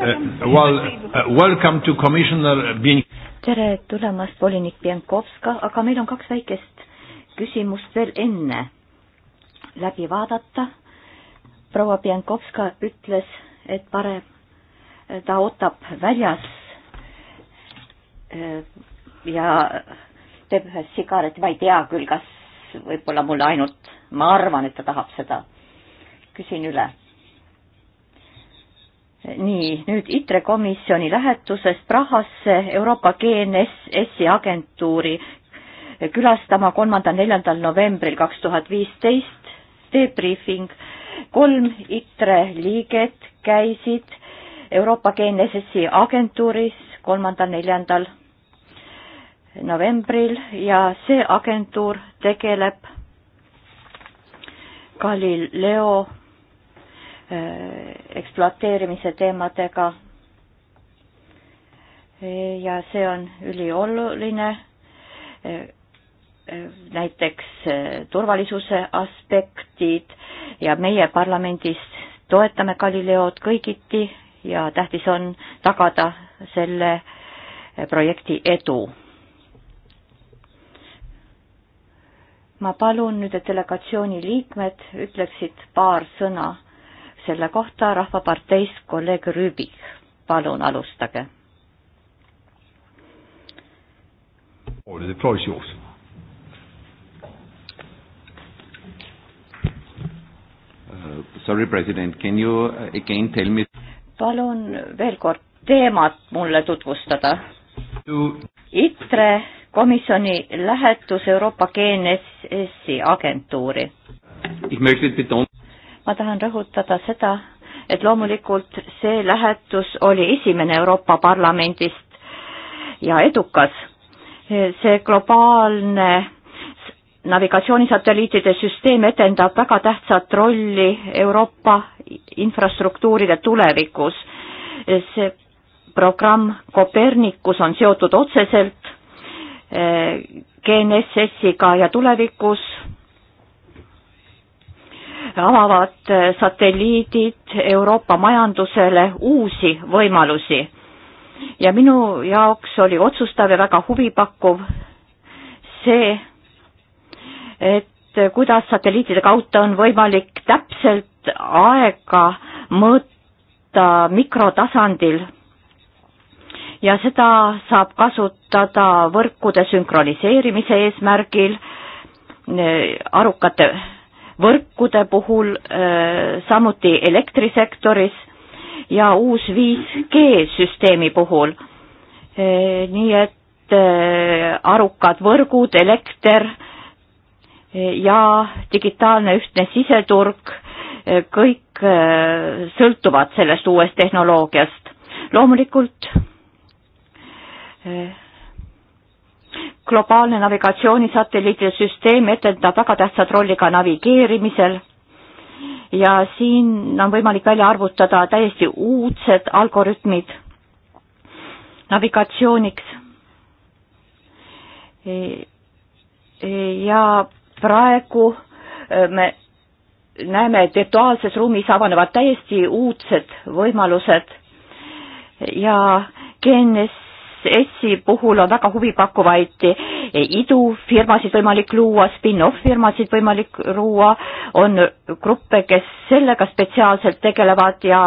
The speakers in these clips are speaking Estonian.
Uh, well, uh, welcome to Commissioner Bien- tere tulemast, volinik Pienkovska, aga meil on kaks väikest küsimust veel enne läbi vaadata. proua Pienkovska ütles, et parem ta ootab väljas äh, ja teeb ühe sigareti, ma ei tea küll, kas võib-olla mulle ainult, ma arvan, et ta tahab seda. küsin üle nii, nüüd ITRE komisjoni lähetusest Prahasse Euroopa GNSS-i agentuuri külastama kolmandal-neljandal novembril kaks tuhat viisteist debriefing. kolm ITRE liiget käisid Euroopa GNSS-i agentuuris kolmandal-neljandal novembril ja see agentuur tegeleb Galileo ekspluateerimise teemadega. ja see on ülioluline. E, e, näiteks e, turvalisuse aspektid ja meie parlamendis toetame Galileod kõigiti ja tähtis on tagada selle projekti edu. ma palun nüüd, et delegatsiooni liikmed ütleksid paar sõna selle kohta Rahvaparteist kolleeg Rüübik. palun alustage. Uh, sorry, president, can you uh, again tell me? palun veel kord teemat mulle tutvustada. ITRE komisjoni lähetus Euroopa GNSS-i agentuuri ma tahan rõhutada seda, et loomulikult see lähetus oli esimene Euroopa Parlamendist ja edukas. see globaalne navigatsioonisatelliitide süsteem etendab väga tähtsat rolli Euroopa infrastruktuuride tulevikus. see programm Copernicus on seotud otseselt eh, GNSS-iga ja tulevikus avavad eh, satelliidid Euroopa majandusele uusi võimalusi. ja minu jaoks oli otsustav ja väga huvipakkuv see, et kuidas satelliitide kaudu on võimalik täpselt aega mõõta mikrotasandil ja seda saab kasutada võrkude sünkroniseerimise eesmärgil eh, arukate võrkude puhul, äh, samuti elektrisektoris ja uus 5G süsteemi puhul. Äh, nii et äh, arukad võrgud, elekter ja digitaalne ühtne siseturg, kõik sõltuvad sellest uuest tehnoloogiast. loomulikult globaalne navigatsioonisatelliitide süsteem etendab väga tähtsat rolli ka navigeerimisel ja siin on võimalik välja arvutada täiesti uudsed algoritmid navigatsiooniks. E, e, ja praegu e, me näeme, et virtuaalses ruumis avanevad täiesti uudsed võimalused ja GNS ESS-i puhul on väga huvipakkuvaid idufirmasid võimalik luua, spin-off firmasid võimalik luua, on gruppe, kes sellega spetsiaalselt tegelevad ja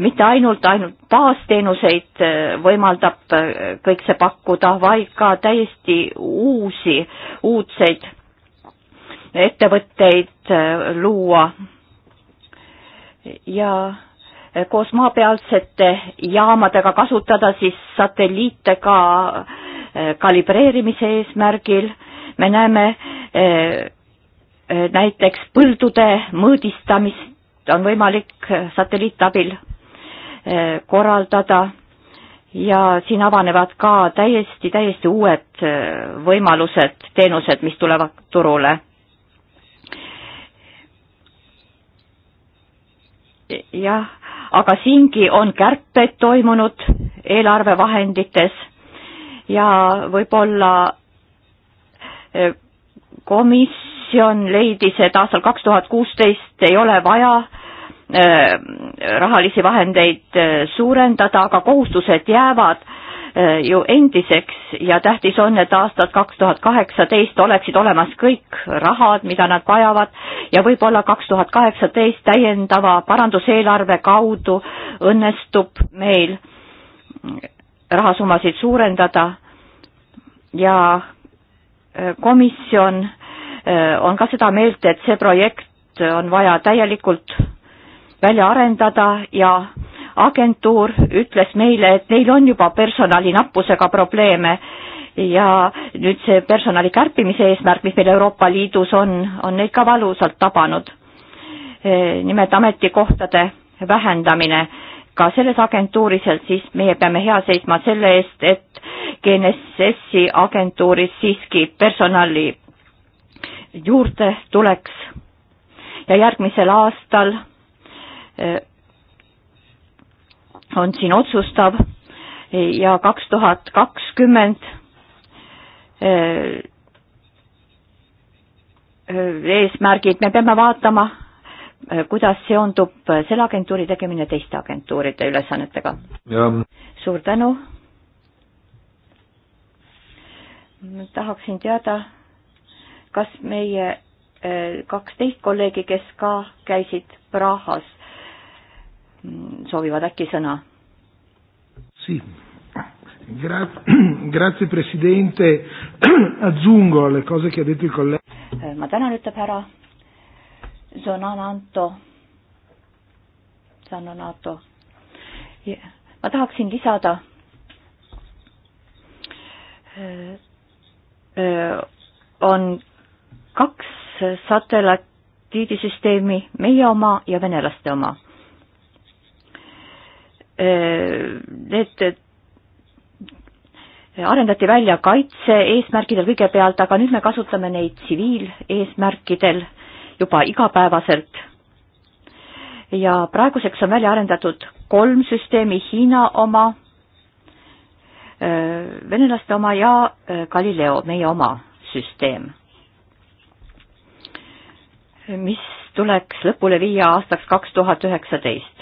mitte ainult, ainult baasteenuseid äh, võimaldab äh, kõik see pakkuda, vaid ka täiesti uusi, uudseid ettevõtteid äh, luua ja Eh, koos maapealsete jaamadega kasutada siis satelliite ka eh, kalibreerimise eesmärgil. me näeme eh, näiteks põldude mõõdistamist on võimalik satelliit abil korraldada ja siin avanevad ka täiesti, täiesti uued võimalused, teenused, mis tulevad turule. jah, aga siingi on kärped toimunud eelarvevahendites ja võib-olla eh, komisjon leidis, et aastal kaks tuhat kuusteist ei ole vaja eh, rahalisi vahendeid eh, suurendada, aga kohustused jäävad Äh, ju endiseks ja tähtis on, et aastad kaks tuhat kaheksateist oleksid olemas kõik rahad, mida nad vajavad ja võib-olla kaks tuhat kaheksateist täiendava paranduseelarve kaudu õnnestub meil rahasummasid suurendada ja äh, komisjon äh, on ka seda meelt, et see projekt on vaja täielikult välja arendada ja agentuur ütles meile, et neil on juba personali nappusega probleeme ja nüüd see personali kärpimise eesmärk, mis meil Euroopa Liidus on, on neid ka valusalt tabanud. nimelt ametikohtade vähendamine ka selles agentuuris, et siis meie peame hea seisma selle eest, et GNSS-i agentuuris siiski personali juurde tuleks ja järgmisel aastal on siin otsustav ja kaks tuhat kakskümmend eh, eesmärgid, me peame vaatama, eh, kuidas seondub selle agentuuri tegemine teiste agentuuride ülesannetega. suur tänu. tahaksin teada, kas meie eh, kaksteist kolleegi, kes ka käisid Prahas soovivad äkki sõna? Gra- grazie Presidente, aggiungo alle cose che ha detto il collega. Eh, ma tänan, ütleb härra Zonanato, Zonanato. ma tahaksin lisada eh, eh, on kaks satelliidisüsteemi, meie oma ja venelaste oma Äh, need äh, arendati välja kaitse-eesmärkidel kõigepealt, aga nüüd me kasutame neid tsiviileesmärkidel juba igapäevaselt. ja praeguseks on välja arendatud kolm süsteemi, Hiina oma, äh, venelaste oma ja Galileo, meie oma süsteem, mis tuleks lõpule viia aastaks kaks tuhat üheksateist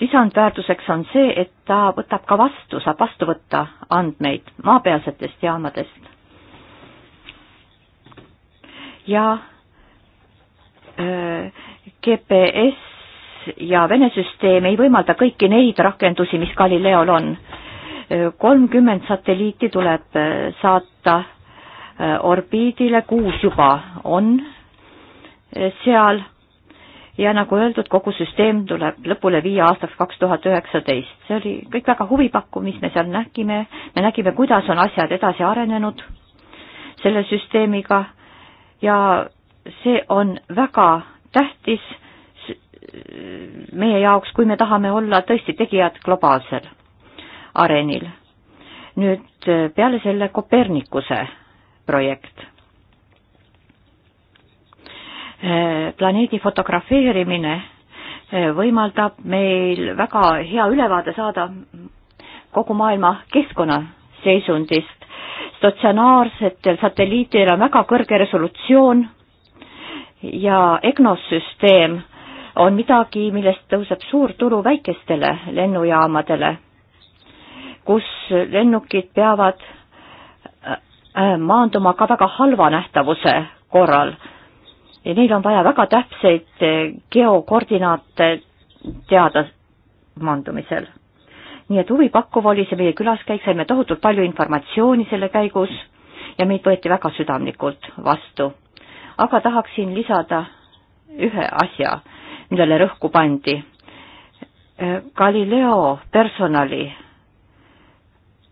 lisandväärtuseks on see, et ta võtab ka vastu, saab vastu võtta andmeid maapealsetest jaamadest. ja öö, äh, GPS ja Vene süsteem ei võimalda kõiki neid rakendusi, mis Galileol on. Äh, kolmkümmend satelliiti tuleb äh, saata orbiidile, kuus juba on seal ja nagu öeldud, kogu süsteem tuleb lõpule viia aastaks kaks tuhat üheksateist. see oli kõik väga huvipakkuv, mis me seal nägime, me nägime, kuidas on asjad edasi arenenud selle süsteemiga ja see on väga tähtis meie jaoks, kui me tahame olla tõesti tegijad globaalsel arenil. nüüd peale selle Kopernikuse projekt Eh, planeedi fotografeerimine eh, võimaldab meil väga hea ülevaade saada kogu maailma keskkonnaseisundist. statsionaarsetel satelliitidel on väga kõrge resolutsioon ja EGNOS süsteem on midagi, millest tõuseb suur tulu väikestele lennujaamadele, kus lennukid peavad äh, äh, maanduma ka väga halva nähtavuse korral neil on vaja väga täpseid eh, geokoordinaate teada maandumisel. nii et huvipakkuv oli see meie külaskäik, saime tohutult palju informatsiooni selle käigus ja meid võeti väga südamlikult vastu. aga tahaksin lisada ühe asja, millele rõhku pandi. Eh, Galileo personali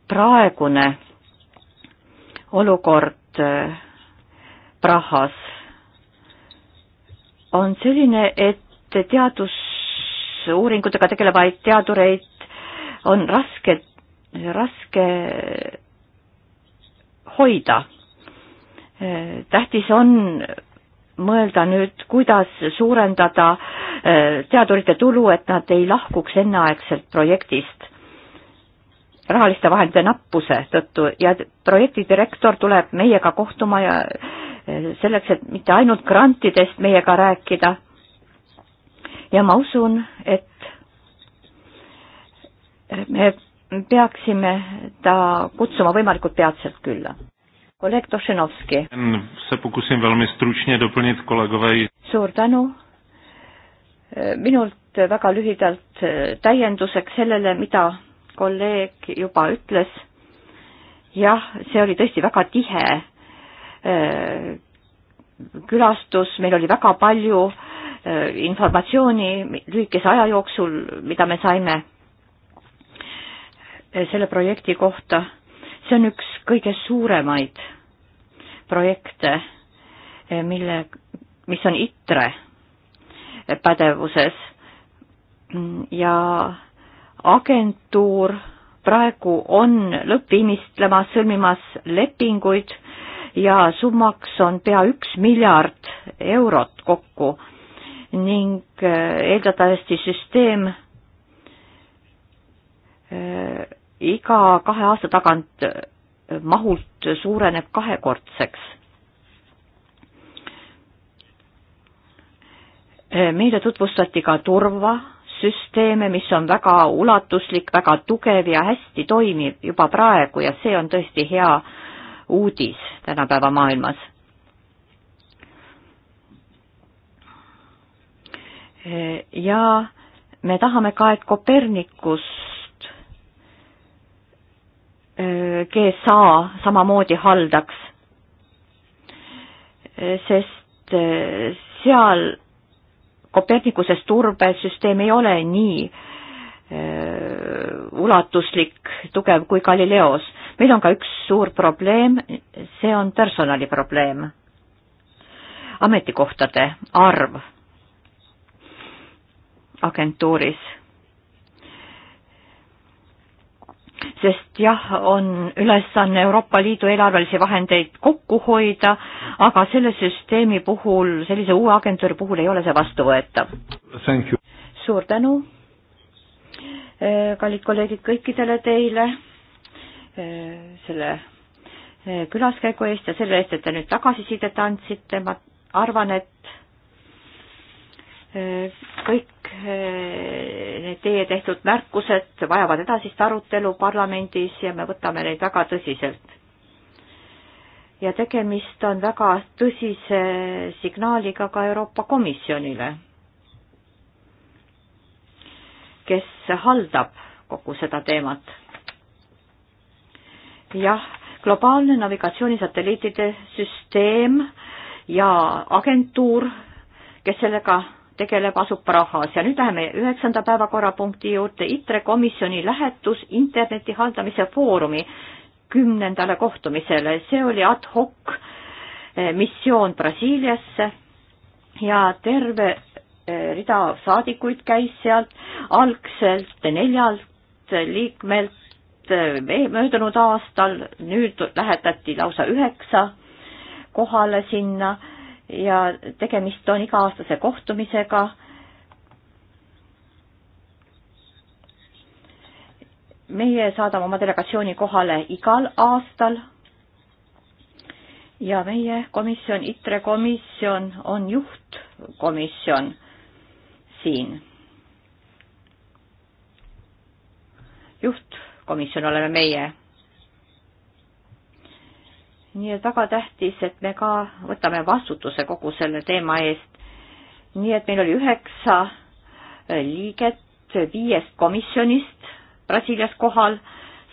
praegune olukord eh, Prahas on selline, et teadusuuringutega tegelevaid teadureid on raske, raske hoida. tähtis on mõelda nüüd, kuidas suurendada eh, teadurite tulu, et nad ei lahkuks enneaegselt projektist rahaliste vahendite nappuse tõttu ja projekti direktor tuleb meiega kohtuma ja selleks, et mitte ainult grantidest meiega rääkida. ja ma usun, et me peaksime ta kutsuma võimalikult peatselt külla. kolleeg Tošenovski. suur tänu. minult väga lühidalt täienduseks sellele, mida kolleeg juba ütles. jah, see oli tõesti väga tihe Äh, külastus, meil oli väga palju äh, informatsiooni lühikese aja jooksul, mida me saime äh, selle projekti kohta. see on üks kõige suuremaid projekte, mille, mis on ITRE pädevuses ja agentuur praegu on lõppviimistlemas, sõlmimas lepinguid ja summaks on pea üks miljard eurot kokku ning eh, eeldatavasti süsteem eh, iga kahe aasta tagant eh, mahult suureneb kahekordseks. meile tutvustati ka turvasüsteeme, mis on väga ulatuslik, väga tugev ja hästi toimib juba praegu ja see on tõesti hea äh, uudis tänapäeva maailmas. ja me tahame ka, et Kopernikust GSA samamoodi haldaks, sest eh, seal Kopernikuses turbesüsteem ei ole nii eh, ulatuslik, tugev kui Galileos. meil on ka üks suur probleem, see on personali probleem. ametikohtade arv agentuuris. sest jah, on ülesanne Euroopa Liidu eelarvelisi vahendeid kokku hoida, aga selle süsteemi puhul, sellise uue agentuuri puhul ei ole see vastuvõetav. suur tänu Eh, kallid kolleegid, kõikidele teile eh, selle eh, külaskäigu eest ja selle eest, et te nüüd tagasisidet andsite, ma arvan, et kõik need teie tehtud märkused vajavad edasist arutelu parlamendis ja me võtame neid väga tõsiselt. ja tegemist on väga tõsise signaaliga ka Euroopa Komisjonile kes haldab kogu seda teemat. jah, globaalne navigatsioonisatelliitide süsteem ja agentuur, kes sellega tegeleb, asub Prahas ja nüüd läheme üheksanda päevakorrapunkti juurde, ITRE komisjoni lähetus interneti haldamise foorumi kümnendale kohtumisele, see oli ad hoc eh, missioon Brasiiliasse ja terve Eh, rida saadikuid käis sealt algselt neljalt liikmelt eh, möödunud aastal, nüüd lähetati lausa üheksa kohale sinna ja tegemist on iga-aastase kohtumisega. meie saadame oma delegatsiooni kohale igal aastal ja meie komisjon, ITRE komisjon on juhtkomisjon siin. juhtkomisjon oleme meie. nii et väga tähtis, et me ka võtame vastutuse kogu selle teema eest. nii et meil oli üheksa liiget viiest komisjonist Brasiilias kohal,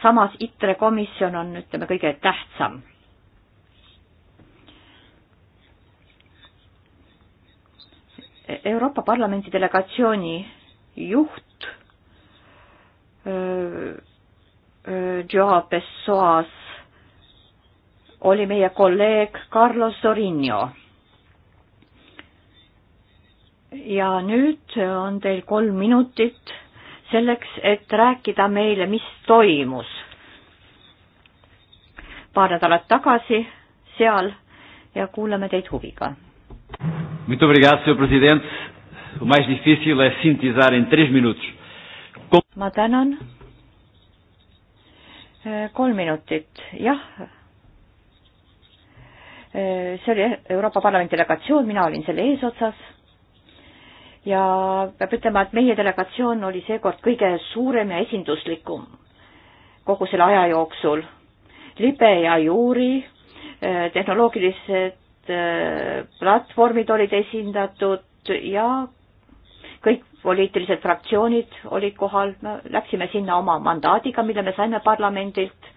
samas ITRE komisjon on, ütleme, kõige tähtsam Euroopa Parlamendi delegatsiooni juht äh, äh, Joa Pessoas oli meie kolleeg Carlos Sorinio. ja nüüd on teil kolm minutit selleks, et rääkida meile, mis toimus paar nädalat tagasi seal ja kuulame teid huviga Muito obrigado, Sr. Presidente. O mais difícil é sintetizar em três minutos. Com... ma tänan. Eh, kolm minutit, jah. Eh, see oli Euroopa Parlamendi delegatsioon, mina olin selle eesotsas. ja peab ütlema, et meie delegatsioon oli seekord kõige suurem ja esinduslikum kogu selle aja jooksul. libe ja juuri eh, tehnoloogilised Äh, platvormid olid esindatud ja kõik poliitilised fraktsioonid olid kohal, me läksime sinna oma mandaadiga, mille me saime parlamendilt.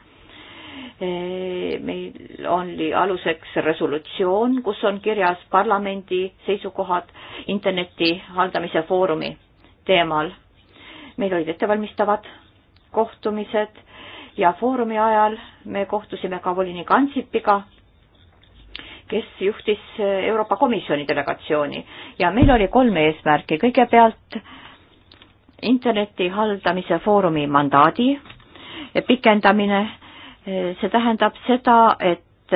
Äh, meil oli aluseks resolutsioon, kus on kirjas parlamendi seisukohad interneti haldamise foorumi teemal. meil olid ettevalmistavad kohtumised ja foorumi ajal me kohtusime ka volinik Ansipiga kes juhtis Euroopa Komisjoni delegatsiooni ja meil oli kolm eesmärki. kõigepealt interneti haldamise foorumi mandaadi pikendamine, see tähendab seda, et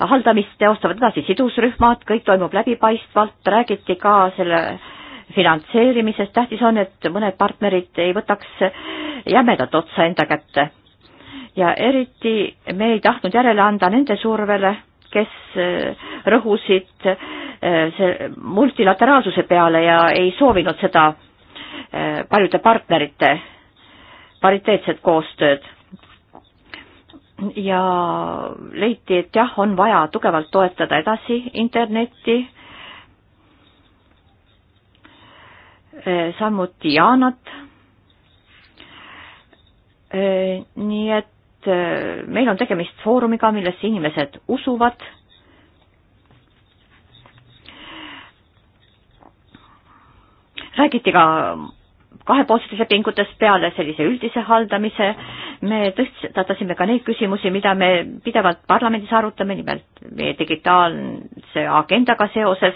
haldamist teostavad edasi sidusrühmad, kõik toimub läbipaistvalt, räägiti ka selle finantseerimisest, tähtis on, et mõned partnerid ei võtaks jämedat otsa enda kätte. ja eriti me ei tahtnud järele anda nende survele, kes eh, rõhusid eh, see multilateraalsuse peale ja ei soovinud seda eh, paljude partnerite pariteetset koostööd. ja leiti, et jah, on vaja tugevalt toetada edasi internetti, samuti Jaanat, nii et Äh, meil on tegemist foorumiga, millesse inimesed usuvad. räägiti ka kahepoolsetes lepingutes peale sellise üldise haldamise, me tõstatasime ka neid küsimusi, mida me pidevalt parlamendis arutame, nimelt meie digitaalse agendaga seoses.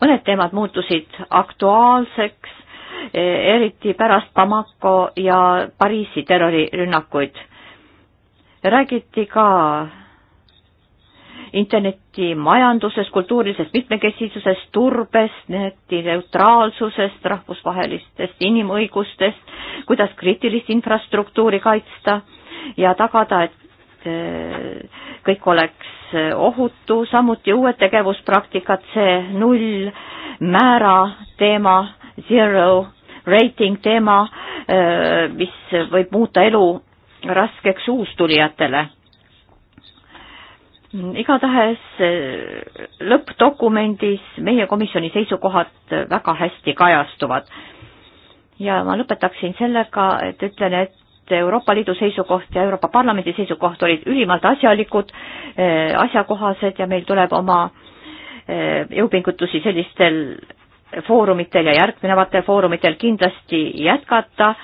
mõned teemad muutusid aktuaalseks, eriti pärast Bamako ja Pariisi terrorirünnakuid räägiti ka interneti majandusest, kultuurilisest mitmekesisusest, turbest, neti neutraalsusest, rahvusvahelistest inimõigustest, kuidas kriitilist infrastruktuuri kaitsta ja tagada, et eh, kõik oleks ohutu, samuti uued tegevuspraktikad, see nullmäära teema, zero rating teema, eh, mis võib muuta elu raskeks uustulijatele. igatahes eh, lõppdokumendis meie komisjoni seisukohad väga hästi kajastuvad. ja ma lõpetaksin sellega, et ütlen, et Euroopa Liidu seisukoht ja Euroopa Parlamendi seisukoht olid ülimalt asjalikud, eh, asjakohased ja meil tuleb oma eh, jõupingutusi sellistel foorumitel ja järgnevatel foorumitel kindlasti jätkata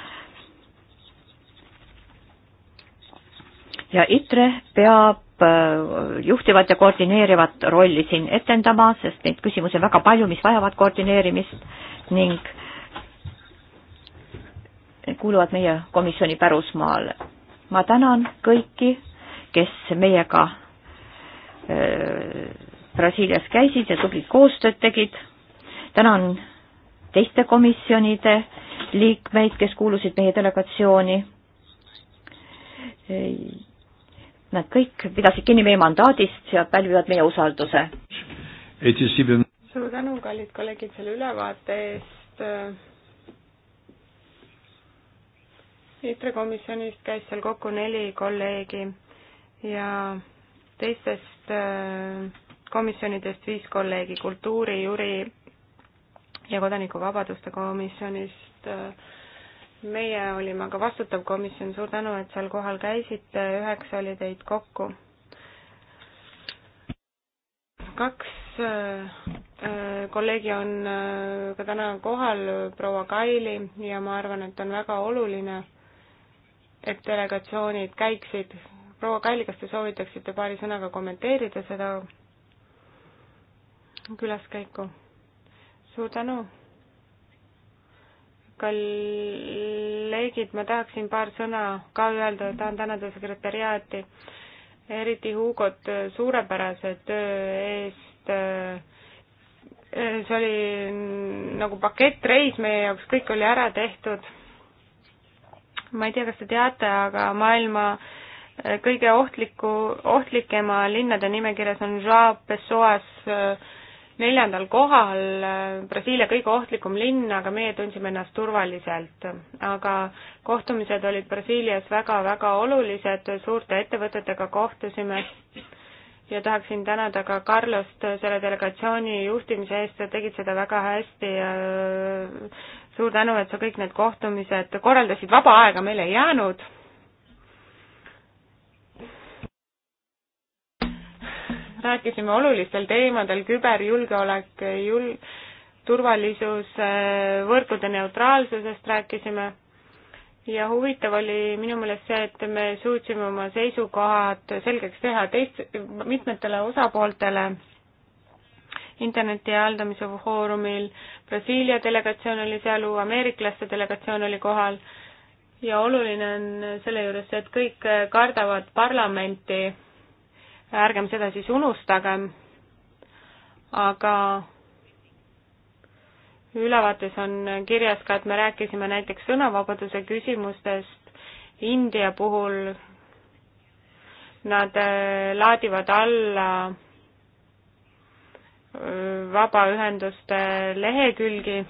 ja ITRE peab äh, juhtivat ja koordineerivat rolli siin etendama, sest neid küsimusi on väga palju, mis vajavad koordineerimist ning kuuluvad meie komisjoni pärusmaale. ma tänan kõiki, kes meiega äh, Brasiilias käisid ja tublit koostööd tegid. tänan teiste komisjonide liikmeid, kes kuulusid meie delegatsiooni Nad kõik pidasid kinni meie mandaadist ja pälvivad meie usalduse. suur tänu, kallid kolleegid, selle ülevaate eest. ITRE komisjonist käis seal kokku neli kolleegi ja teistest äh, komisjonidest viis kolleegi kultuuri, juri ja kodanikuvabaduste komisjonist äh, meie olime aga vastutav komisjon, suur tänu, et seal kohal käisite, üheksa oli teid kokku. kaks äh, äh, kolleegi on äh, ka täna kohal, proua Kaili, ja ma arvan, et on väga oluline, et delegatsioonid käiksid. proua Kaili, kas te soovitaksite paari sõnaga kommenteerida seda külaskäiku? suur tänu kolleegid, ma tahaksin paar sõna ka öelda, tahan tänada sekretäriaati, eriti Hugot suurepärase töö eest. see oli nagu pakettreis meie jaoks, kõik oli ära tehtud. ma ei tea, kas te teate, aga maailma kõige ohtliku, ohtlikema linnade nimekirjas on Joao Pessoas äh, neljandal kohal, Brasiilia kõige ohtlikum linn, aga meie tundsime ennast turvaliselt. aga kohtumised olid Brasiilias väga-väga olulised, suurte ettevõtetega kohtusime ja tahaksin tänada ka Carlost selle delegatsiooni juhtimise eest, sa tegid seda väga hästi ja äh, suur tänu, et sa kõik need kohtumised korraldasid, vaba aega meil ei jäänud rääkisime olulistel teemadel, küberjulgeolek, jul-, turvalisus, võrkude neutraalsusest rääkisime ja huvitav oli minu meelest see, et me suutsime oma seisukohad selgeks teha teist, mitmetele osapooltele interneti haldamise foorumil, Brasiilia delegatsioon oli seal, ameeriklaste delegatsioon oli kohal ja oluline on selle juures see, et kõik kardavad parlamenti ärgem seda siis unustagem, aga ülevaates on kirjas ka, et me rääkisime näiteks sõnavabaduse küsimustest India puhul, nad äh, laadivad alla äh, vabaühenduste lehekülgi,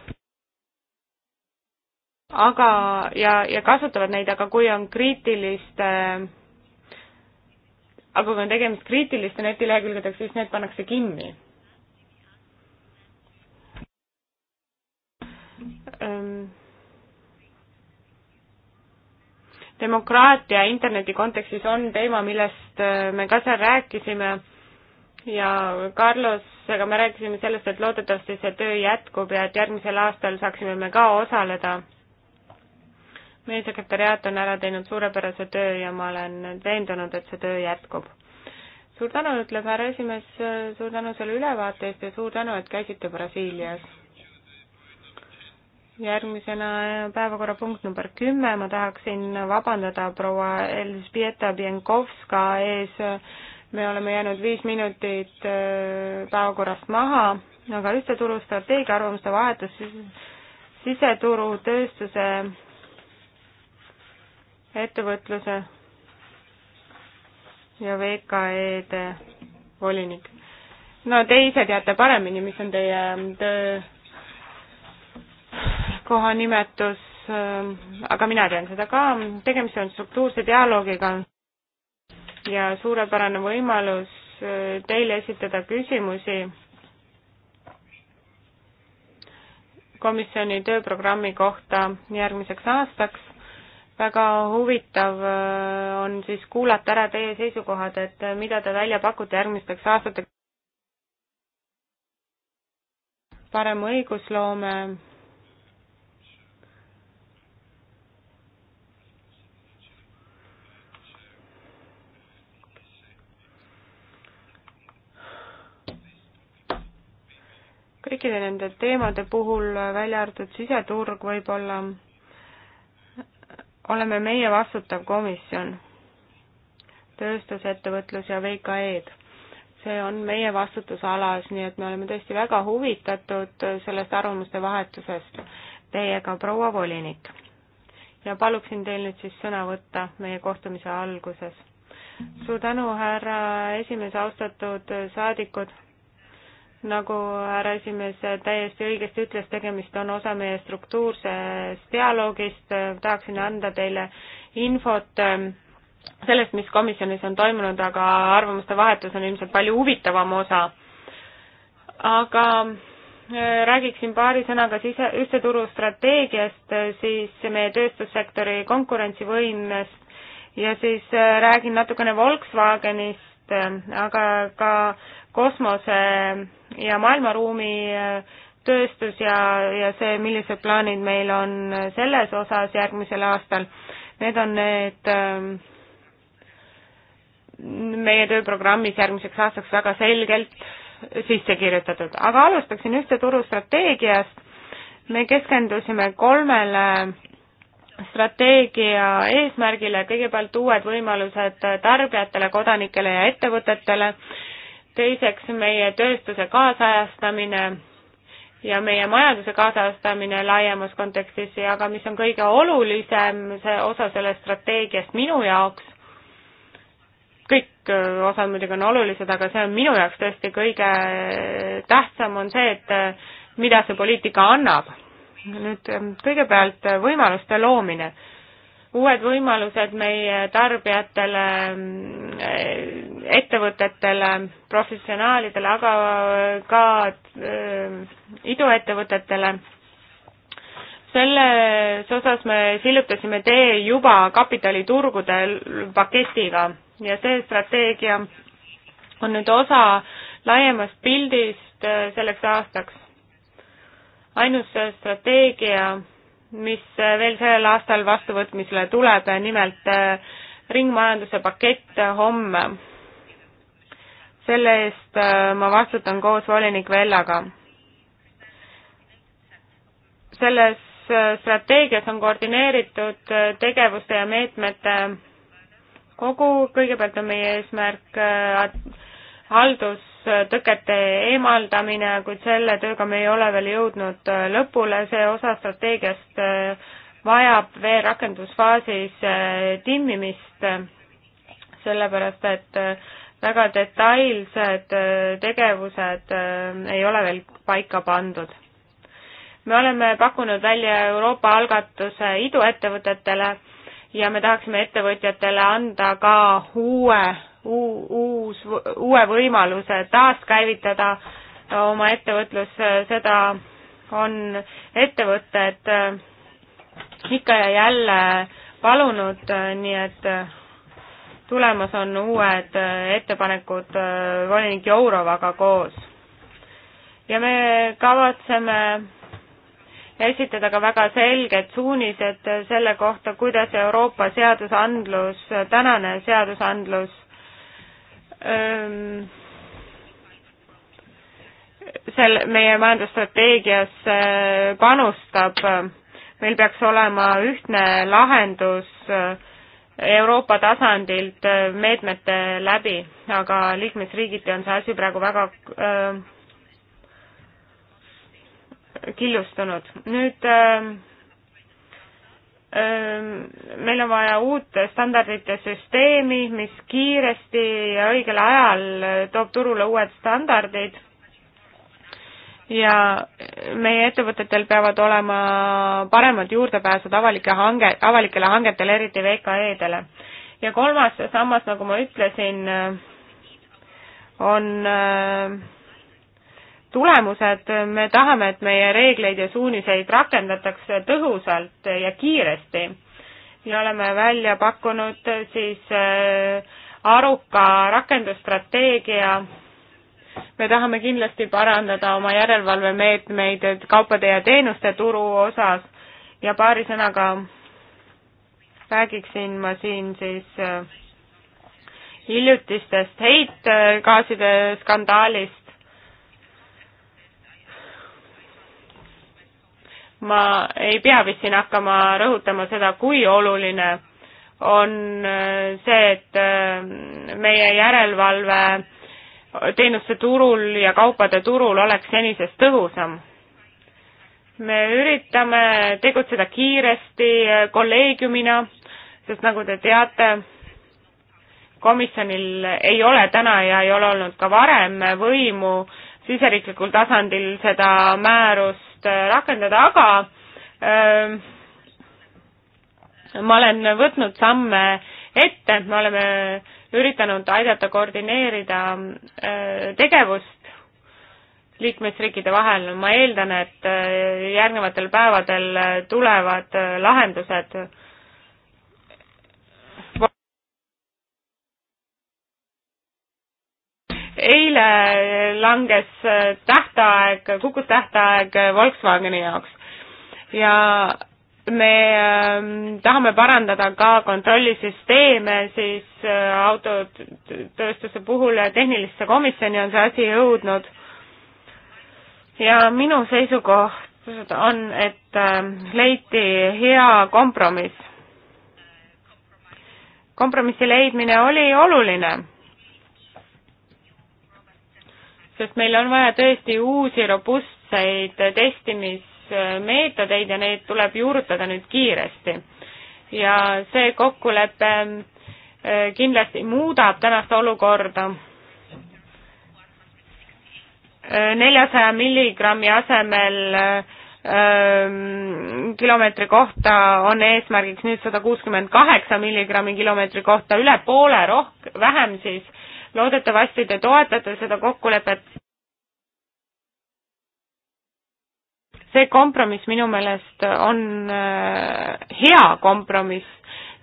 aga, ja, ja kasutavad neid, aga kui on kriitiliste äh, aga kui on tegemist kriitiliste netilehekülgedega, siis need pannakse kinni. Ehm, demokraatia interneti kontekstis on teema, millest äh, me ka seal rääkisime ja Carlosega me rääkisime sellest, et loodetavasti see töö jätkub ja et järgmisel aastal saaksime me ka osaleda meie sekretäriaat on ära teinud suurepärase töö ja ma olen veendunud, et see töö jätkub. suur tänu, ütleb härra esimees, suur tänu selle ülevaate eest ja suur tänu, et käisite Brasiilias. järgmisena päevakorrapunkt number kümme, ma tahaksin vabandada proua Elžbieta Bienkovska ees, me oleme jäänud viis minutit äh, päevakorrast maha, aga ühteturustrateegia arvamuste vahetus siseturu tööstuse ettevõtluse ja VKE-de volinik. no teise teate paremini, mis on teie ähm, töökoha nimetus, ähm, aga mina tean seda ka, tegemist on struktuurse dialoogiga ja suurepärane võimalus äh, teile esitada küsimusi komisjoni tööprogrammi kohta järgmiseks aastaks väga huvitav äh, on siis kuulata ära teie seisukohad, et äh, mida te välja pakute järgmisteks aastateks. parem õigusloome. kõikide nende teemade puhul, äh, välja arvatud siseturg võib-olla oleme meie vastutav komisjon, tööstusettevõtlus ja VKE-d. see on meie vastutusalas, nii et me oleme tõesti väga huvitatud sellest arvamuste vahetusest teiega, proua volinik. ja paluksin teil nüüd siis sõna võtta meie kohtumise alguses. suur tänu, härra esimees, austatud saadikud nagu härra esimees täiesti õigesti ütles, tegemist on osa meie struktuursest dialoogist, tahaksin anda teile infot ähm, sellest, mis komisjonis on toimunud, aga arvamuste vahetus on ilmselt palju huvitavam osa. aga äh, räägiksin paari sõnaga sise, ühtseturu strateegiast, äh, siis meie tööstussektori konkurentsivõimest ja siis äh, räägin natukene Volkswagenist, aga ka kosmose ja maailmaruumi äh, tööstus ja, ja see, millised plaanid meil on selles osas järgmisel aastal, need on need ähm, meie tööprogrammis järgmiseks aastaks väga selgelt sisse kirjutatud, aga alustaksin ühtse turustrateegiast. me keskendusime kolmele strateegia eesmärgile, kõigepealt uued võimalused tarbijatele, kodanikele ja ettevõtetele teiseks meie tööstuse kaasajastamine ja meie majanduse kaasajastamine laiemas kontekstis ja ka mis on kõige olulisem, see osa sellest strateegiast minu jaoks, kõik äh, osad muidugi on olulised, aga see on minu jaoks tõesti kõige tähtsam, on see, et äh, mida see poliitika annab. nüüd äh, kõigepealt võimaluste loomine uued võimalused meie tarbijatele, ettevõtetele, professionaalidele, aga ka äh, iduettevõtetele. selles osas me sillutasime tee juba kapitaliturgude paketiga ja see strateegia on nüüd osa laiemast pildist äh, selleks aastaks. ainus strateegia mis äh, veel sellel aastal vastuvõtmisele tuleb, nimelt äh, ringmajanduse pakett äh, homme. selle eest ma vastutan koos volinik Vellaga. selles strateegias on koordineeritud tegevuste ja meetmete kogu, kõigepealt on meie eesmärk haldus tõkete eemaldamine, kuid selle tööga me ei ole veel jõudnud äh, lõpule, see osa strateegiast äh, vajab veel rakendusfaasis äh, timmimist, sellepärast et väga detailsed tegevused ei ole veel paika pandud. me oleme pakkunud välja Euroopa algatuse iduettevõtetele ja me tahaksime ettevõtjatele anda ka uue uus, uue võimaluse taaskäivitada oma ettevõtlus, seda on ettevõtted äh, ikka ja jälle palunud, äh, nii et äh, tulemas on uued ettepanekud volinik Jourovaga koos. ja me kavatseme esitada ka väga selged suunised selle kohta, kuidas Euroopa seadusandlus, tänane seadusandlus seal meie majandusstrateegias äh, panustab, äh, meil peaks olema ühtne lahendus äh, Euroopa tasandilt meetmete läbi, aga liikmesriigiti on see asi praegu väga killustunud. nüüd meil on vaja uut standardite süsteemi, mis kiiresti ja õigel ajal toob turule uued standardid ja meie ettevõtetel peavad olema paremad juurdepääsud avalike hange, avalikele hangetele, eriti VKE-dele. ja kolmas sammas, nagu ma ütlesin, on äh, tulemused, me tahame, et meie reegleid ja suuniseid rakendatakse tõhusalt ja kiiresti me oleme välja pakkunud äh, siis äh, aruka rakendusstrateegia. me tahame kindlasti parandada oma järelevalvemeetmeid kaupade ja teenuste turu osas ja paari sõnaga räägiksin ma siin siis äh, hiljutistest heitgaaside skandaalist, ma ei pea vist siin hakkama rõhutama seda, kui oluline on äh, see, et äh, meie järelevalve teenuste turul ja kaupade turul oleks senisest tõhusam. me üritame tegutseda kiiresti äh, kolleegiumina, sest nagu te teate, komisjonil ei ole täna ja ei ole olnud ka varem võimu siseriiklikul tasandil seda määrust tegelikult äh, rakendada, aga öö, ähm, ma olen võtnud samme ette, me oleme üritanud aidata koordineerida äh, tegevust liikmesriikide vahel, ma eeldan, et äh, järgnevatel päevadel tulevad lahendused eile langes tähtaeg, kukkus tähtaeg Volkswageni jaoks ja me ähm, tahame parandada ka kontrollisüsteeme siis äh, autotööstuse puhul ja tehnilisse komisjoni on see asi jõudnud. ja minu seisukoht on, et ähm, leiti hea kompromiss. kompromissi leidmine oli oluline sest meil on vaja tõesti uusi robustseid testimismeetodeid ja neid tuleb juurutada nüüd kiiresti. ja see kokkulepe äh, kindlasti muudab tänast olukorda. Äh, neljasaja milligrammi asemel äh, kilomeetri kohta on eesmärgiks nüüd sada kuuskümmend kaheksa milligrammi kilomeetri kohta, üle poole rohkem, vähem siis loodetavasti te toetate seda kokkulepet. see kompromiss minu meelest on äh, hea kompromiss,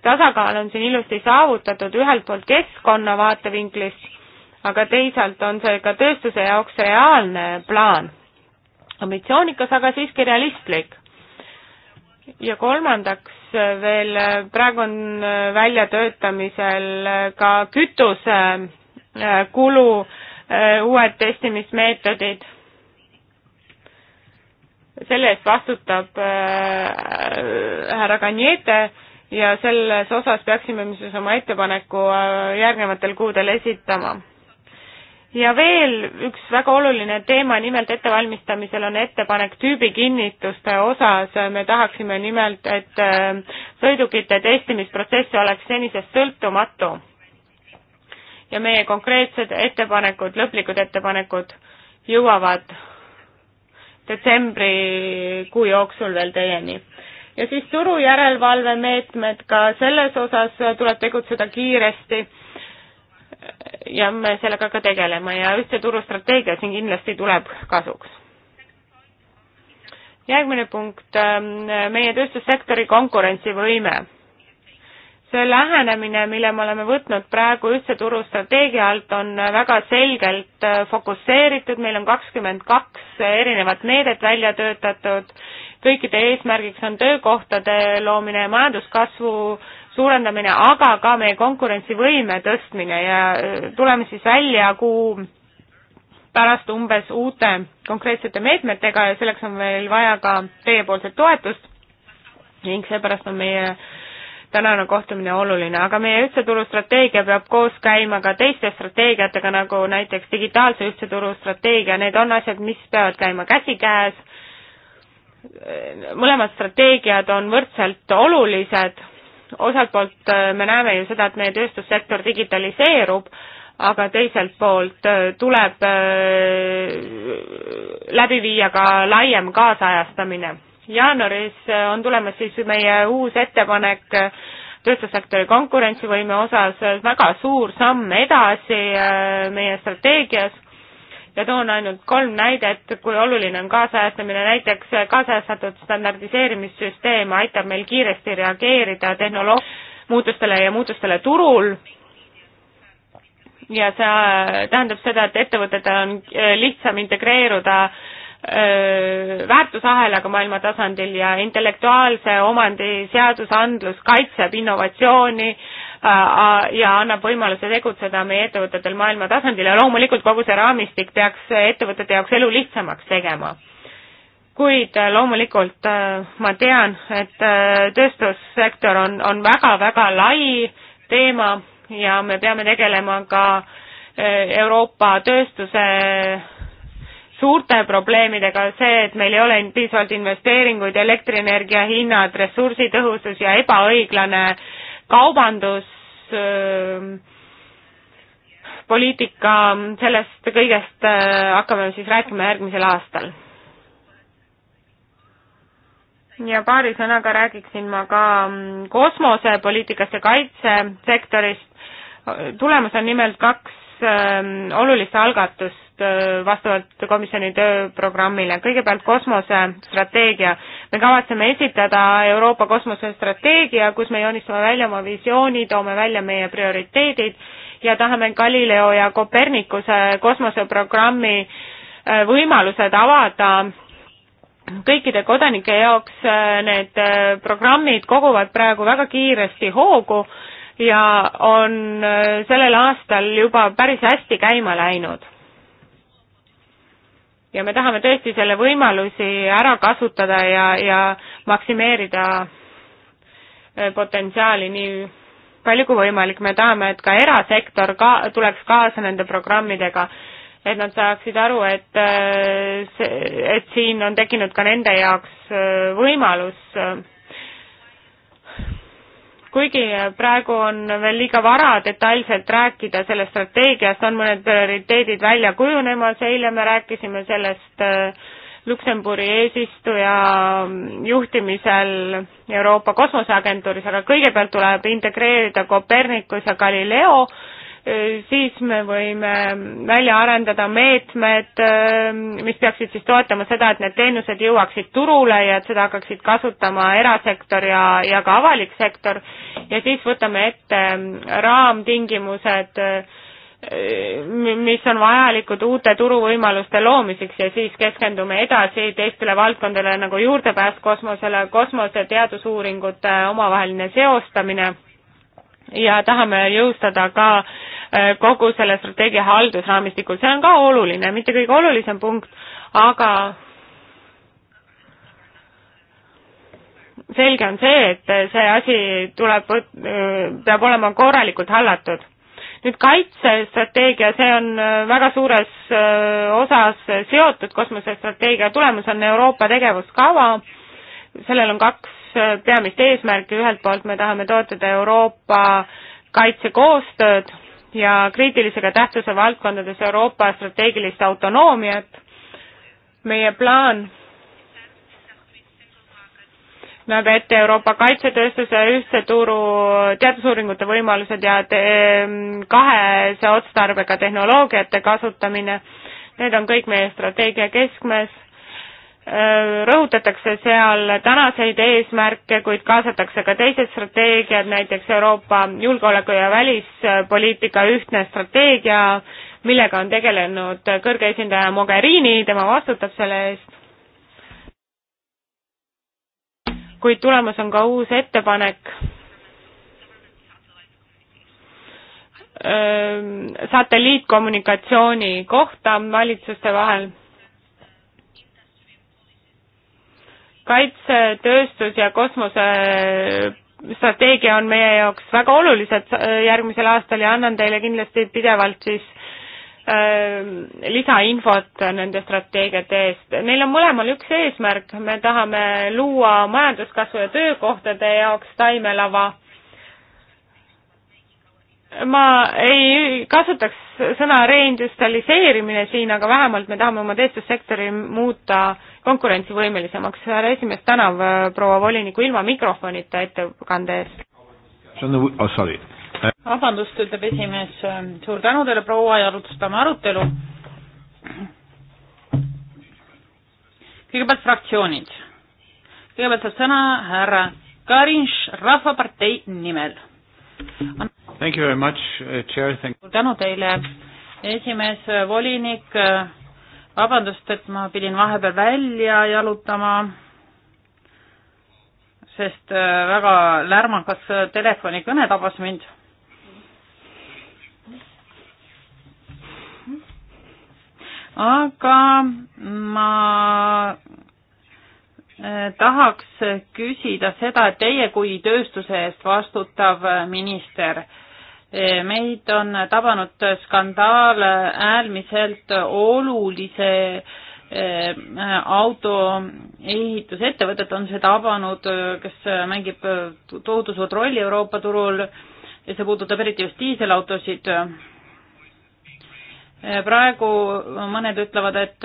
tasakaal on siin ilusti saavutatud, ühelt poolt keskkonna vaatevinklist, aga teisalt on see ka tööstuse jaoks reaalne plaan. ambitsioonikas, aga siiski realistlik. ja kolmandaks äh, veel, äh, praegu on väljatöötamisel ka kütuse Äh, kulu, äh, uued testimismeetodid. selle eest vastutab äh, härra Kanjete ja selles osas peaksime me siis oma ettepaneku järgnevatel kuudel esitama. ja veel üks väga oluline teema, nimelt ettevalmistamisel on ettepanek tüübikinnituste osas, me tahaksime nimelt, et sõidukite testimisprotsess oleks senisest sõltumatu ja meie konkreetsed ettepanekud, lõplikud ettepanekud jõuavad detsembrikuu jooksul veel teieni. ja siis turujärelevalve meetmed, ka selles osas tuleb tegutseda kiiresti ja me sellega ka tegeleme ja ühtse turustrateegia siin kindlasti tuleb kasuks. järgmine punkt, ähm, meie tööstussektori konkurentsivõime see lähenemine, mille me oleme võtnud praegu ühtse turustrateegia alt, on väga selgelt äh, fokusseeritud, meil on kakskümmend kaks erinevat meedet välja töötatud, kõikide eesmärgiks on töökohtade loomine ja majanduskasvu suurendamine, aga ka meie konkurentsivõime tõstmine ja äh, tuleme siis välja kuu pärast umbes uute konkreetsete meetmetega ja selleks on meil vaja ka teiepoolset toetust ning seepärast on meie äh, tänane kohtumine oluline, aga meie ühtse turu strateegia peab koos käima ka teiste strateegiatega, nagu näiteks digitaalse ühtse turu strateegia, need on asjad, mis peavad käima käsikäes, mõlemad strateegiad on võrdselt olulised, osalt poolt äh, me näeme ju seda, et meie tööstussektor digitaliseerub, aga teiselt poolt äh, tuleb äh, läbi viia ka laiem kaasajastamine jaanuaris äh, on tulemas siis meie uus ettepanek äh, tööstussektori konkurentsivõime osas, äh, väga suur samm edasi meie strateegias ja toon ainult kolm näidet, kui oluline on kaasajastamine, näiteks kaasajastatud standardiseerimissüsteem aitab meil kiiresti reageerida tehnoloog- muutustele ja muutustele turul ja see tähendab seda, et ettevõtetel on lihtsam integreeruda äh, väärtusahelaga maailma tasandil ja intellektuaalse omandi seadusandlus kaitseb innovatsiooni äh, ja annab võimaluse tegutseda meie ettevõtetel maailma tasandil ja loomulikult kogu see raamistik peaks ettevõtete jaoks elu lihtsamaks tegema. kuid äh, loomulikult äh, ma tean, et tööstussektor on, on väga-väga lai teema ja me peame tegelema ka Euroopa tööstuse suurte probleemidega, see, et meil ei ole piisavalt investeeringuid, elektrienergia hinnad, ressursitõhusus ja ebaõiglane kaubandus öö, poliitika, sellest kõigest hakkame siis rääkima järgmisel aastal. ja paari sõnaga räägiksin ma ka mm, kosmosepoliitikast ja kaitsesektorist. tulemas on nimelt kaks olulist algatust. Äh, vastavalt komisjoni tööprogrammile. kõigepealt kosmosestrateegia. me kavatseme esitada Euroopa kosmosestrateegia, kus me joonistame välja oma visiooni, toome välja meie prioriteedid ja tahame Galileo ja Kopernikuse kosmoseprogrammi äh, võimalused avada kõikide kodanike jaoks äh, need programmid koguvad praegu väga kiiresti hoogu ja on sellel aastal juba päris hästi käima läinud ja me tahame tõesti selle võimalusi ära kasutada ja, ja maksimeerida äh, potentsiaali nii palju kui võimalik, me tahame, et ka erasektor ka tuleks kaasa nende programmidega, et nad saaksid aru, et, äh, et siin on tekkinud ka nende jaoks äh, võimalus kuigi praegu on veel liiga vara detailselt rääkida sellest strateegiast, on mõned prioriteedid välja kujunemas, eile me rääkisime sellest äh, Luksemburi eesistuja juhtimisel Euroopa Kosmoseagentuuris, aga kõigepealt tuleb integreerida Copernicus ja Galileo siis me võime välja arendada meetmed, mis peaksid siis toetama seda, et need teenused jõuaksid turule ja et seda hakkaksid kasutama erasektor ja, ja ka avalik sektor ja siis võtame ette ähm, raamtingimused, mis on vajalikud uute turuvõimaluste loomiseks ja siis keskendume edasi teistele valdkondadele nagu juurdepääs kosmosele, kosmose teadusuuringute omavaheline seostamine ja tahame jõustada ka äh, Äh, kogu selle strateegia haldusraamistikul, see on ka oluline, mitte kõige olulisem punkt, aga selge on see, et see asi tuleb, peab olema korralikult hallatud. nüüd kaitsestrateegia, see on äh, väga suures äh, osas seotud kosmosestrateegia, tulemus on Euroopa tegevuskava, sellel on kaks peamist eesmärki, ühelt poolt me tahame toetada Euroopa kaitsekoostööd ja kriitilisega tähtsuse valdkondades Euroopa strateegilist autonoomiat. meie plaan näeb ette Euroopa kaitsetööstuse ühtse turu teadusuuringute võimalused ja te ehm, kahese otstarbega tehnoloogiate kasutamine. Need on kõik meie strateegia keskmes Äh, rõhutatakse seal tänaseid eesmärke, kuid kaasatakse ka teised strateegiad, näiteks Euroopa julgeoleku ja välispoliitika ühtne strateegia, millega on tegelenud kõrge esindaja Mogherini, tema vastutab selle eest. kuid tulemas on ka uus ettepanek äh, satelliitkommunikatsiooni kohta valitsuste vahel kaitsetööstus ja kosmosestrateegia on meie jaoks väga olulised äh, järgmisel aastal ja annan teile kindlasti pidevalt siis ähm, lisainfot nende strateegiate eest. Neil on mõlemal üks eesmärk, me tahame luua majanduskasvu ja töökohtade jaoks taimelava. ma ei kasutaks sõna reindustrialiseerimine siin, aga vähemalt me tahame oma tööstussektori muuta konkurentsivõimelisemaks. härra esimees tänav äh, proua voliniku ilma mikrofonita ettekande eest. Oh, sorry. vabandust, ütleb esimees, suur tänu teile, proua, ja alustame arutelu. kõigepealt fraktsioonid. kõigepealt saab sõna härra Karinš Rahvapartei nimel An Thank you very much, uh, Chair. Thank tänu teile, esimees, äh, volinik. Äh, vabandust, et ma pidin vahepeal välja jalutama, sest äh, väga lärmakas telefonikõne tabas mind. aga ma tahaks küsida seda, et teie kui tööstuse eest vastutav minister äh, Eh, meid on tabanud skandaal äärmiselt olulise eh, autoehitusettevõtet on see tabanud, kes mängib tohutu suurt rolli Euroopa turul ja see puudutab eriti just diiselautosid. Eh, praegu mõned ütlevad, et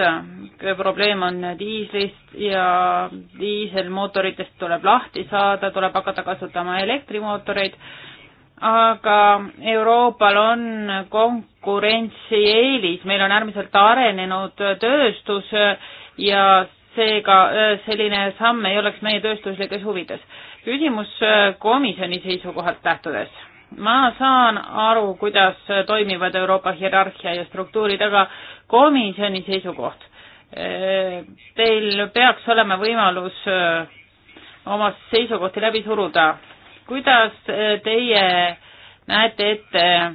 probleem on diislist ja diiselmootoritest tuleb lahti saada, tuleb hakata kasutama elektrimootoreid aga Euroopal on konkurentsieelis, meil on äärmiselt arenenud tööstus ja seega äh, selline samm ei oleks meie tööstuslikes huvides. küsimus äh, komisjoni seisukohalt lähtudes. ma saan aru, kuidas toimivad Euroopa hierarhia ja struktuurid, aga komisjoni seisukoht. Äh, teil peaks olema võimalus oma seisukohti läbi suruda kuidas äh, teie näete ette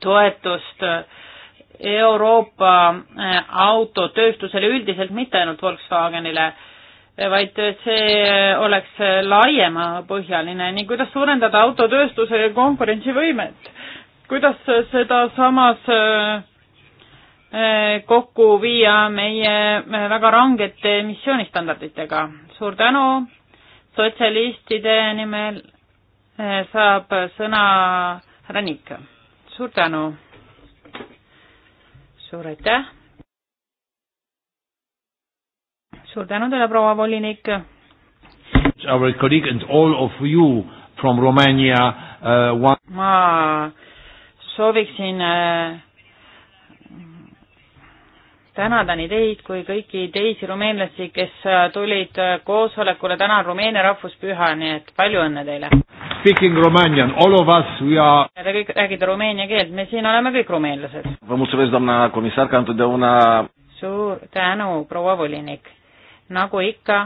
toetust äh, Euroopa äh, autotööstusele üldiselt, mitte ainult Volkswagenile, vaid see oleks laiemapõhjaline, nii kuidas suurendada autotööstuse konkurentsivõimet, kuidas seda samas äh, Eh, kokku viia meie eh, väga rangete emissioonistandarditega. suur tänu, sotsialistide nimel eh, saab sõna härra Nikk. suur tänu. suur aitäh. suur tänu teile, proua volinik. Our colleague and all of you from Romania uh, one... ma sooviksin uh, tänada nii teid kui kõiki teisi rumeenlasi, kes äh, tulid äh, koosolekule, täna on Rumeenia rahvuspüha, nii et palju õnne teile! Speaking Romanian, all of us we are ja te kõik räägite rumeenia keelt, me siin oleme kõik rumeenlased. suur tänu, proua volinik! nagu ikka,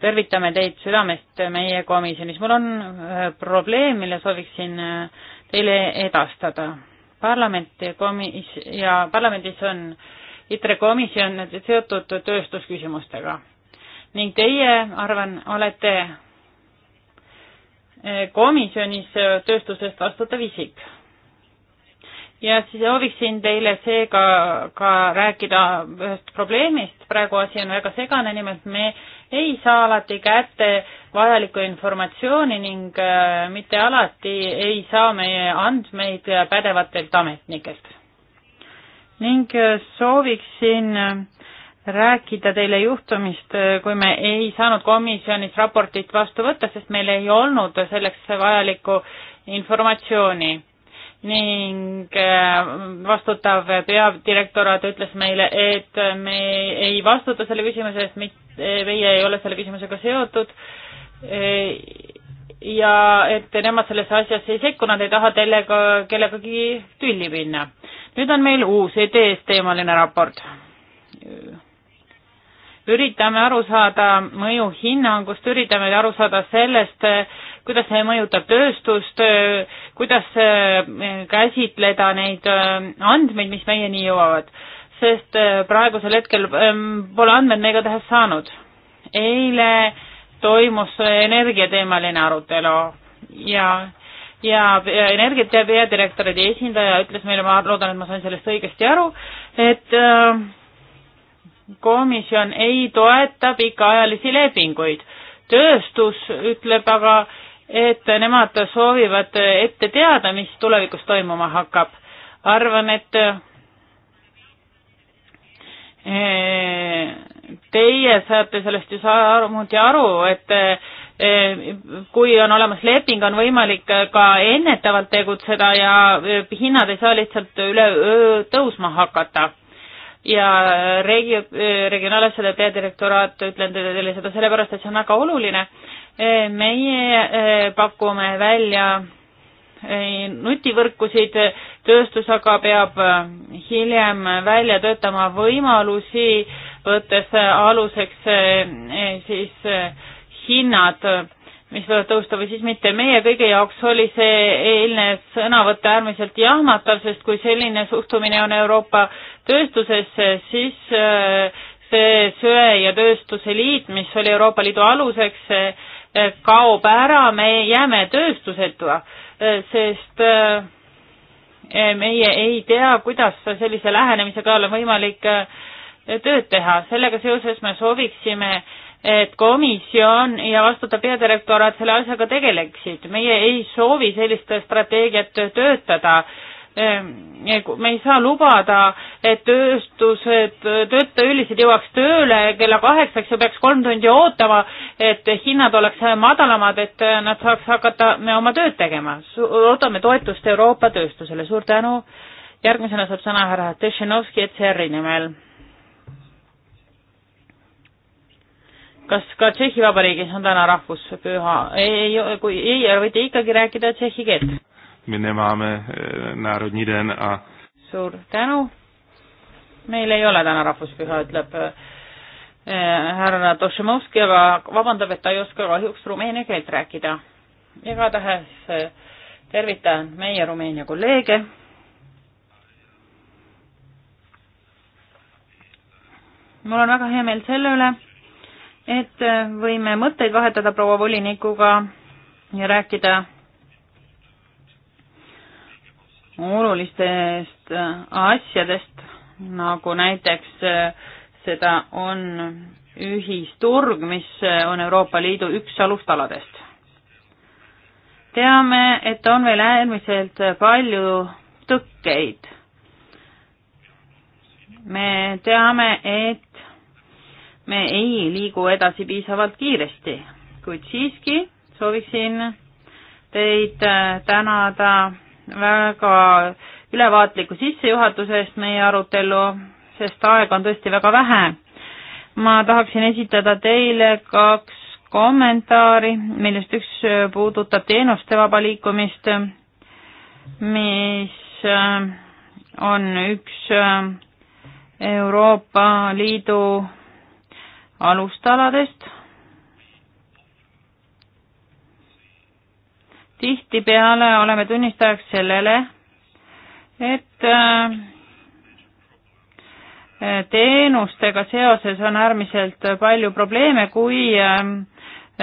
tervitame teid südamest meie komisjonis, mul on äh, probleem, mille sooviksin teile edastada parlament ja komis- ja parlamendis on ITRE komisjon seotud tööstusküsimustega ning teie, arvan, olete eh, komisjonis eh, tööstusest vastutav isik ja siis sooviksin teile seega ka rääkida ühest probleemist, praegu asi on väga segane, nimelt me ei saa alati kätte vajalikku informatsiooni ning äh, mitte alati ei saa meie andmeid pädevatelt ametnikelt. ning äh, sooviksin äh, rääkida teile juhtumist, kui me ei saanud komisjonis raportit vastu võtta, sest meil ei olnud selleks vajalikku informatsiooni ning äh, vastutav peadirektoraat ütles meile, et me ei vastuta selle küsimuse eest, meie ei ole selle küsimusega seotud äh, ja et nemad sellesse asjasse ei sekku, nad ei taha tellega, kellegagi tülli minna. nüüd on meil uus ETS teemaline raport. üritame aru saada mõjuhinnangust, üritame aru saada sellest, kuidas see mõjutab tööstust, kuidas äh, käsitleda neid äh, andmeid, mis meieni jõuavad, sest äh, praegusel hetkel ähm, pole andmed me igatahes saanud. eile toimus energiateemaline arutelu ja ja energia peadirektoride esindaja ütles meile, ma loodan, et ma sain sellest õigesti aru, et äh, komisjon ei toeta pikaajalisi lepinguid. tööstus ütleb aga, et nemad soovivad ette teada, mis tulevikus toimuma hakkab. arvan, et eh, teie saate sellest ju samuti aru, et eh, kui on olemas leping, on võimalik ka ennetavalt tegutseda ja eh, hinnad ei saa lihtsalt üleöö tõusma hakata. ja regi-, regionaalasjade peadirektoraat, ütlen teile seda sellepärast, et see on väga oluline meie eh, pakume välja eh, nutivõrkusid, tööstus aga peab eh, hiljem välja töötama võimalusi, võttes aluseks siis hinnad, mis võivad tõusta või siis mitte. meie kõigi jaoks oli see eilne sõnavõtt äärmiselt jahmatav, sest kui selline suhtumine on Euroopa tööstusesse, siis see söe- ja tööstuse liit, mis oli Euroopa Liidu aluseks, kaob ära, me jääme tööstusetua, sest äh, meie ei tea, kuidas sellise lähenemisega on võimalik äh, tööd teha. sellega seoses me sooviksime, et komisjon ja vastutav peadirektorat selle asjaga tegeleksid. meie ei soovi sellist strateegiat töötada Ehm, me ei saa lubada, et tööstused, töötajaülised jõuaks tööle kella kaheksaks ja peaks kolm tundi ootama, et hinnad oleks madalamad, et nad saaks hakata oma tööd tegema. ootame toetust Euroopa tööstusele, suur tänu. järgmisena saab sõna härra Tšenovski ECR-i nimel. kas ka Tšehhi Vabariigis on täna rahvuspüha? ei, kui ei, võite ikkagi rääkida tšehhi keelt my nemáme e, Národní den a suur tänu. meil ei ole täna rahvuspüha, ütleb e, e, härra Tošimovski, aga vabandab, et ta ei oska kahjuks rumeenia keelt rääkida. igatahes tervitan meie Rumeenia kolleege. mul on väga hea meel selle üle, et võime mõtteid vahetada proua volinikuga ja rääkida olulistest äh, asjadest, nagu näiteks äh, seda on ühisturg, mis äh, on Euroopa Liidu üks alustaladest. teame, et on veel äärmiselt palju tõkkeid. me teame, et me ei liigu edasi piisavalt kiiresti, kuid siiski sooviksin teid tänada väga ülevaatliku sissejuhatuse eest meie arutellu, sest aega on tõesti väga vähe. ma tahaksin esitada teile kaks kommentaari, millest üks puudutab teenuste vaba liikumist, mis äh, on üks äh, Euroopa Liidu alustaladest tihtipeale oleme tunnistajaks sellele, et äh, teenustega seoses on äärmiselt palju probleeme, kui äh,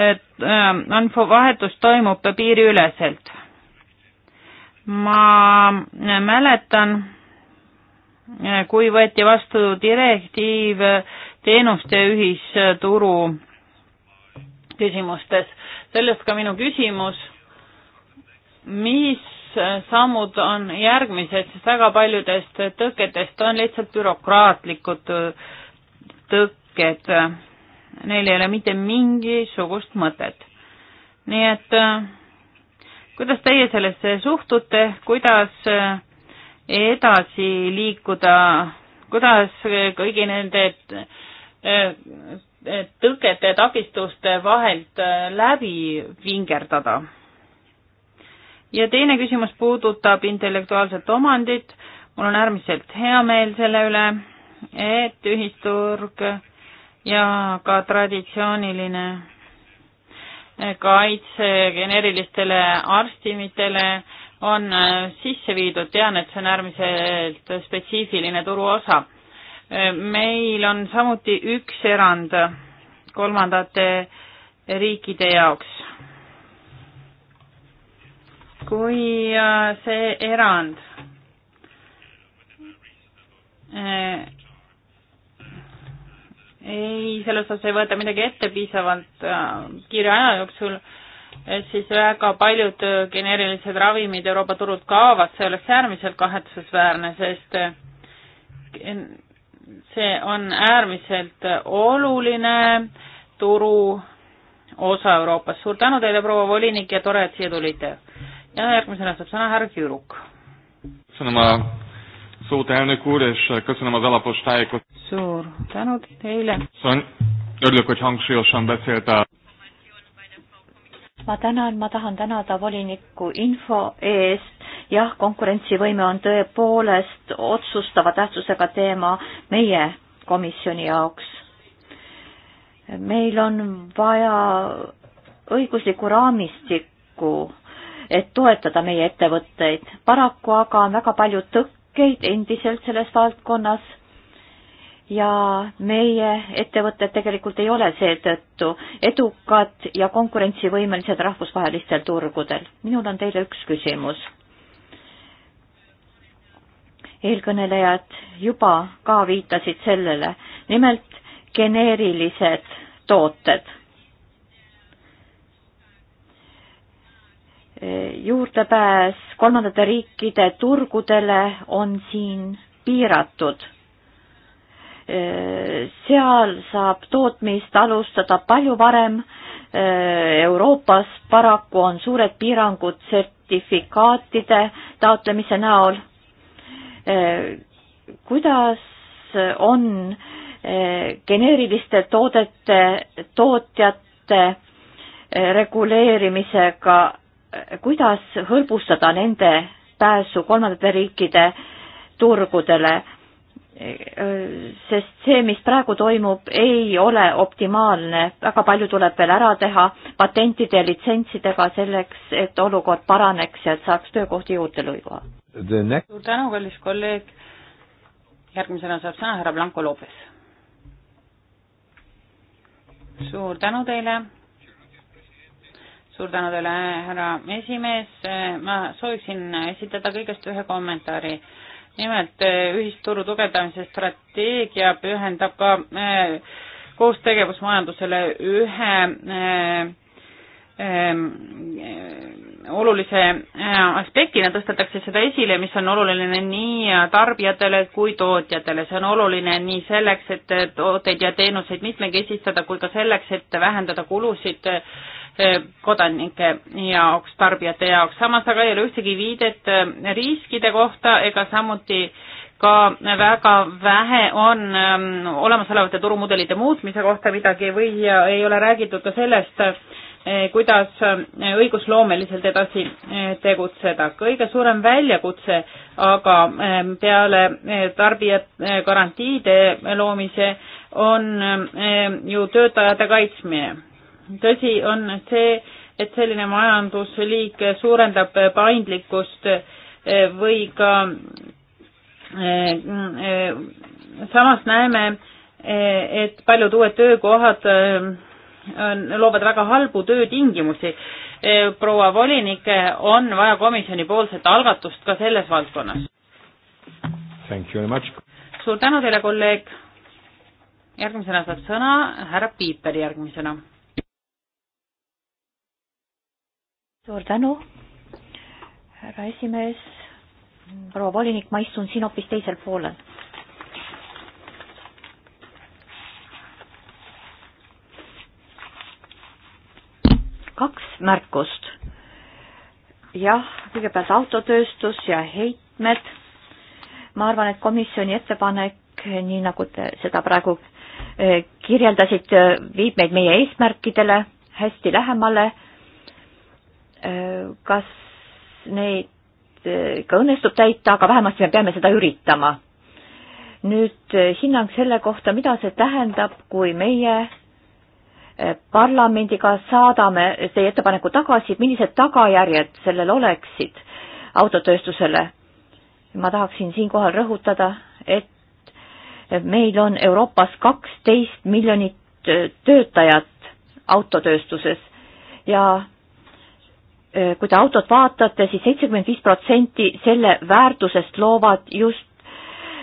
äh, infovahetus toimub piiriüleselt. ma mäletan, kui võeti vastu direktiiv teenuste ühisturu küsimustes, sellest ka minu küsimus mis sammud on järgmised, sest väga paljudest tõketest on lihtsalt bürokraatlikud tõkked. Neil ei ole mitte mingisugust mõtet. nii et kuidas teie sellesse suhtute, kuidas edasi liikuda, kuidas kõigi nende eh, eh, tõkete takistuste vahelt eh, läbi vingerdada? ja teine küsimus puudutab intellektuaalset omandit. mul on äärmiselt hea meel selle üle, et ühisturg ja ka traditsiooniline kaitse geneerilistele arstimitele on sisse viidud, tean, et see on äärmiselt spetsiifiline turuosa. meil on samuti üks erand kolmandate riikide jaoks kui äh, see erand äh, ei, selles osas ei võeta midagi ette piisavalt äh, kiire aja jooksul, et siis väga paljud geneerilised ravimid Euroopa turult kaovad, see oleks äärmiselt kahetsusväärne, sest see on äärmiselt oluline turu osa Euroopas. suur tänu teile, proua volinik, ja tore, et siia tulite! ja järgmisena saab sõna härra Küüruk. sõnama suur tänu, kuulis, köszönöm az alapos tájékot. Suur tänu teile. Örülök, hogy hangsúlyosan beszélt a... Ma tänan, ma tahan tänada voliniku info eest. Jah, konkurentsivõime on tõepoolest otsustava tähtsusega teema meie komisjoni jaoks. Meil on vaja õiguslikku raamistikku et toetada meie ettevõtteid. paraku aga on väga palju tõkkeid endiselt selles valdkonnas ja meie ettevõtted tegelikult ei ole seetõttu edukad ja konkurentsivõimelised rahvusvahelistel turgudel. minul on teile üks küsimus. eelkõnelejad juba ka viitasid sellele, nimelt geneerilised tooted juurdepääs kolmandate riikide turgudele on siin piiratud. seal saab tootmist alustada palju varem. Euroopas paraku on suured piirangud sertifikaatide taotlemise näol. kuidas on geneeriliste toodete tootjate reguleerimisega kuidas hõlbustada nende pääsu kolmandate riikide turgudele, sest see, mis praegu toimub, ei ole optimaalne, väga palju tuleb veel ära teha patentide ja litsentsidega selleks, et olukord paraneks ja et saaks töökohti juurde luua. suur tänu, kallis kolleeg. järgmisena saab sõna härra Blanco Lopez. suur tänu teile suur tänu teile, härra esimees, ma sooviksin esitada kõigest ühe kommentaari. nimelt eh, ühisturu tugevdamise strateegia pühendab ka eh, koostegevus majandusele ühe eh, olulise aspektina tõstetakse seda esile, mis on oluline nii tarbijatele kui tootjatele. see on oluline nii selleks, et tooteid ja teenuseid mitmekesistada, kui ka selleks, et vähendada kulusid äh, kodanike jaoks, tarbijate jaoks, samas aga ei ole ühtegi viidet äh, riskide kohta ega samuti ka väga vähe on ähm, olemasolevate turumudelite muutmise kohta midagi või äh, ei ole räägitud ka sellest, äh, kuidas õigusloomeliselt edasi tegutseda. kõige suurem väljakutse aga ähm, peale tarbijate garantiide loomise on ähm, ju töötajate kaitsmine tõsi on see, et selline majandusliik suurendab paindlikkust eh, või ka eh, eh, samas näeme, et paljud uued töökohad on, loovad väga halbu töötingimusi. proua volinik, on vaja komisjoni poolset algatust ka selles valdkonnas. suur tänu teile, kolleeg. järgmisena saab sõna härra Piiper järgmisena suur tänu, härra esimees, proua volinik, ma istun siin hoopis teisel poolel. kaks märkust. jah, kõigepealt autotööstus ja heitmed. ma arvan, et komisjoni ettepanek, nii nagu te seda praegu eh, kirjeldasid, eh, viib meid meie eesmärkidele hästi lähemale Äh, kas neid ikka äh, õnnestub täita, aga vähemasti me peame seda üritama. nüüd äh, hinnang selle kohta, mida see tähendab, kui meie parlamendiga saadame teie ettepaneku tagasi, et millised tagajärjed sellel oleksid autotööstusele. ma tahaksin siinkohal rõhutada, et meil on Euroopas kaksteist miljonit töötajat autotööstuses ja Äh, kui te autot vaatate siis, siis seitsekümmend viis protsenti selle väärtusest loovad just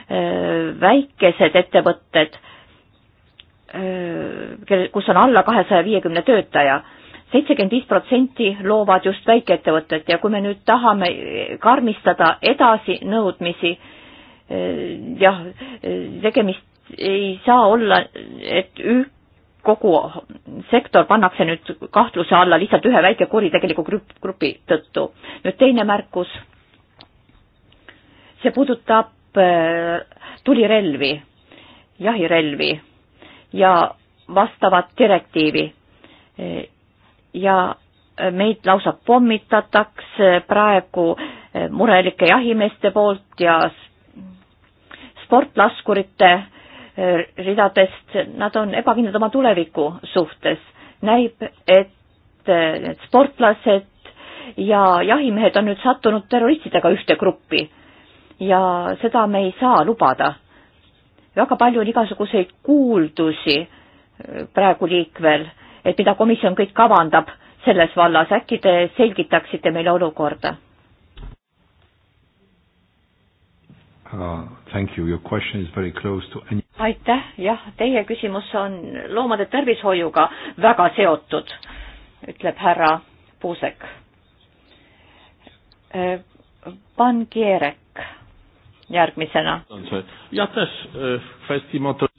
äh, väikesed ettevõtted, äh, kel, kus on alla kahesaja viiekümne töötaja. seitsekümmend viis protsenti loovad just väikeettevõtted ja kui me nüüd tahame karmistada edasi nõudmisi, jah, tegemist ei saa olla, et üks kogu sektor pannakse nüüd kahtluse alla lihtsalt ühe väike kuritegeliku grup, grupi tõttu. nüüd teine märkus. see puudutab äh, tulirelvi, jahirelvi ja vastavat direktiivi. Äh, ja äh, meid lausa pommitatakse praegu murelike jahimeeste poolt ja sportlaskurite Eh, ridadest, nad on ebakindlad oma tuleviku suhtes. näib, et eh, need sportlased ja jahimehed on nüüd sattunud terroristidega ühte gruppi ja seda me ei saa lubada. väga palju on igasuguseid kuuldusi eh, praegu liikvel, et mida komisjon kõik kavandab selles vallas, äkki te selgitaksite meile olukorda? Uh, thank you, your question is very close to any aitäh, jah, teie küsimus on loomade tervishoiuga väga seotud, ütleb härra Puusek. Pan äh, Kierek järgmisena. Äh,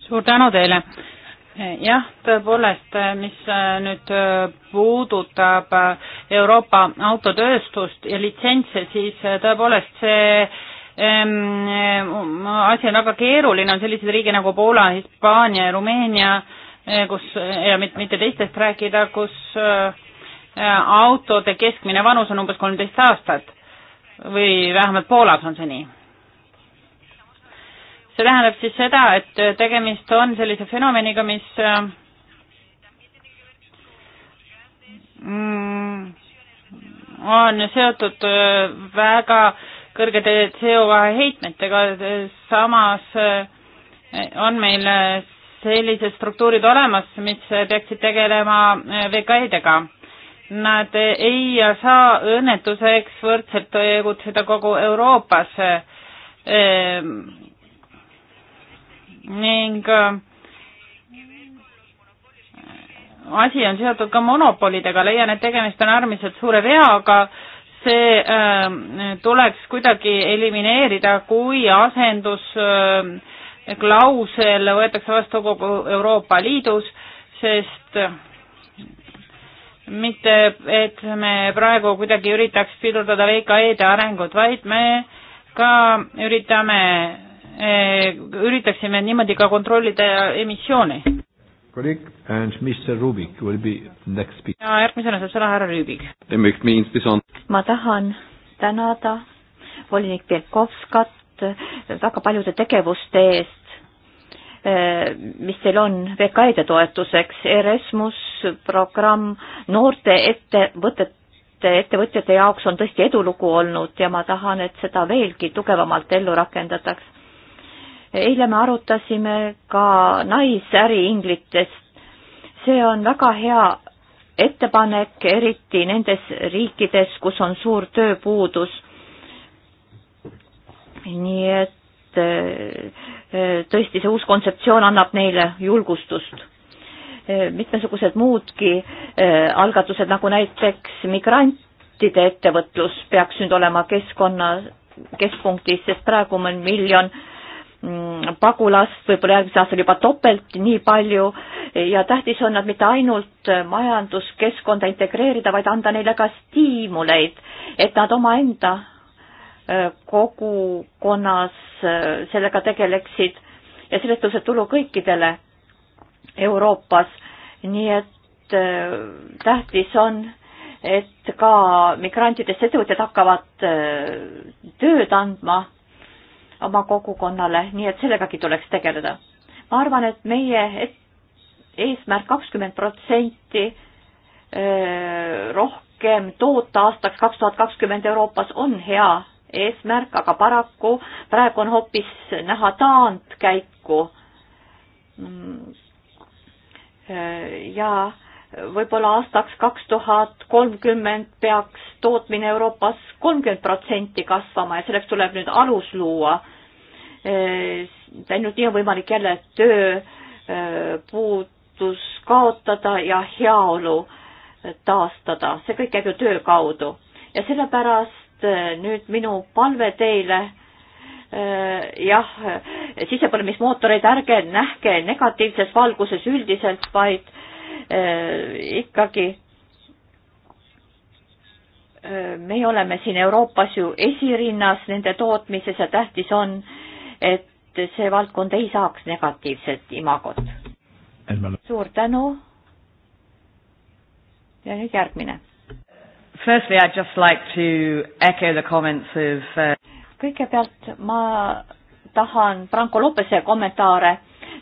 suur tänu teile. jah, tõepoolest, äh, mis nüüd puudutab Euroopa autotööstust ja litsentse, siis tõepoolest see Ehm, ehm, um, asi on väga keeruline, on selliseid riike nagu Poola, Hispaania ja Rumeenia, eh, kus eh, ja mitte teistest rääkida, kus eh, autode keskmine vanus on umbes kolmteist aastat või vähemalt Poolas on see nii. see tähendab siis seda, et tegemist on sellise fenomeniga, mis mm, on seotud väga äh, kõrgete CO2 heitmetega, samas eh, on meil eh, sellised struktuurid olemas, mis peaksid tegelema eh, VKI-dega. Nad ei saa õnnetuseks võrdselt tegutseda kogu Euroopas ning asi on seotud ka monopolidega, leian, et tegemist on äärmiselt suure veaga, see äh, tuleks kuidagi elimineerida, kui asendusklausel ähm, äh, võetakse vastu kogu Euroopa Liidus, sest äh, mitte, et me praegu kuidagi üritaks pidurdada VKE-de arengut, vaid me ka üritame äh,, üritaksime niimoodi ka kontrollida emissiooni. Correct. And Mr Rubik will be next speaker. ja järgmisena saab sõna härra Rubik. ma tahan tänada volinik Belkovskat väga paljude tegevuste eest, eh, mis teil on VKE-de toetuseks, Erasmus programm noorte ettevõtete ettevõtjate jaoks on tõesti edulugu olnud ja ma tahan, et seda veelgi tugevamalt ellu rakendataks eile me arutasime ka naisäriinglitest. see on väga hea ettepanek, eriti nendes riikides, kus on suur tööpuudus. nii et eh, tõesti, see uus kontseptsioon annab neile julgustust. Eh, mitmesugused muudki eh, algatused, nagu näiteks migrantide ettevõtlus peaks nüüd olema keskkonna keskpunktis, sest praegu on miljon äh, Mm, pagulast, võib-olla järgmisel aastal juba topelt nii palju ja tähtis on nad mitte ainult majanduskeskkonda integreerida, vaid anda neile ka stiimuleid, et nad omaenda äh, kogukonnas äh, sellega tegeleksid ja sellest tõuseb tulu kõikidele Euroopas. nii et äh, tähtis on, et ka migrantidest ettevõtjad hakkavad tööd andma oma kogukonnale, nii et sellegagi tuleks tegeleda. ma arvan, et meie eesmärk kakskümmend protsenti rohkem toota aastaks kaks tuhat kakskümmend Euroopas on hea eesmärk, aga paraku praegu on hoopis näha taandkäiku. ja võib-olla aastaks kaks tuhat kolmkümmend peaks tootmine Euroopas kolmkümmend protsenti kasvama ja selleks tuleb nüüd alus luua Äh, ainult nii on võimalik jälle tööpuudus kaotada ja heaolu taastada, see kõik käib ju töö kaudu ja sellepärast äh, nüüd minu palve teile äh, jah, sisepõlemismootoreid ärge nähke negatiivses valguses üldiselt, vaid ikkagi meie oleme siin Euroopas ju esirinnas nende tootmises ja tähtis on äh, et see valdkond ei saaks negatiivset imagot. suur tänu. ja nüüd järgmine. Firstly, I'd just like to echo the comments of uh... kõigepealt ma tahan Franco Lopese kommentaare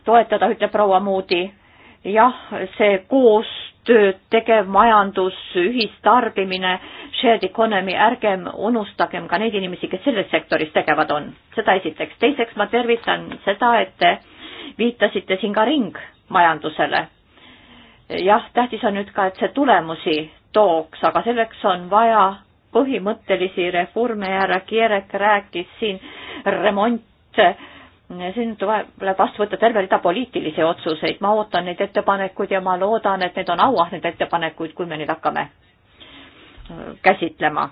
toetada, ütleb proua Moody jah, see koostööd tegev majandus, ühistarbimine, shared economy, ärgem unustagem ka neid inimesi, kes selles sektoris tegevad on. seda esiteks. teiseks ma tervitan seda, et te viitasite siin ka ringmajandusele. jah, tähtis on nüüd ka, et see tulemusi tooks, aga selleks on vaja põhimõttelisi reforme ja Rakierek rääkis siin remont siin tuleb vastu võtta terve rida poliitilisi otsuseid, ma ootan neid ettepanekuid ja ma loodan, et need on auahned ettepanekuid, kui me neid hakkame äh, käsitlema.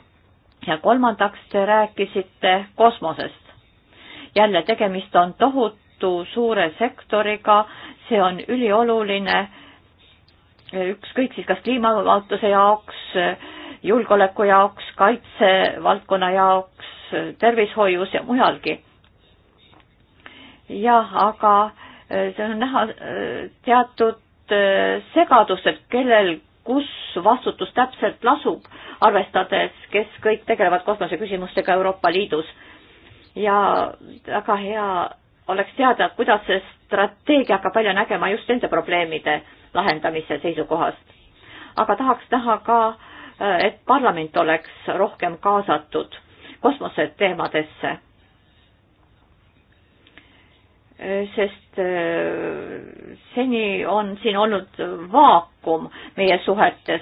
ja kolmandaks te rääkisite kosmosest. jälle, tegemist on tohutu suure sektoriga, see on ülioluline, äh, ükskõik siis kas kliimavaatuse jaoks, äh, julgeoleku jaoks, kaitsevaldkonna jaoks, tervishoius ja mujalgi jah, aga äh, seal on näha äh, teatud äh, segadust, et kellel, kus vastutus täpselt lasub, arvestades, kes kõik tegelevad kosmoseküsimustega Euroopa Liidus. ja väga hea oleks teada, kuidas see strateegia hakkab välja nägema just nende probleemide lahendamise seisukohast. aga tahaks näha ka, et parlament oleks rohkem kaasatud kosmoseteemadesse sest äh, seni on siin olnud vaakum meie suhetes,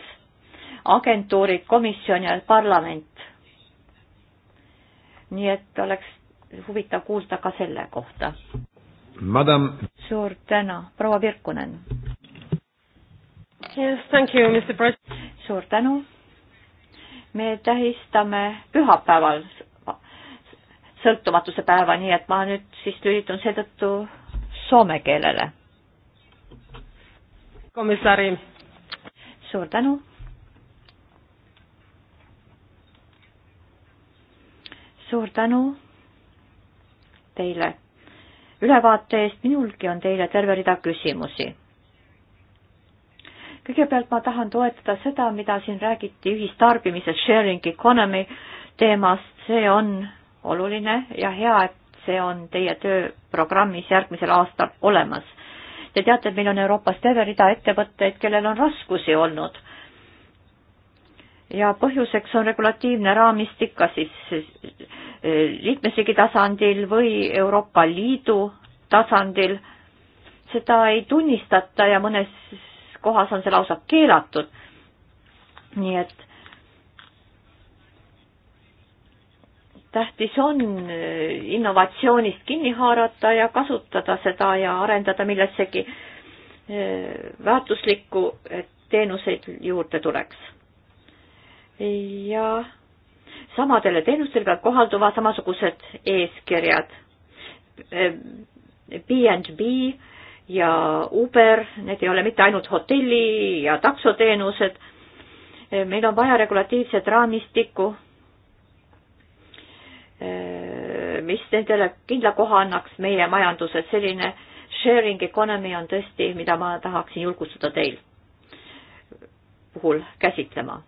agentuurid, komisjon ja parlament. nii et oleks huvitav kuulda ka selle kohta. Madam. suur tänu, proua Virkunen. Yes, thank you, Mr President. suur tänu. me tähistame pühapäeval sõltumatuse päeva, nii et ma nüüd siis lülitun seetõttu soome keelele. komissari. suur tänu. suur tänu teile ülevaate eest, minulgi on teile terve rida küsimusi. kõigepealt ma tahan toetada seda, mida siin räägiti ühistarbimisest, sharing economy teemast, see on oluline ja hea, et see on teie tööprogrammis järgmisel aastal olemas. Te teate, et meil on Euroopas terve rida ettevõtteid, kellel on raskusi olnud. ja põhjuseks on regulatiivne raamistik, kas siis eh, liikmesriigi tasandil või Euroopa Liidu tasandil. seda ei tunnistata ja mõnes kohas on see lausa keelatud. nii et tähtis on äh, innovatsioonist kinni haarata ja kasutada seda ja arendada millessegi äh, väärtuslikku, et teenuseid juurde tuleks. ja samadele teenustele peavad kohalduma samasugused eeskirjad. BNB äh, ja Uber, need ei ole mitte ainult hotelli ja taksoteenused, meil on vaja regulatiivset raamistikku Äh, mis nendele kindla koha annaks meie majanduses, selline sharing economy on tõesti, mida ma tahaksin julgustada teil puhul käsitlema.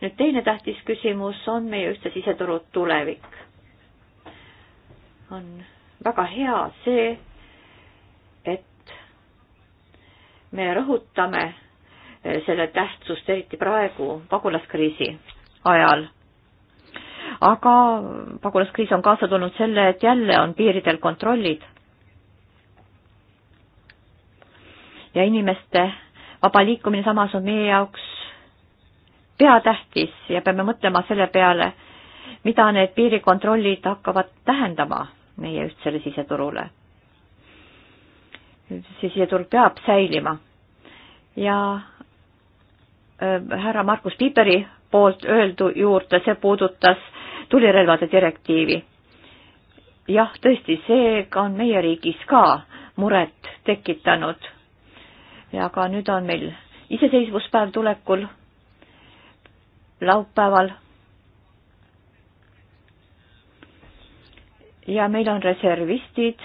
nüüd teine tähtis küsimus on meie ühtse siseturu tulevik. on väga hea see, et me rõhutame äh, selle tähtsust, eriti praegu pagulaskriisi ajal aga pagulaskriis on kaasa tulnud selle, et jälle on piiridel kontrollid. ja inimeste vaba liikumine samas on meie jaoks peatähtis ja peame mõtlema selle peale, mida need piirikontrollid hakkavad tähendama meie ühtsele siseturule. see siseturg peab säilima ja äh, härra Markus Piiperi poolt öeldu juurde, see puudutas tulirelvade direktiivi. jah, tõesti, seega on meie riigis ka muret tekitanud. aga nüüd on meil iseseisvuspäev tulekul, laupäeval. ja meil on reservistid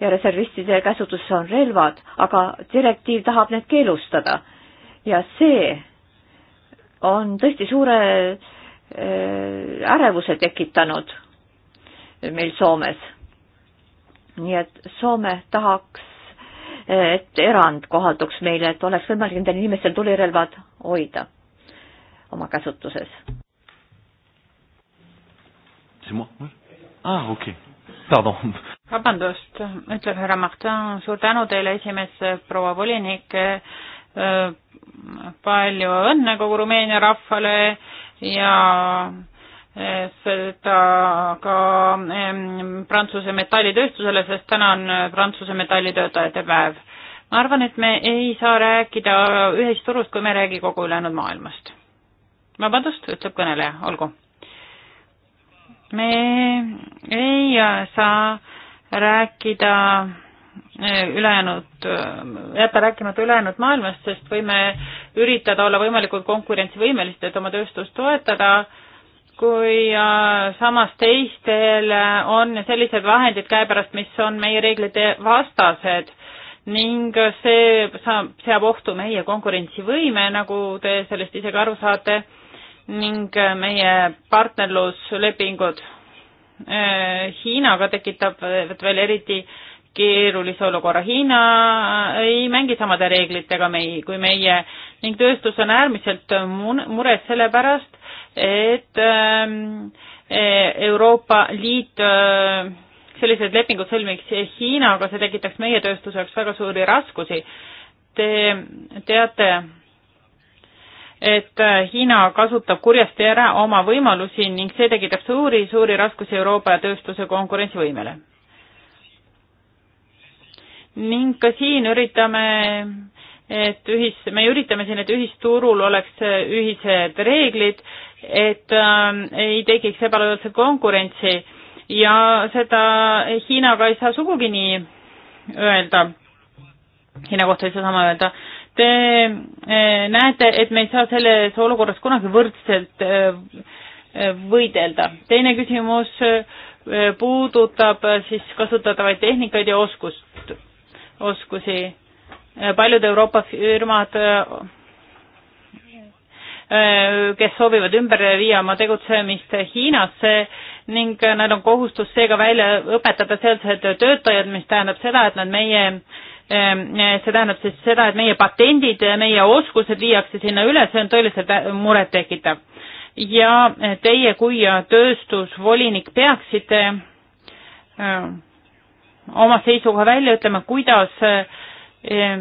ja reservistide käsutuses on relvad, aga direktiiv tahab need keelustada. ja see on tõesti suure äh, ärevuse tekitanud meil Soomes. nii et Soome tahaks, äh, et erand kohalduks meile, et oleks võimalik nendel inimestel tulirelvad hoida oma käsutuses. Ah, okei okay., pardon. vabandust, ütleb härra Martin, suur tänu teile, esimees proua volinik Äh, palju õnne kogu Rumeenia rahvale ja äh, seda ka ähm, Prantsuse metallitööstusele, sest täna on äh, Prantsuse metallitöötajate päev. ma arvan, et me ei saa rääkida ühest turust, kui me ei räägi kogu ülejäänud maailmast. vabandust, ütleb kõneleja, olgu. me ei saa rääkida ülejäänud, jätta rääkimata ülejäänud maailmast, sest võime üritada olla võimalikult konkurentsivõimelised, et oma tööstust toetada, kui samas teistel on sellised vahendid käepärast, mis on meie reeglite vastased ning see saab, seab ohtu meie konkurentsivõime, nagu te sellest ise ka aru saate, ning meie partnerluslepingud eh, Hiinaga tekitavad veel eriti äh, keerulise olukorra. Hiina ei mängi samade reeglitega mei-, kui meie ning tööstus on äärmiselt mures selle pärast, et ähm, e, Euroopa Liit äh, sellised lepingud sõlmiks Hiinaga, see tekitaks meie tööstuse jaoks väga suuri raskusi. Te teate, et äh, Hiina kasutab kurjasti ära oma võimalusi ning see tekitab suuri-suuri raskusi Euroopa tööstuse konkurentsivõimele ning ka siin üritame, et ühis, me üritame siin, et ühisturul oleks ühised reeglid, et äh, ei tekiks ebalõõdset konkurentsi ja seda Hiinaga ei saa sugugi nii öelda. Hiina kohta ei saa sama öelda. Te äh, näete, et me ei saa selles olukorras kunagi võrdselt äh, äh võidelda. teine küsimus äh, puudutab äh, siis kasutatavaid tehnikaid ja oskust oskusi. paljud Euroopa firmad, kes soovivad ümber viia oma tegutsemist Hiinasse ning neil on kohustus seega välja õpetada sealsed töötajad, mis tähendab seda, et nad meie see tähendab siis seda, et meie patendid, meie oskused viiakse sinna üle, see on tõeliselt murettekitav. ja teie kui tööstusvolinik peaksite oma seisukoha välja ütlema, kuidas eh, eh,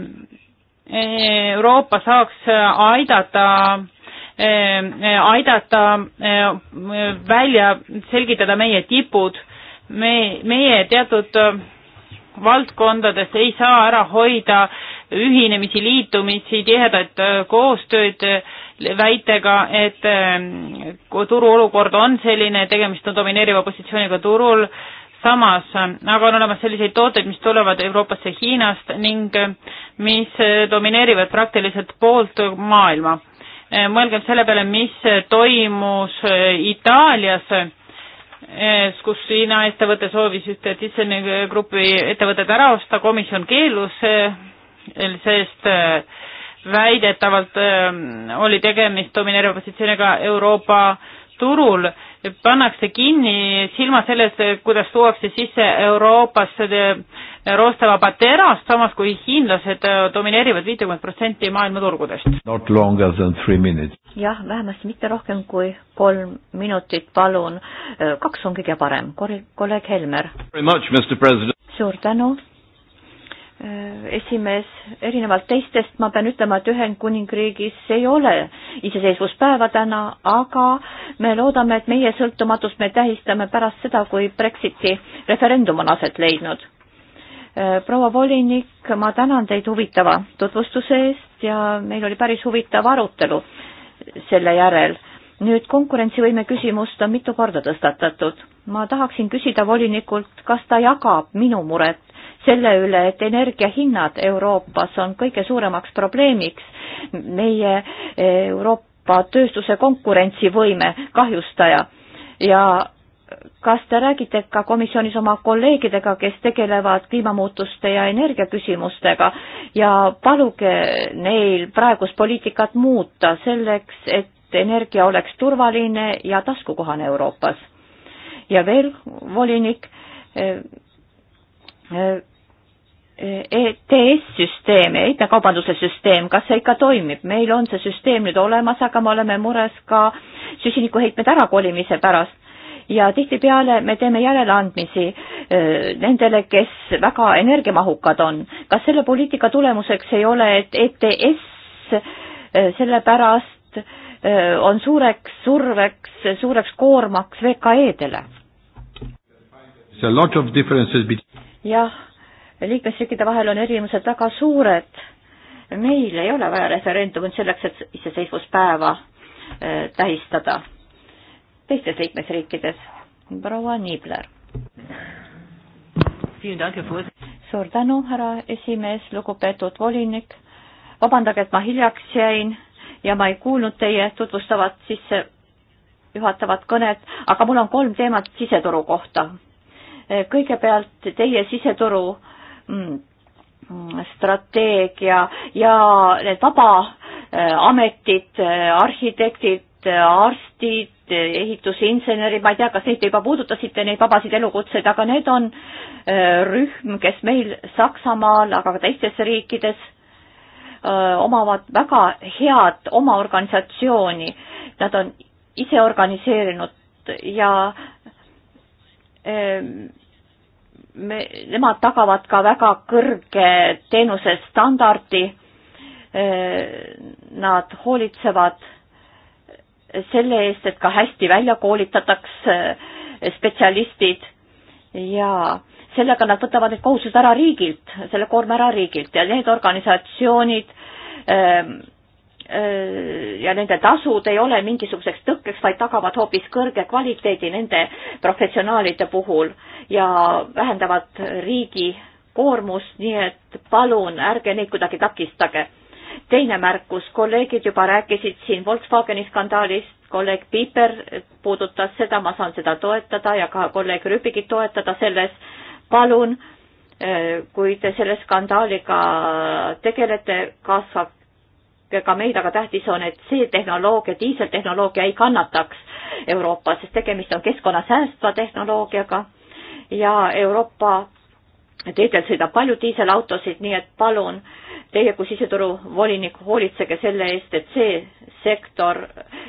Euroopa saaks eh, aidata aidata välja selgitada meie tipud, me, meie teatud valdkondades ei saa ära hoida ühinemisi, liitumisi, tihedat koostööd väitega, et turu olukord on selline, tegemist on domineeriva positsiooniga turul, samas, aga nagu on olemas selliseid tooteid, mis tulevad Euroopasse Hiinast ning mis domineerivad praktiliselt poolt maailma. mõelgem selle peale, mis toimus Itaalias, kus Hiina ettevõte soovis ühte Thyssen grupi ettevõtet ära osta, komisjon keelus, sest väidetavalt ähm, oli tegemist domineeriva positsiooniga Euroopa turul pannakse kinni silma selles, kuidas tuuakse sisse Euroopasse roostevaba terast, samas kui hiinlased domineerivad viitekümmet protsenti maailma turgudest. jah, vähemasti mitte rohkem kui kolm minutit, palun. kaks on kõige parem. kolleeg Helmer. suur tänu Äh, esimees, erinevalt teistest ma pean ütlema, et Ühendkuningriigis ei ole iseseisvuspäeva täna, aga me loodame, et meie sõltumatust me tähistame pärast seda, kui Brexiti referendum on aset leidnud. Äh, proua volinik, ma tänan teid huvitava tutvustuse eest ja meil oli päris huvitav arutelu selle järel. nüüd konkurentsivõime küsimust on mitu korda tõstatatud. ma tahaksin küsida volinikult, kas ta jagab minu muret selle üle, et energiahinnad Euroopas on kõige suuremaks probleemiks. meie eh, Euroopa tööstuse konkurentsivõime kahjustaja ja kas te räägite ka komisjonis oma kolleegidega, kes tegelevad kliimamuutuste ja energiaküsimustega ja paluge neil praegust poliitikat muuta selleks, et energia oleks turvaline ja taskukohane Euroopas. ja veel, volinik, eh, eh, ETS-süsteem, e heitmekaubanduse süsteem, kas see ikka toimib? meil on see süsteem nüüd olemas, aga me oleme mures ka süsinikuheitmed ärakolimise pärast ja tihtipeale me teeme järeleandmisi e, nendele, kes väga energiamahukad on. kas selle poliitika tulemuseks ei ole, et ETS e, sellepärast on suureks surveks, suureks koormaks VKE-dele? jah liikmesriikide vahel on erinevused väga suured. meil ei ole vaja referendumit selleks, et iseseisvuspäeva äh, tähistada teistes liikmesriikides. proua Niibler. suur tänu, härra esimees, lugupeetud volinik. vabandage, et ma hiljaks jäin ja ma ei kuulnud teie tutvustavat sisse juhatavat kõnet, aga mul on kolm teemat siseturu kohta. kõigepealt teie siseturu Mm, strateegia ja need vabaametid, äh, äh, arhitektid, äh, arstid, ehitusinsenerid, ma ei tea, kas neid te juba puudutasite, neid vabasid elukutseid, aga need on rühm, kes meil Saksamaal, aga ka teistes riikides omavad väga head oma organisatsiooni. Nad on ise organiseerinud ja öö, me, nemad tagavad ka väga kõrge teenuse standardi. Nad hoolitsevad selle eest, et ka hästi välja koolitataks spetsialistid ja sellega nad võtavad need kohustused ära riigilt, selle koorma ära riigilt ja need organisatsioonid ähm, Äh, ja nende tasud ei ole mingisuguseks tõkkeks, vaid tagavad hoopis kõrge kvaliteedi nende professionaalide puhul ja vähendavad riigi koormust, nii et palun ärge neid kuidagi takistage. teine märkus, kolleegid juba rääkisid siin Volkswageni skandaalist, kolleeg Piiper puudutas seda, ma saan seda toetada ja ka kolleeg Rüübigit toetada selles, palun äh, kui te selle skandaaliga tegelete, kaasab ka meid, aga tähtis on, et see tehnoloogia, diiseltehnoloogia ei kannataks Euroopas, sest tegemist on keskkonnasäästva tehnoloogiaga ja Euroopa teedel sõidab palju diiselautosid, nii et palun teie kui siseturu volinik, hoolitsege selle eest, et see sektor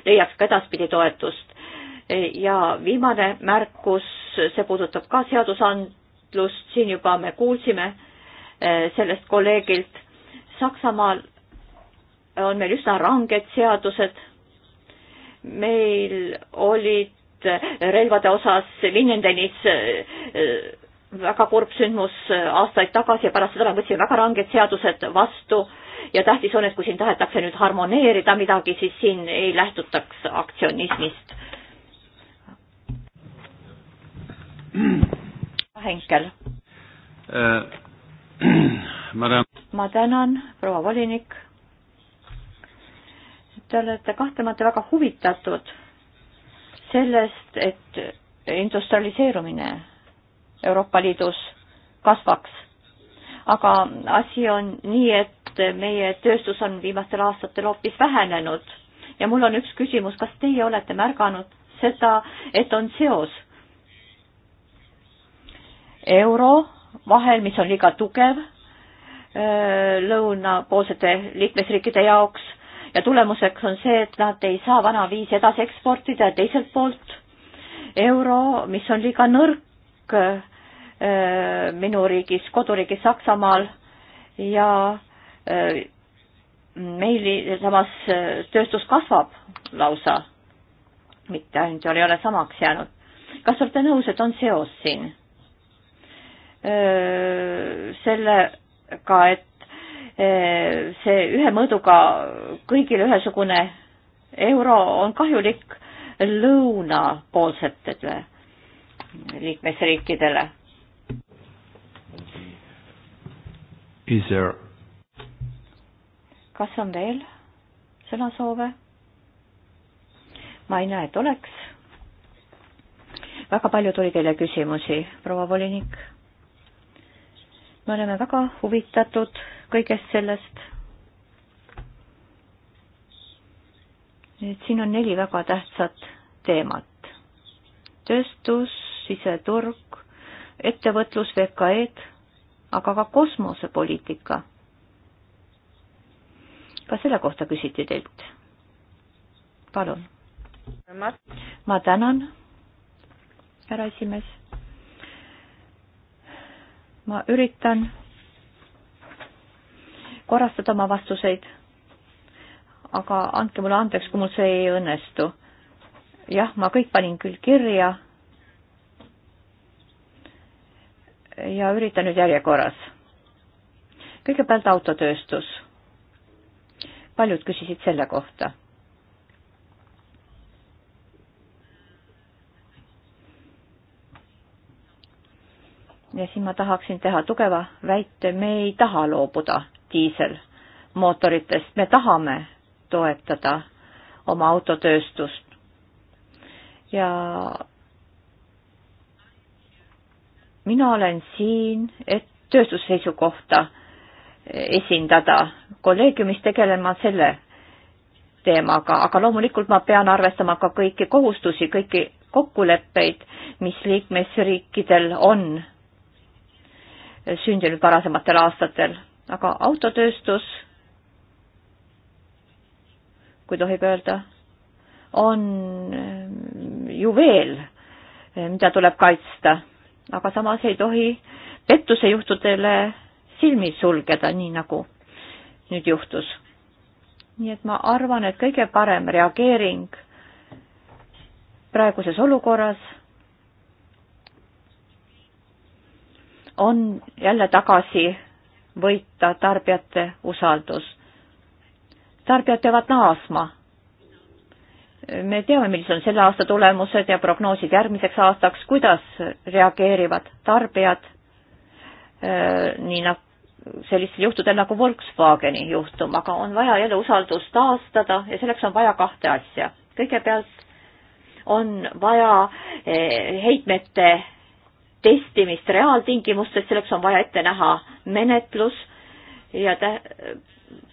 leiaks ka edaspidi toetust. ja viimane märkus, see puudutab ka seadusandlust, siin juba me kuulsime eh, sellest kolleegilt Saksamaal on meil üsna ranged seadused. meil olid äh, relvade osas Linjendenis äh, äh, väga kurb sündmus aastaid tagasi ja pärast seda me võtsime väga ranged seadused vastu ja tähtis on, et kui siin tahetakse nüüd harmoneerida midagi, siis siin ei lähtutaks aktsionismist. Henkel äh,. ma tänan, proua volinik Te olete kahtlemata väga huvitatud sellest, et industrialiseerumine Euroopa Liidus kasvaks. aga asi on nii, et meie tööstus on viimastel aastatel hoopis vähenenud ja mul on üks küsimus, kas teie olete märganud seda, et on seos euro vahel, mis on liiga tugev äh, lõunapoolsete liikmesriikide jaoks ja tulemuseks on see, et nad ei saa vana viisi edasi eksportida ja teiselt poolt euro, mis on liiga nõrk äh, minu riigis, koduriigis Saksamaal ja äh, meil samas äh, tööstus kasvab lausa, mitte ainult ei ole samaks jäänud. kas olete nõus, et on seos siin? sellega, et see ühe mõõduga kõigile ühesugune euro on kahjulik lõunapoolsetele liikmesriikidele. There... kas on veel sõnasoove? ma ei näe, et oleks. väga palju tuli teile küsimusi, proua volinik. me oleme väga huvitatud kõigest sellest. et siin on neli väga tähtsat teemat. tööstus, siseturg, ettevõtlus, VKE-d, aga ka kosmosepoliitika. ka selle kohta küsiti teilt. palun. ma tänan, härra esimees. ma üritan korrastada oma vastuseid. aga andke mulle andeks, kui mul see ei õnnestu. jah, ma kõik panin küll kirja. ja üritan nüüd järjekorras. kõigepealt autotööstus. paljud küsisid selle kohta ja siin ma tahaksin teha tugeva väite, me ei taha loobuda diiselmootoritest, me tahame toetada oma autotööstust. ja mina olen siin, et tööstusseisukohta esindada kolleegiumis tegelema selle teemaga, aga loomulikult ma pean arvestama ka kõiki kohustusi, kõiki kokkuleppeid, mis liikmesriikidel on sündinud varasematel aastatel aga autotööstus, kui tohib öelda, on ähm, juveel, äh, mida tuleb kaitsta, aga samas ei tohi pettusejuhtudele silmi sulgeda, nii nagu nüüd juhtus. nii et ma arvan, et kõige parem reageering praeguses olukorras on jälle tagasi võita tarbijate usaldus. tarbijad peavad naasma. me teame, millised on selle aasta tulemused ja prognoosid järgmiseks aastaks, kuidas reageerivad tarbijad, äh, nii nagu sellistel juhtudel nagu Volkswageni juhtum, aga on vaja jälle usaldust taastada ja selleks on vaja kahte asja. kõigepealt on vaja eh, heitmete testimist reaaltingimustes, selleks on vaja ette näha menetlus ja tä-,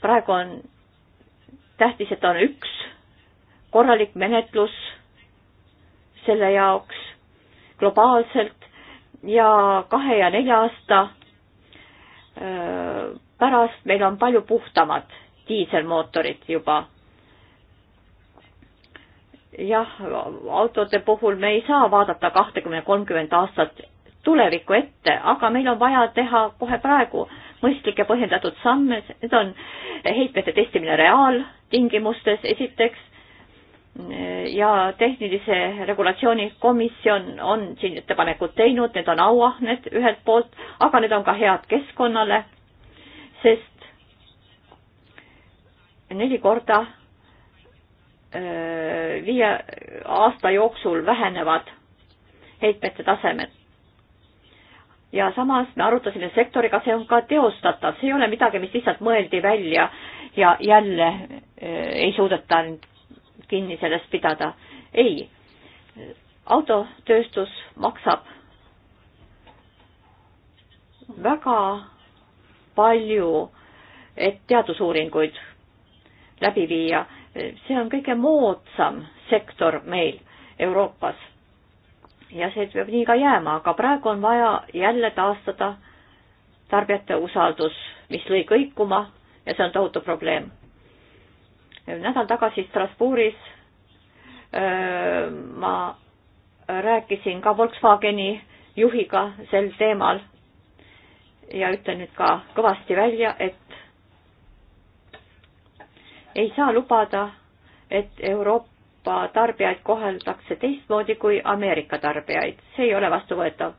praegu on tähtis, et on üks korralik menetlus selle jaoks globaalselt ja kahe ja nelja aasta pärast meil on palju puhtamad diiselmootorid juba. jah, autode puhul me ei saa vaadata kahtekümmend, kolmkümmend aastat tulevikku ette, aga meil on vaja teha kohe praegu mõistlikke põhjendatud samme, need on heitmete testimine reaaltingimustes esiteks ja tehnilise regulatsiooni komisjon on siin ettepanekud teinud, need on auahned ühelt poolt, aga need on ka head keskkonnale, sest neli korda viie aasta jooksul vähenevad heitmete tasemed ja samas me arutasime sektoriga, see on ka teostatav, see ei ole midagi, mis lihtsalt mõeldi välja ja jälle e, ei suudeta kinni sellest pidada. ei, autotööstus maksab väga palju, et teadusuuringuid läbi viia. E, see on kõige moodsam sektor meil Euroopas ja see peab nii ka jääma, aga praegu on vaja jälle taastada tarbijate usaldus, mis lõi kõikuma ja see on tohutu probleem. nädal tagasi Strasbourgis öö, ma rääkisin ka Volkswageni juhiga sel teemal ja ütlen nüüd ka kõvasti välja, et ei saa lubada, et Euroopa Euroopa tarbijaid koheldakse teistmoodi kui Ameerika tarbijaid, see ei ole vastuvõetav.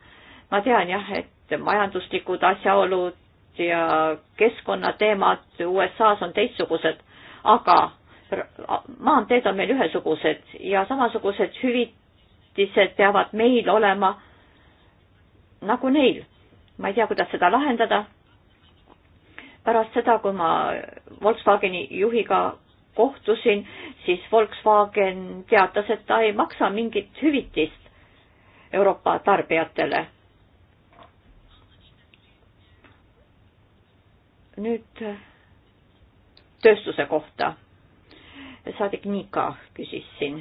ma tean jah, et majanduslikud asjaolud ja keskkonnateemad USA-s on teistsugused, aga maanteed on meil ühesugused ja samasugused hüvitised peavad meil olema nagu neil. ma ei tea, kuidas seda lahendada. pärast seda, kui ma Volkswageni juhiga kohtusin, siis Volkswagen teatas, et ta ei maksa mingit hüvitist Euroopa tarbijatele. nüüd tööstuse kohta. saadik Niika küsis siin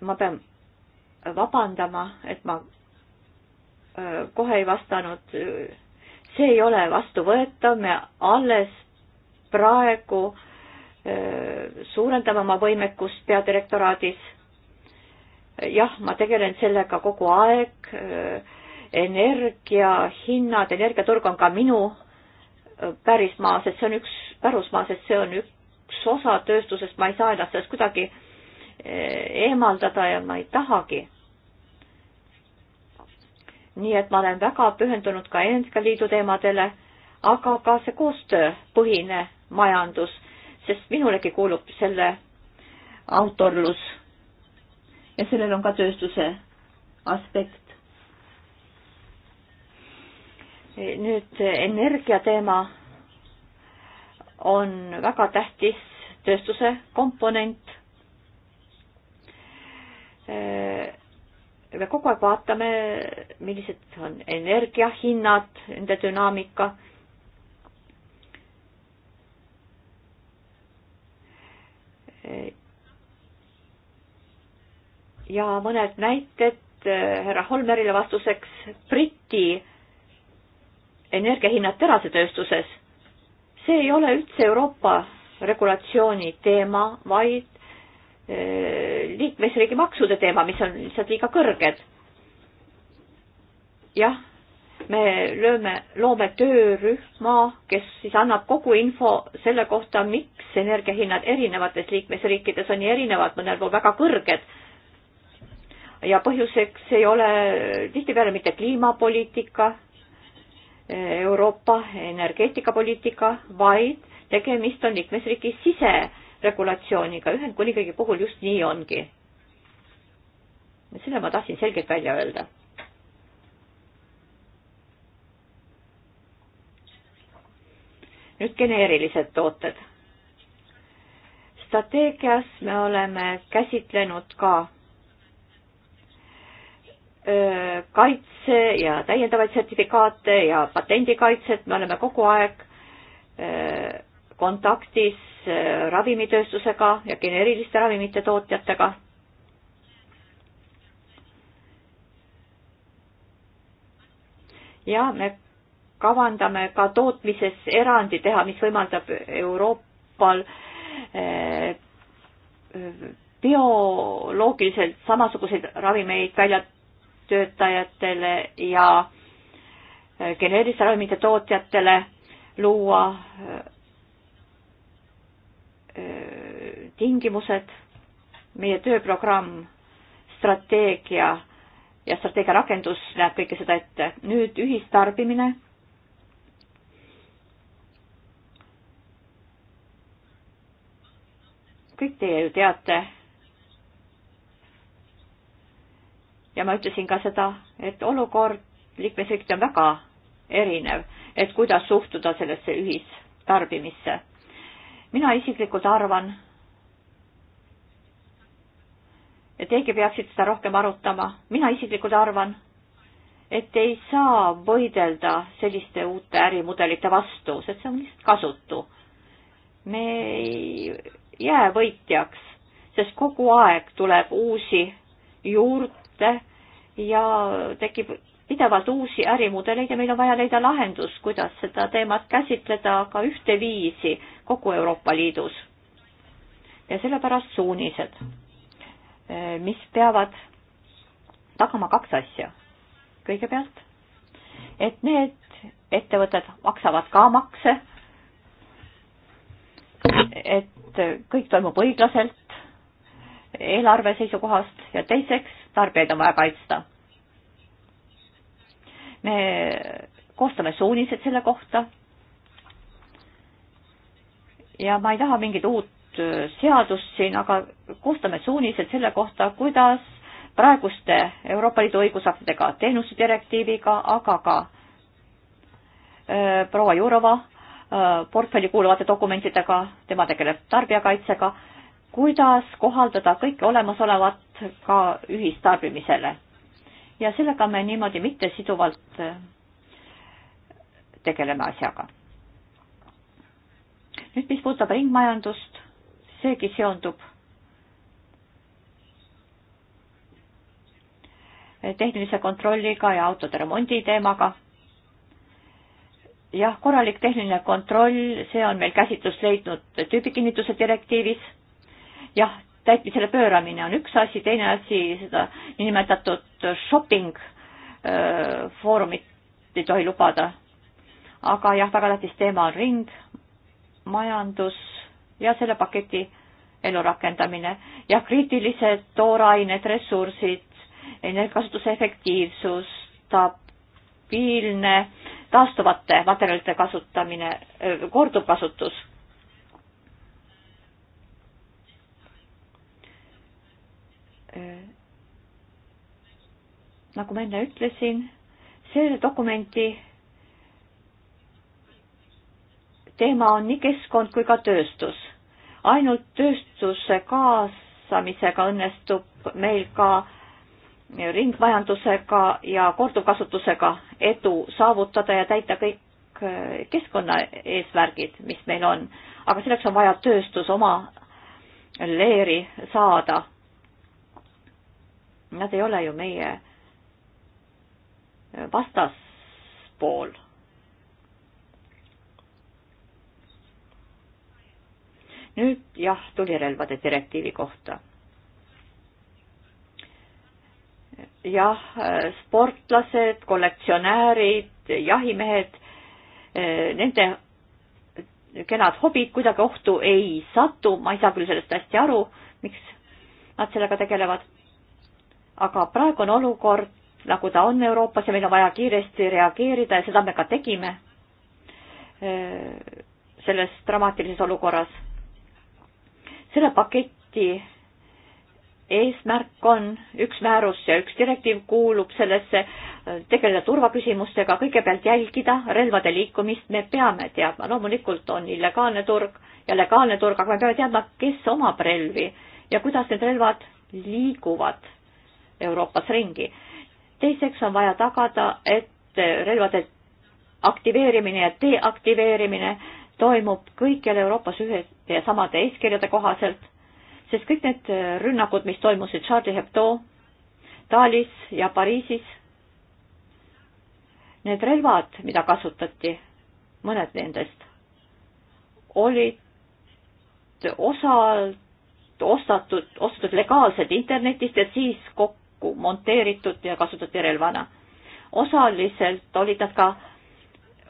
ma pean vabandama, et ma äh, kohe ei vastanud äh, see ei ole vastuvõetav, me alles praegu suurendame oma võimekust peadirektoraadis. jah, ma tegelen sellega kogu aeg, energiahinnad, energiaturg on ka minu pärismaa, sest see on üks, pärusmaa, sest see on üks osa tööstusest, ma ei saa ennast sellest kuidagi eemaldada ja ma ei tahagi nii et ma olen väga pühendunud ka energialiidu teemadele, aga ka see koostööpõhine majandus, sest minulegi kuulub selle autorlus. ja sellel on ka tööstuse aspekt. nüüd energia teema on väga tähtis tööstuse komponent me kogu aeg vaatame, millised on energiahinnad, nende dünaamika. ja mõned näited eh, härra Holmerile vastuseks. Briti energiahinnad terasetööstuses, see ei ole üldse Euroopa regulatsiooni teema, vaid eh, liikmesriigi maksude teema, mis on lihtsalt liiga kõrged. jah, me lööme, loome töörühma, kes siis annab kogu info selle kohta, miks energiahinnad erinevates liikmesriikides on nii erinevad, mõnel pool väga kõrged. ja põhjuseks ei ole tihtipeale mitte kliimapoliitika, Euroopa energeetikapoliitika, vaid tegemist on liikmesriigi sise regulatsiooniga. Ühendkuningriigi puhul just nii ongi. selle ma tahtsin selgelt välja öelda. nüüd geneerilised tooted. strateegias me oleme käsitlenud ka kaitse ja täiendavaid sertifikaate ja patendikaitset, me oleme kogu aeg kontaktis ravimitööstusega ja geneeriliste ravimite tootjatega. ja me kavandame ka tootmises erandi teha, mis võimaldab Euroopal eh, bioloogiliselt samasuguseid ravimeid väljatöötajatele ja eh, geneeriliste ravimite tootjatele luua eh, tingimused, meie tööprogramm, strateegia ja strateegia rakendus näeb kõike seda ette. nüüd ühistarbimine. kõik teie ju teate. ja ma ütlesin ka seda, et olukord liikmesriigiti on väga erinev, et kuidas suhtuda sellesse ühistarbimisse mina isiklikult arvan, et ehkki peaksid seda rohkem arutama, mina isiklikult arvan, et ei saa võidelda selliste uute ärimudelite vastu, sest see on lihtsalt kasutu. me ei jää võitjaks, sest kogu aeg tuleb uusi juurde ja tekib pidevalt uusi ärimudeleid ja meil on vaja leida lahendus, kuidas seda teemat käsitleda ka ühteviisi kogu Euroopa Liidus. ja sellepärast suunised, mis peavad tagama kaks asja. kõigepealt, et need ettevõtted maksavad ka makse, et kõik toimub õiglaselt eelarve seisukohast ja teiseks, tarbijaid on vaja kaitsta me koostame suunised selle kohta. ja ma ei taha mingit uut äh, seadust siin, aga koostame suunised selle kohta, kuidas praeguste Euroopa Liidu õigusaktidega, teenuste direktiiviga, aga ka äh, proua Jurova äh, portfelli kuuluvate dokumentidega, tema tegeleb tarbijakaitsega, kuidas kohaldada kõike olemasolevat ka ühistarbimisele ja sellega me niimoodi mittesiduvalt äh, tegeleme asjaga. nüüd, mis puudutab ringmajandust, seegi seondub tehnilise kontrolliga ja autode remondi teemaga. jah, korralik tehniline kontroll, see on meil käsitlust leidnud tüübikinnituse direktiivis. jah, täitmisele pööramine on üks asi, teine asi, seda niinimetatud shopping foorumit ei tohi lubada. aga jah, väga tähtis teema on ringmajandus ja selle paketi ellurakendamine. jah, kriitilised toorained, ressursid, energiakasutuse efektiivsus, stabiilne taastuvate materjalide kasutamine, korduvkasutus nagu ma enne ütlesin, selle dokumenti teema on nii keskkond kui ka tööstus. ainult tööstuse kaasamisega õnnestub meil ka ringmajandusega ja korduvkasutusega edu saavutada ja täita kõik eh, keskkonna eesmärgid, mis meil on. aga selleks on vaja tööstus oma leeri saada. Nad ei ole ju meie vastaspool. nüüd jah, tulirelvade direktiivi kohta. jah, sportlased, kollektsionäärid, jahimehed, nende kenad hobid kuidagi ohtu ei satu, ma ei saa küll sellest hästi aru, miks nad sellega tegelevad. aga praegu on olukord nagu ta on Euroopas ja meil on vaja kiiresti reageerida ja seda me ka tegime eh, selles dramaatilises olukorras. selle paketi eesmärk on üks määrus ja üks direktiiv kuulub sellesse, eh, tegeleda turvaküsimustega, kõigepealt jälgida relvade liikumist, me peame teadma, loomulikult on illegaalne turg ja legaalne turg, aga me peame teadma, kes omab relvi ja kuidas need relvad liiguvad Euroopas ringi teiseks on vaja tagada, et relvade aktiveerimine ja deaktiveerimine toimub kõikjal Euroopas ühete ja samade eeskirjade kohaselt, sest kõik need rünnakud, mis toimusid Charlie Hebdo, Talis ja Pariisis, need relvad, mida kasutati, mõned nendest, olid osalt ostatud, ostetud legaalselt internetist ja siis kokku kokku monteeritud ja kasutati relvana. osaliselt olid nad ka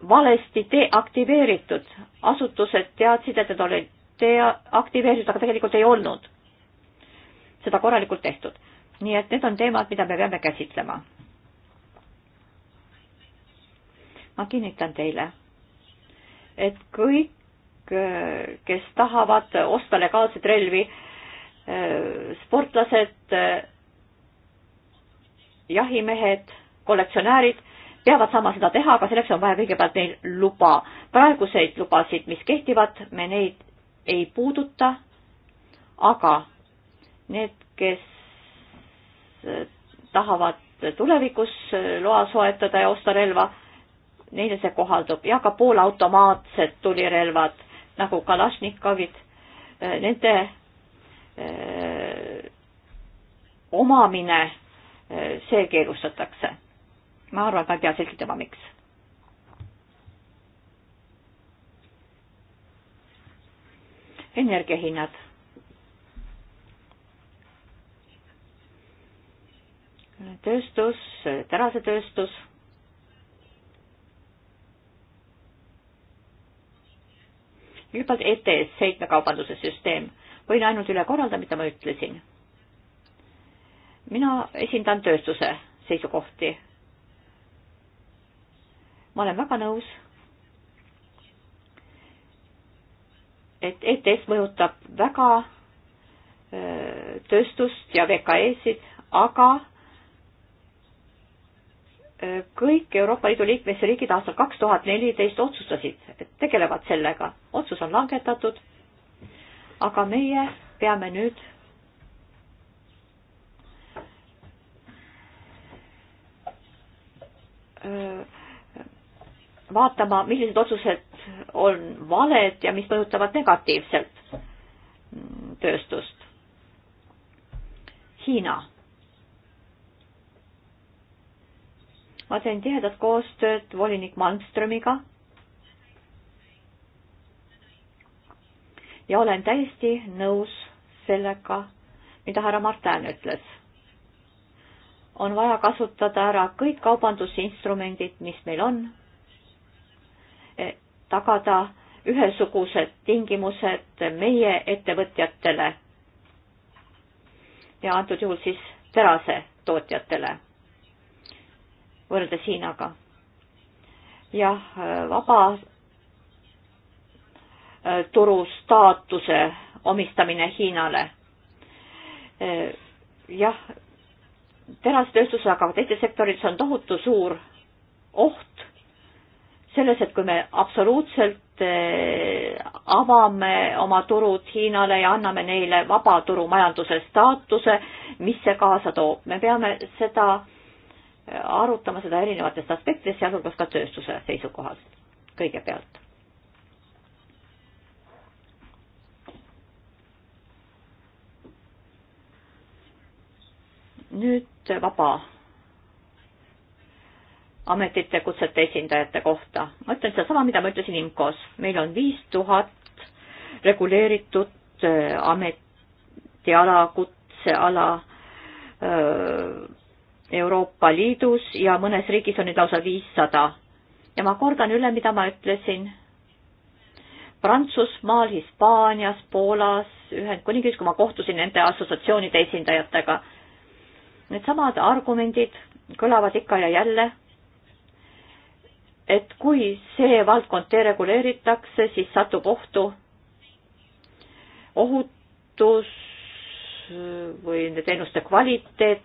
valesti deaktiveeritud, asutused teadsid, et need olid deaktiveeritud, aga tegelikult ei olnud seda korralikult tehtud. nii et need on teemad, mida me peame käsitlema. ma kinnitan teile, et kõik, kes tahavad osta legaalseid relvi, sportlased, jahimehed, kollektsionäärid peavad saama seda teha, aga selleks on vaja kõigepealt neil luba. praeguseid lubasid, mis kehtivad, me neid ei puuduta, aga need, kes tahavad tulevikus loa soetada ja osta relva, neile see kohaldub ja ka poolautomaatsed tulirelvad nagu Kalašnikovid, nende öö, eh, omamine see keelustatakse. ma arvan, et ma ei pea selgitama, miks. energiahinnad. tööstus, terasetööstus kõigepealt ETS, heitmekaubanduse süsteem. võin ainult üle korralda, mida ma ütlesin mina esindan tööstuse seisukohti. ma olen väga nõus, et ETS mõjutab väga tööstust ja VKE-sid, aga kõik Euroopa Liidu liikmesriigid aastal kaks tuhat neliteist otsustasid, et tegelevad sellega. otsus on langetatud, aga meie peame nüüd vaatama, millised otsused on valed ja mis mõjutavad negatiivselt tööstust. Hiina. ma teen tihedat koostööd volinik Malmströmiga ja olen täiesti nõus sellega, mida härra Martin ütles on vaja kasutada ära kõik kaubandusinstrumendid, mis meil on, e, tagada ühesugused tingimused meie ettevõtjatele ja antud juhul siis terase tootjatele võrreldes Hiinaga. jah, e, vaba e, turu staatuse omistamine Hiinale. jah, terastööstuses, aga teistes sektorites on tohutu suur oht selles, et kui me absoluutselt eh, avame oma turud Hiinale ja anname neile vaba turumajanduse staatuse, mis see kaasa toob, me peame seda eh, arutama seda erinevatest aspektidest, sealhulgas ka tööstuse seisukohast kõigepealt. nüüd vaba ametite, kutsete esindajate kohta. ma ütlen sedasama, mida ma ütlesin IMCO-s. meil on viis tuhat reguleeritud äh, ametiala, kutseala äh, Euroopa Liidus ja mõnes riigis on neid lausa viissada. ja ma kordan üle, mida ma ütlesin. Prantsusmaal, Hispaanias, Poolas, Ühendkuningriigis, kui ma kohtusin nende assotsiatsioonide esindajatega needsamad argumendid kõlavad ikka ja jälle, et kui see valdkond dereguleeritakse, siis satub ohtu ohutus või nende teenuste kvaliteet.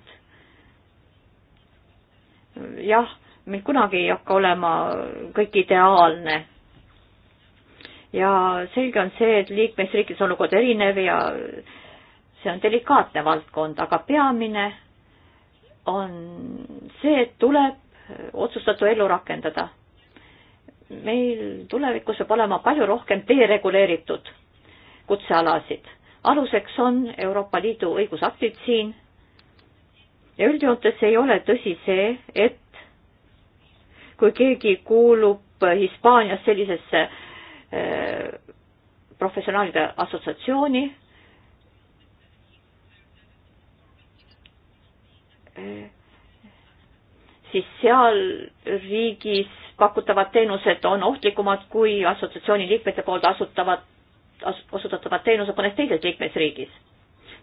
jah, meil kunagi ei hakka olema kõik ideaalne. ja selge on see, et liikmesriikides olukord erinev ja see on delikaatne valdkond, aga peamine on see, et tuleb otsustatu ellu rakendada. meil tulevikus peab olema palju rohkem dereguleeritud kutsealasid. aluseks on Euroopa Liidu õigusaktid siin ja üldjoontes ei ole tõsi see, et kui keegi kuulub Hispaanias sellisesse eh, professionaalide assotsiatsiooni, siis seal riigis pakutavad teenused on ohtlikumad kui assotsiatsiooni liikmete poolt asutavad, osutatavad teenused mõnes teises liikmesriigis.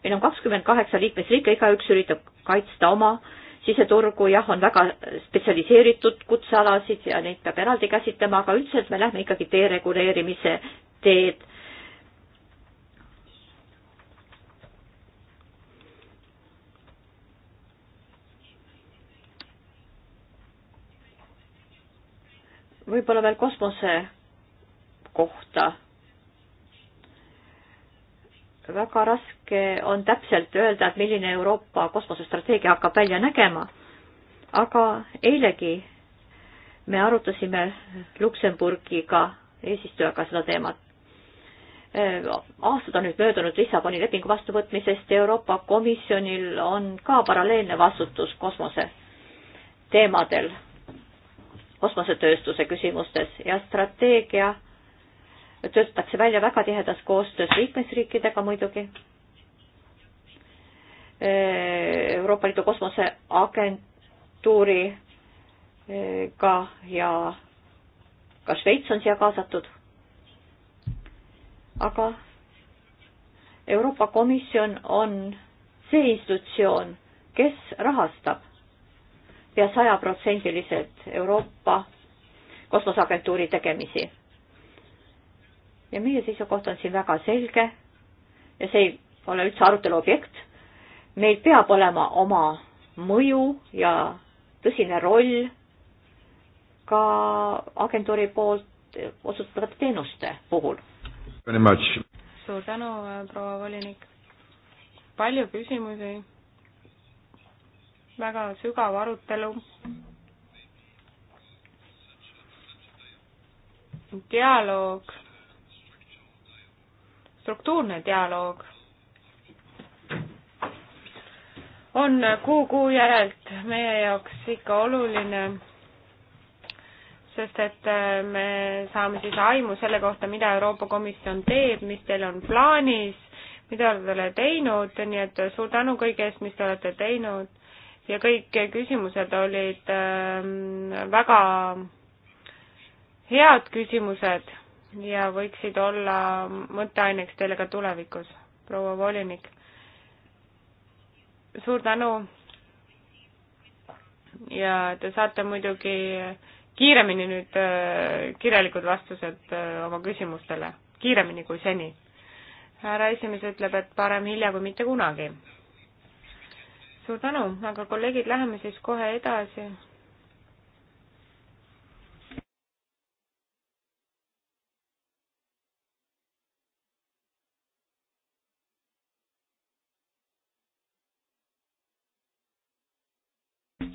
meil on kakskümmend kaheksa liikmesriike, igaüks üritab kaitsta oma siseturgu, jah, on väga spetsialiseeritud kutsealasid ja neid peab eraldi käsitlema, aga üldiselt me lähme ikkagi dereguleerimise teed võib-olla veel kosmose kohta. väga raske on täpselt öelda, et milline Euroopa kosmosestrateegia hakkab välja nägema, aga eilegi me arutasime Luksemburgiga, eesistujaga seda teemat. aastad on nüüd möödunud Lissaboni lepingu vastuvõtmisest ja Euroopa Komisjonil on ka paralleelne vastutus kosmose teemadel kosmosetööstuse küsimustes ja strateegia töötatakse välja väga tihedas koostöös liikmesriikidega muidugi. Euroopa Liidu kosmoseagentuuriga ja ka Šveits on siia kaasatud. aga Euroopa Komisjon on see institutsioon, kes rahastab pea sajaprotsendilised Euroopa kosmoseagentuuri tegemisi. ja meie seisukoht on siin väga selge ja see ei ole üldse arutelu objekt. meil peab olema oma mõju ja tõsine roll ka agentuuri poolt osutatavate teenuste puhul. suur tänu, proua volinik. palju küsimusi väga sügav arutelu. dialoog, struktuurne dialoog on kuu-kuu järelt meie jaoks ikka oluline, sest et äh, me saame siis aimu selle kohta, mida Euroopa Komisjon teeb, mis teil on plaanis, mida te olete teinud, nii et suur tänu kõige eest, mis te olete teinud ja kõik küsimused olid ähm, väga head küsimused ja võiksid olla mõtteaineks teile ka tulevikus, proua volinik. suur tänu ja te saate muidugi kiiremini nüüd äh, kirjalikud vastused äh, oma küsimustele, kiiremini kui seni. härra esimees ütleb, et parem hilja kui mitte kunagi suur tänu, aga kolleegid, läheme siis kohe edasi.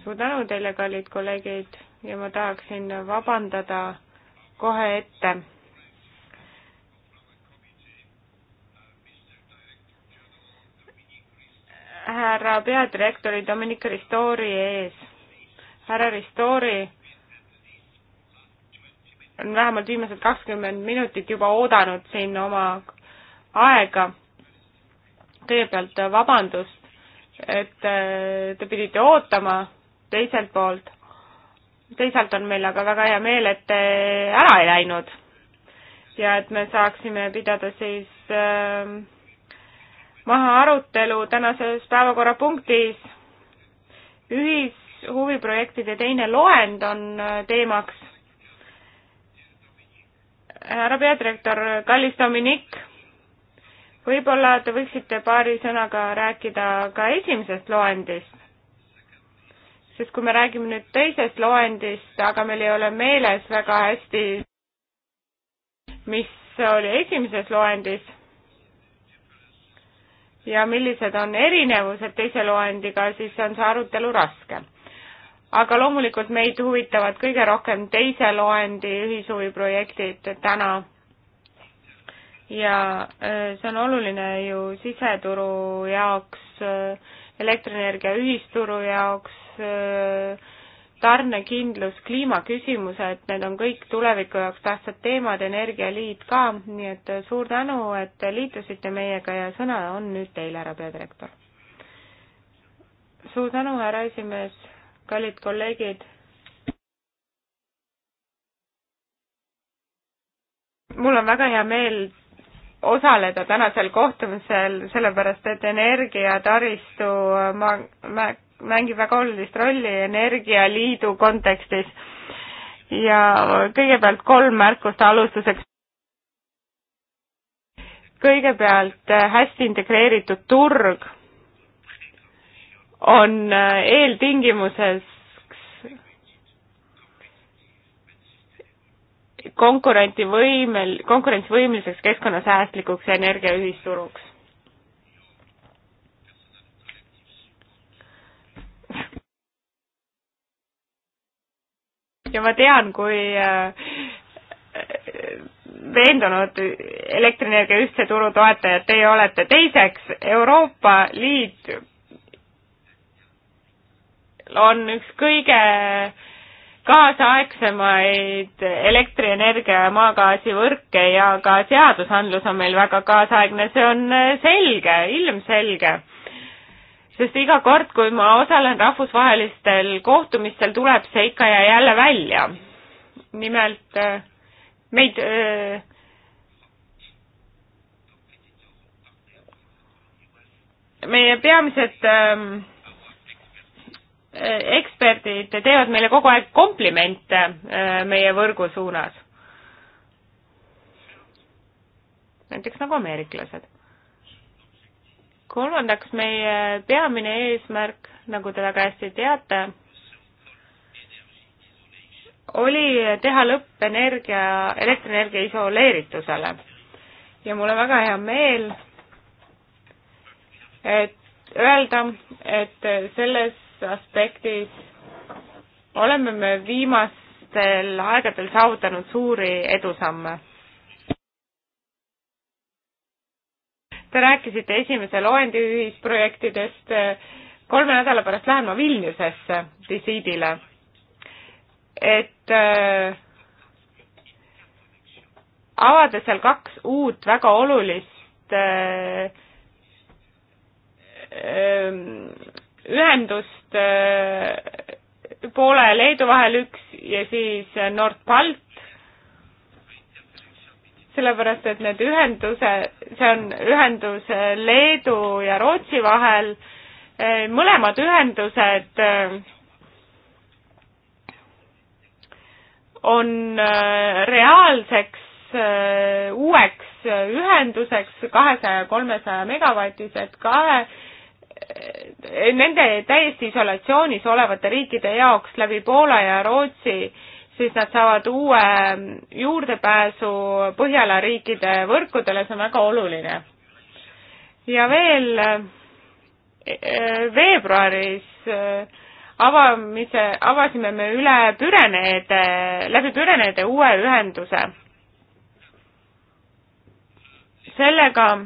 suur tänu teile, kallid kolleegid, ja ma tahaksin vabandada kohe ette härra peadirektori Dominic Ristori ees. härra Ristori on vähemalt viimased kakskümmend minutit juba oodanud siin oma aega. kõigepealt vabandust, et äh, te pidite ootama, teiselt poolt, teisalt on meil aga väga hea meel, et te ära ei läinud ja et me saaksime pidada siis äh, maha arutelu tänases päevakorrapunktis. ühishuviprojektide teine loend on äh, teemaks. härra peadirektor, kallis Dominik, võib-olla te võiksite paari sõnaga rääkida ka esimesest loendist? sest kui me räägime nüüd teisest loendist, aga meil ei ole meeles väga hästi, mis oli esimeses loendis ja millised on erinevused teise loendiga, siis on see arutelu raske. aga loomulikult meid huvitavad kõige rohkem teise loendi ühishuviprojektid täna ja äh, see on oluline ju siseturu jaoks, äh, elektrienergia ühisturu jaoks, äh, tarnekindlus, kliimaküsimused, need on kõik tuleviku jaoks tähtsad teemad, Energialiit ka, nii et suur tänu, et liitusite meiega ja sõna on nüüd teil, härra peadirektor. suur tänu, härra esimees, kallid kolleegid. mul on väga hea meel osaleda tänasel kohtumisel, sellepärast et energiataristu ma, ma mängib väga olulist rolli Energialiidu kontekstis. ja kõigepealt kolm märkust alustuseks. kõigepealt äh, hästi integreeritud turg on äh, eeltingimuses konkurentivõimel, konkurentsivõimeliseks keskkonnasäästlikuks energiaühisturuks. ja ma tean, kui äh, veendunud elektrienergia ühtse turu toetajad teie olete. teiseks, Euroopa Liit on üks kõige kaasaegsemaid elektrienergia ja maagaasi võrke ja ka seadusandlus on meil väga kaasaegne, see on selge, ilmselge sest iga kord, kui ma osalen rahvusvahelistel kohtumistel, tuleb see ikka ja jälle välja. nimelt äh, meid öö, äh, meie peamised ähm, äh, eksperdid teevad meile kogu aeg komplimente äh, meie võrgu suunas. näiteks nagu ameeriklased kolmandaks, meie peamine eesmärk, nagu te väga hästi teate, oli teha lõpp energia, elektrienergia isoleeritusele. ja mul on väga hea meel, et öelda, et selles aspektis oleme me viimastel aegadel saavutanud suuri edusamme Te rääkisite esimese loendi ühisprojektidest. kolme nädala pärast lähen ma Vilniusesse visiidile. et äh, avada seal kaks uut väga olulist äh, äh, ühendust Poola ja Leedu vahel üks ja siis Nord Balt sellepärast et need ühenduse, see on ühendus Leedu ja Rootsi vahel, eh, mõlemad ühendused eh, on eh, reaalseks uueks ühenduseks kahesaja, kolmesaja megavatised kahe, nende täiesti isolatsioonis olevate riikide jaoks läbi Poola ja Rootsi siis nad saavad uue juurdepääsu Põhjala riikide võrkudele, see on väga oluline. ja veel e, e, veebruaris e, avamise, avasime me üle Püreneede, läbi Püreneede uue ühenduse. sellega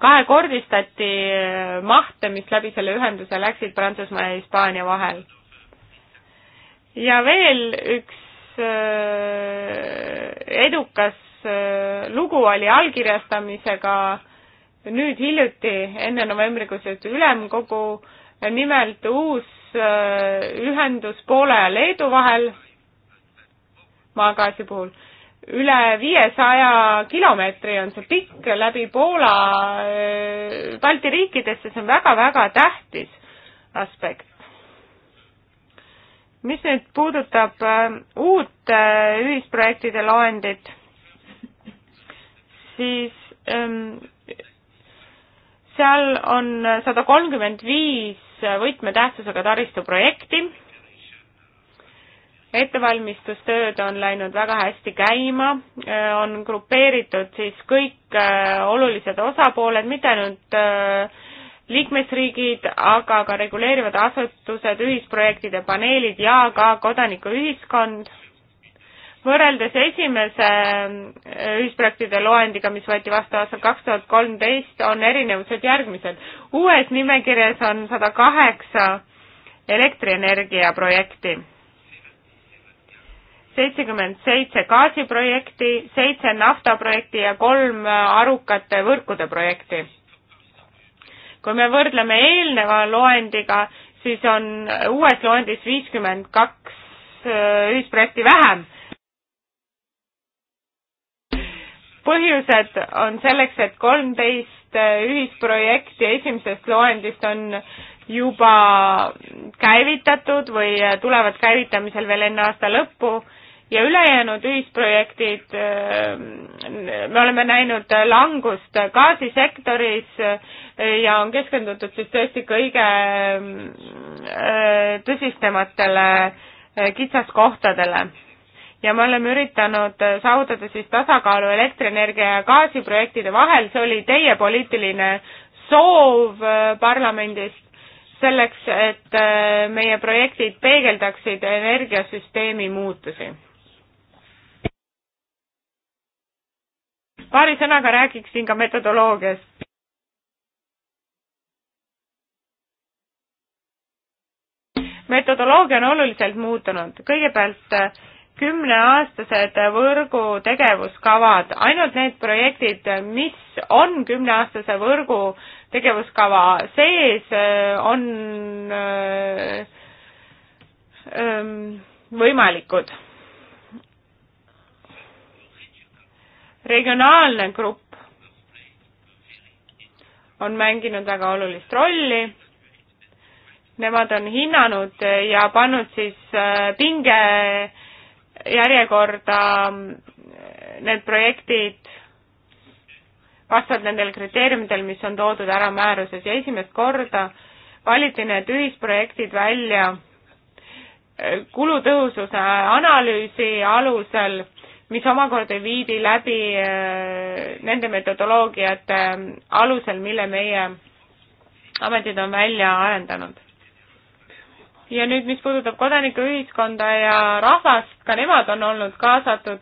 kahekordistati mahte, mis läbi selle ühenduse läksid Prantsusmaa ja Hispaania vahel ja veel üks äh, edukas äh, lugu oli allkirjastamisega nüüd hiljuti enne novembrikuiset ülemkogu, nimelt uus äh, ühendus Poola ja Leedu vahel maagaasi puhul. üle viiesaja kilomeetri on see pikk läbi Poola Balti riikidesse, see on väga-väga tähtis aspekt mis nüüd puudutab äh, uut äh, ühisprojektide loendit, siis ähm, seal on sada kolmkümmend viis äh, võtmetähtsusega taristuprojekti. ettevalmistustööd on läinud väga hästi käima, on grupeeritud siis kõik olulised osapooled, mitte ainult liikmesriigid, aga ka reguleerivad asutused, ühisprojektide paneelid ja ka kodanikuühiskond. võrreldes esimese äh, ühisprojektide loendiga, mis võeti vastu aastal kaks tuhat kolmteist, on erinevused järgmised. uues nimekirjas on sada kaheksa elektrienergia projekti, seitsekümmend seitse gaasiprojekti, seitse naftaprojekti ja kolm arukate võrkude projekti kui me võrdleme eelneva loendiga, siis on uues loendis viiskümmend kaks äh, ühisprojekti vähem. põhjused on selleks, et kolmteist äh, ühisprojekti esimesest loendist on juba käivitatud või äh, tulevad käivitamisel veel enne aasta lõppu ja ülejäänud ühisprojektid, me oleme näinud langust gaasisektoris, ja on keskendutud siis tõesti kõige äh, tõsistematele äh, kitsaskohtadele. ja me oleme üritanud saavutada siis tasakaalu elektrienergia ja gaasiprojektide vahel, see oli teie poliitiline soov äh, parlamendist, selleks, et meie projektid peegeldaksid energiasüsteemi muutusi. paari sõnaga räägiksin ka metodoloogiast. metodoloogia on oluliselt muutunud, kõigepealt äh, kümneaastased võrgu tegevuskavad, ainult need projektid, äh, mis on kümneaastase võrgu tegevuskava sees, äh, on ähm, võimalikud. regionaalne grupp on mänginud väga olulist rolli nemad on hinnanud ja pannud siis äh, pinge järjekorda mm, need projektid vastavalt nendele kriteeriumidele, mis on toodud ära määruses ja esimest korda valiti need ühisprojektid välja äh, kulutõhususe analüüsi alusel, mis omakorda viidi läbi äh, nende metodoloogiate alusel, mille meie ametid on välja arendanud ja nüüd, mis puudutab kodanikuühiskonda ja rahvast, ka nemad on olnud kaasatud.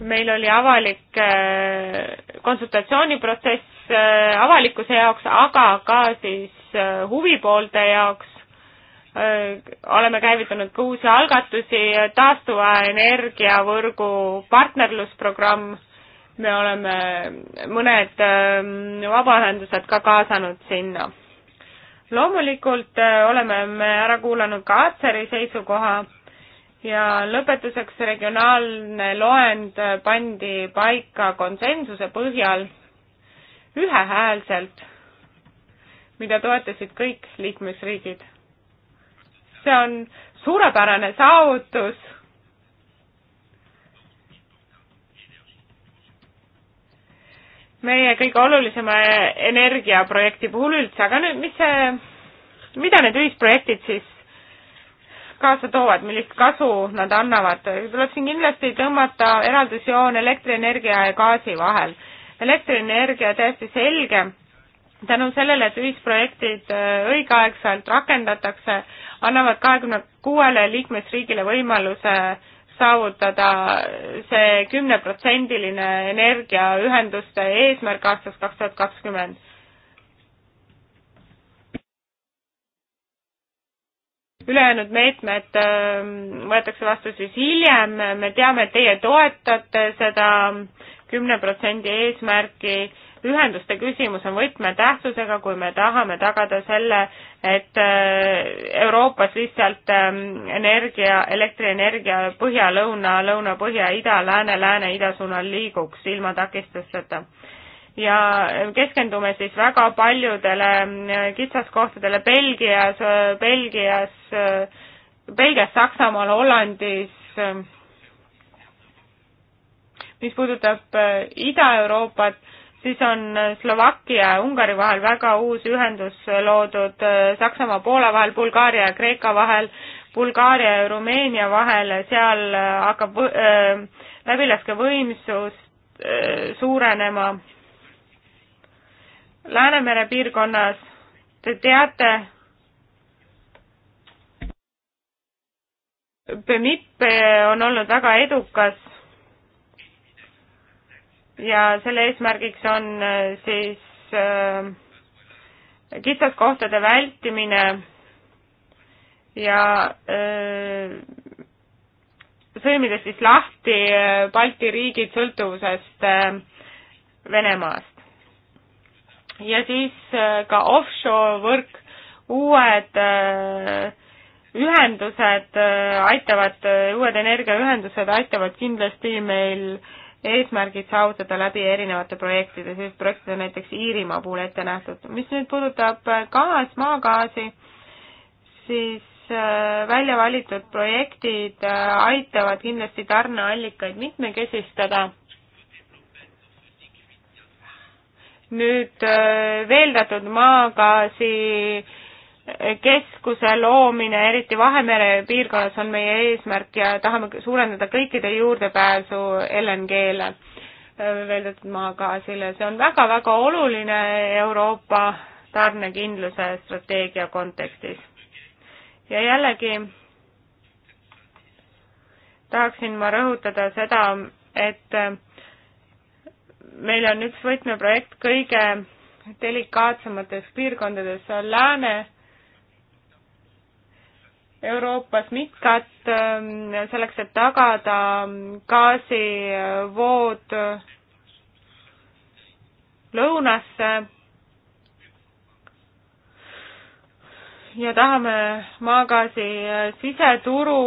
meil oli avalik äh, konsultatsiooniprotsess äh, avalikkuse jaoks, aga ka siis äh, huvipoolte jaoks. oleme käivitanud ka uusi algatusi, taastuva energiavõrgu partnerlusprogramm, me oleme mõned ähm, vabaühendused ka kaasanud sinna loomulikult äh, oleme me ära kuulanud ka Atseri seisukoha ja lõpetuseks regionaalne loend äh, pandi paika konsensuse põhjal ühehäälselt, mida toetasid kõik liikmesriigid. see on suurepärane saavutus meie kõige olulisema energiaprojekti puhul üldse, aga nüüd, mis see, mida need ühisprojektid siis kaasa toovad, millist kasu nad annavad, tuleb siin kindlasti tõmmata eraldusjoon elektrienergia ja gaasi vahel. elektrienergia täiesti selge, tänu sellele, et ühisprojektid äh, õigeaegselt rakendatakse, annavad kahekümne kuuele liikmesriigile võimaluse äh, saavutada see kümneprotsendiline energiaühenduste eesmärk aastaks kaks tuhat kakskümmend. ülejäänud meetmed ähm, võetakse vastu siis hiljem, me teame, et teie toetate seda kümne protsendi eesmärki ühenduste küsimus on võtmetähtsusega, kui me tahame tagada selle, et äh, Euroopas lihtsalt ähm, energia, elektrienergia põhja-lõuna, lõuna-põhja, ida, lääne, lääne, ida suunal liiguks ilma takistusteta ja keskendume siis väga paljudele äh, kitsaskohtadele Belgias, äh, Belgias, Belgias, Saksamaal, Hollandis. mis puudutab Ida-Euroopat, siis on äh, Slovakkia ja Ungari vahel väga uus ühendus äh, loodud äh, Saksamaa, Poola vahel, Bulgaaria ja Kreeka vahel, Bulgaaria ja Rumeenia vahel, seal hakkab äh, läbilaskevõimsus äh, suurenema. Läänemere piirkonnas te teate, PMIP on olnud väga edukas ja selle eesmärgiks on äh, siis äh, kitsaskohtade vältimine ja äh, sõlmides siis lahti äh, Balti riigid sõltuvusest äh, Venemaast. ja siis äh, ka offshore võrk, uued ühendused aitavad, uued energiaühendused aitavad kindlasti meil äh, eesmärgid saavutada läbi erinevate projektide, sellised projektid on näiteks Iirimaa puhul ette nähtud. mis nüüd puudutab äh, gaas, maagaasi, siis äh, välja valitud projektid äh, aitavad kindlasti tarneallikaid mitmekesistada. nüüd veeldatud maagaasi keskuse loomine, eriti Vahemere piirkonnas, on meie eesmärk ja tahame suurendada kõikide juurdepääsu LNG-le, veeldatud maagaasile. see on väga-väga oluline Euroopa tarnekindluse strateegia kontekstis. ja jällegi tahaksin ma rõhutada seda, et meil on üks võtmeprojekt kõige delikaatsematest piirkondadest, see on Lääne Euroopas MidCat ähm, selleks, et tagada gaasivood äh, äh, lõunasse ja tahame maagaasi äh, siseturu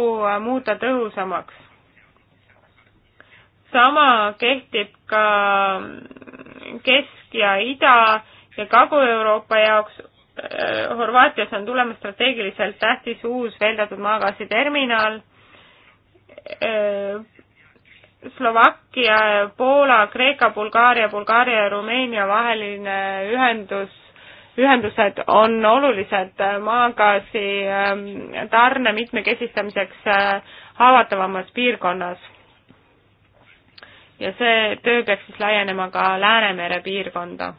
muuta tõhusamaks. sama kehtib ka mm, Kesk- ja Ida- ja Kagu-Euroopa jaoks Horvaatias on tulemas strateegiliselt tähtis uus veeldatud maagaasi terminal. Slovakkia, Poola, Kreeka, Bulgaaria, Bulgaaria ja Rumeenia vaheline ühendus, ühendused on olulised maagaasi ähm, tarne mitmekesistamiseks äh, haavatavamas piirkonnas. ja see töö peaks siis laienema ka Läänemere piirkonda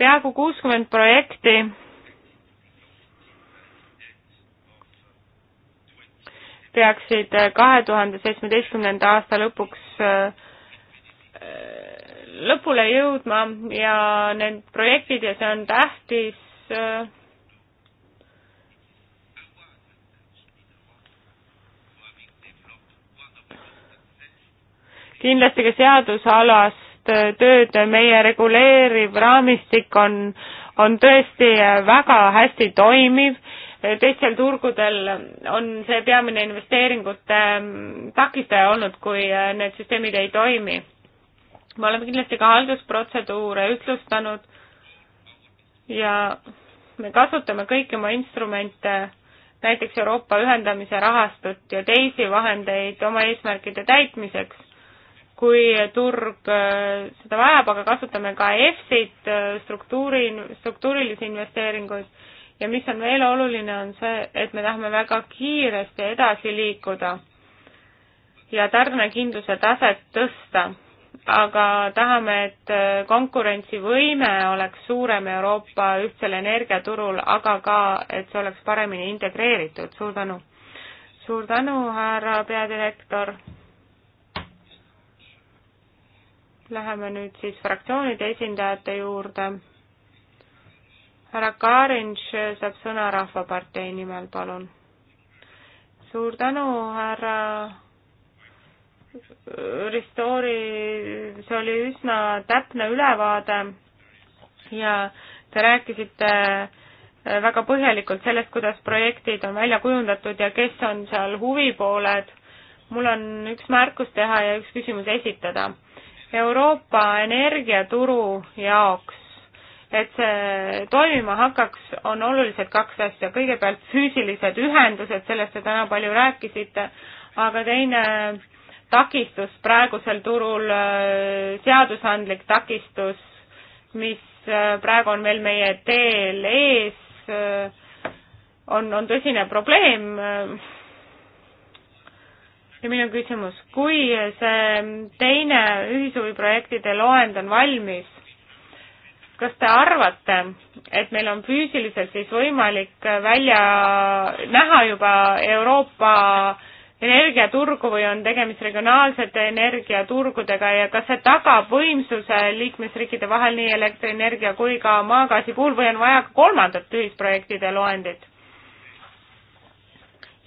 peaaegu kuuskümmend projekti, peaksid äh, kahe tuhande seitsmeteistkümnenda aasta lõpuks äh, lõpule jõudma ja need projektid ja see on tähtis äh, kindlasti ka seadusalas Äh, tööd, meie reguleeriv raamistik on, on tõesti äh, väga hästi toimiv, äh, teistel turgudel on see peamine investeeringute ähm, takistaja olnud, kui need süsteemid ei toimi. me oleme kindlasti ka haldusprotseduure ühtlustanud ja me kasutame kõiki oma instrumente, näiteks Euroopa ühendamise rahastut ja teisi vahendeid oma eesmärkide täitmiseks kui turg äh, seda vajab, aga kasutame ka EFSit, äh, struktuuri, struktuurilisi investeeringuid ja mis on veel oluline, on see, et me tahame väga kiiresti edasi liikuda ja tarnekindluse taset tõsta, aga tahame, et äh, konkurentsivõime oleks suurem Euroopa ühtsel energiaturul, aga ka, et see oleks paremini integreeritud. suur tänu! suur tänu, härra peadirektor! Läheme nüüd siis fraktsioonide esindajate juurde. härra Karinš saab sõna Rahvapartei nimel, palun. suur tänu, härra Ristori, see oli üsna täpne ülevaade ja te rääkisite väga põhjalikult sellest, kuidas projektid on välja kujundatud ja kes on seal huvipooled. mul on üks märkus teha ja üks küsimus esitada Euroopa energiaturu jaoks, et see toimima hakkaks, on olulised kaks asja, kõigepealt füüsilised ühendused, sellest te täna palju rääkisite, aga teine takistus praegusel turul, seadusandlik takistus, mis praegu on veel meie teel ees, on, on tõsine probleem ja minu küsimus, kui see teine ühishuviprojektide loend on valmis, kas te arvate, et meil on füüsiliselt siis võimalik välja näha juba Euroopa energiaturgu või on tegemist regionaalsete energiaturgudega ja kas see tagab võimsuse liikmesriikide vahel nii elektrienergia kui ka maagaasi puhul või on vaja kolmandat ühisprojektide loendit?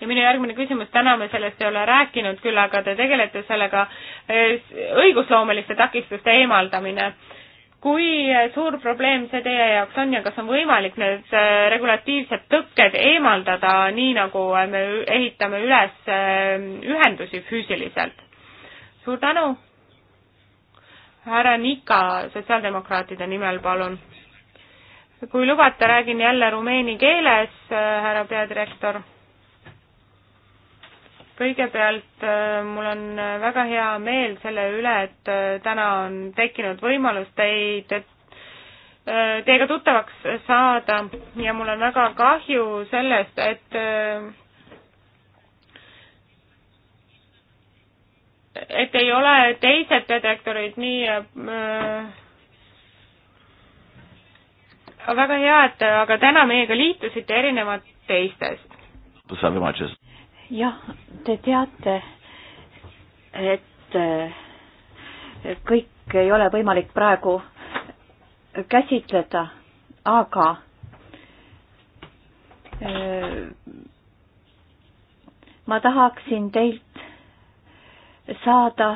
ja minu järgmine küsimus, täna me sellest ei ole rääkinud küll, aga te tegelete sellega, eh, õigusloomeliste takistuste eemaldamine. kui eh, suur probleem see teie jaoks on ja kas on võimalik need eh, regulatiivsed tõkked eemaldada, nii nagu me ehitame üles ühendusi füüsiliselt? suur tänu! härra Nika sotsiaaldemokraatide nimel, palun. kui lubate, räägin jälle rumeeni keeles, härra peadirektor kõigepealt äh, mul on äh, väga hea meel selle üle, et äh, täna on tekkinud võimalus teid, teiega tuttavaks saada ja mul on väga kahju sellest, et et ei ole teised peadirektorid nii väga hea, et aga täna meiega liitusite erinevad teistest jah, te teate, et eh, kõik ei ole võimalik praegu käsitleda, aga eh, ma tahaksin teilt saada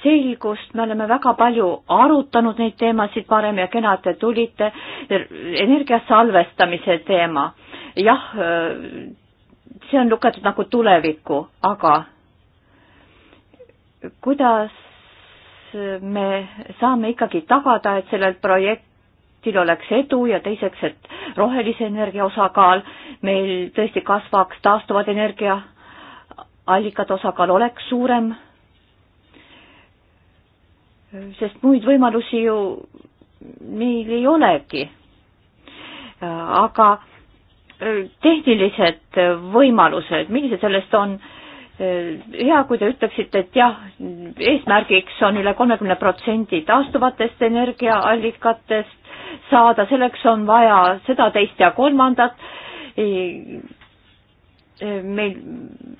selgust, me oleme väga palju arutanud neid teemasid varem ja kena, et te tulite, energia salvestamise teema. jah, see on lugetud nagu tulevikku, aga kuidas me saame ikkagi tagada, et sellel projektil oleks edu ja teiseks, et rohelise energia osakaal meil tõesti kasvaks, taastuvad energiaallikad osakaal oleks suurem. sest muid võimalusi ju meil ei olegi. aga tehnilised võimalused, millised sellest on? hea, kui te ütleksite, et jah, eesmärgiks on üle kolmekümne protsendi taastuvatest energiaallikatest saada, selleks on vaja seda, teist ja kolmandat. meil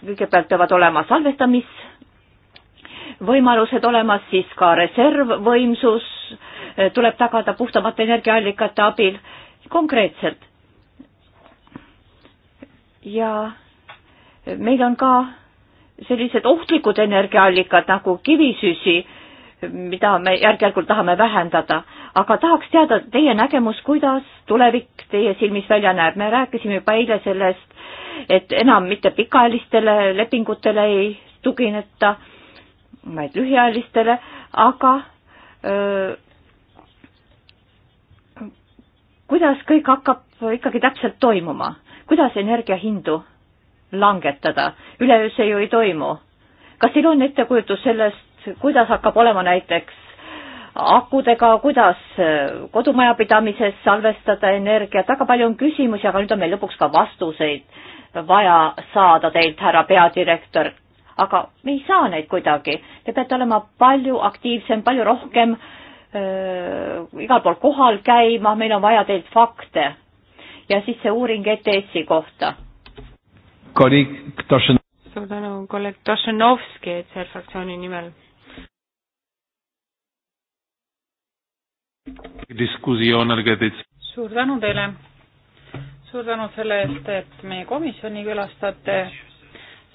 kõigepealt peavad olema salvestamisvõimalused olemas, siis ka reservvõimsus tuleb tagada puhtamate energiaallikate abil konkreetselt ja meil on ka sellised ohtlikud energiaallikad nagu kivisüsi, mida me järk-järgult tahame vähendada, aga tahaks teada teie nägemus, kuidas tulevik teie silmis välja näeb, me rääkisime juba eile sellest, et enam mitte pikaajalistele lepingutele ei tugineta, vaid lühiajalistele, aga öö, kuidas kõik hakkab ikkagi täpselt toimuma? kuidas energiahindu langetada, üleöö see ju ei toimu. kas teil on ettekujutus sellest, kuidas hakkab olema näiteks akudega, kuidas äh, kodumajapidamises salvestada energiat, väga palju on küsimusi, aga nüüd on meil lõpuks ka vastuseid vaja saada teilt, härra peadirektor. aga me ei saa neid kuidagi, te peate olema palju aktiivsem, palju rohkem äh, igal pool kohal käima, meil on vaja teilt fakte ja siis see uuring ETS-i kohta. suur tänu, kolleeg Tošenovski ETSR fraktsiooni nimel. suur tänu teile, suur tänu selle eest, et meie komisjoni külastate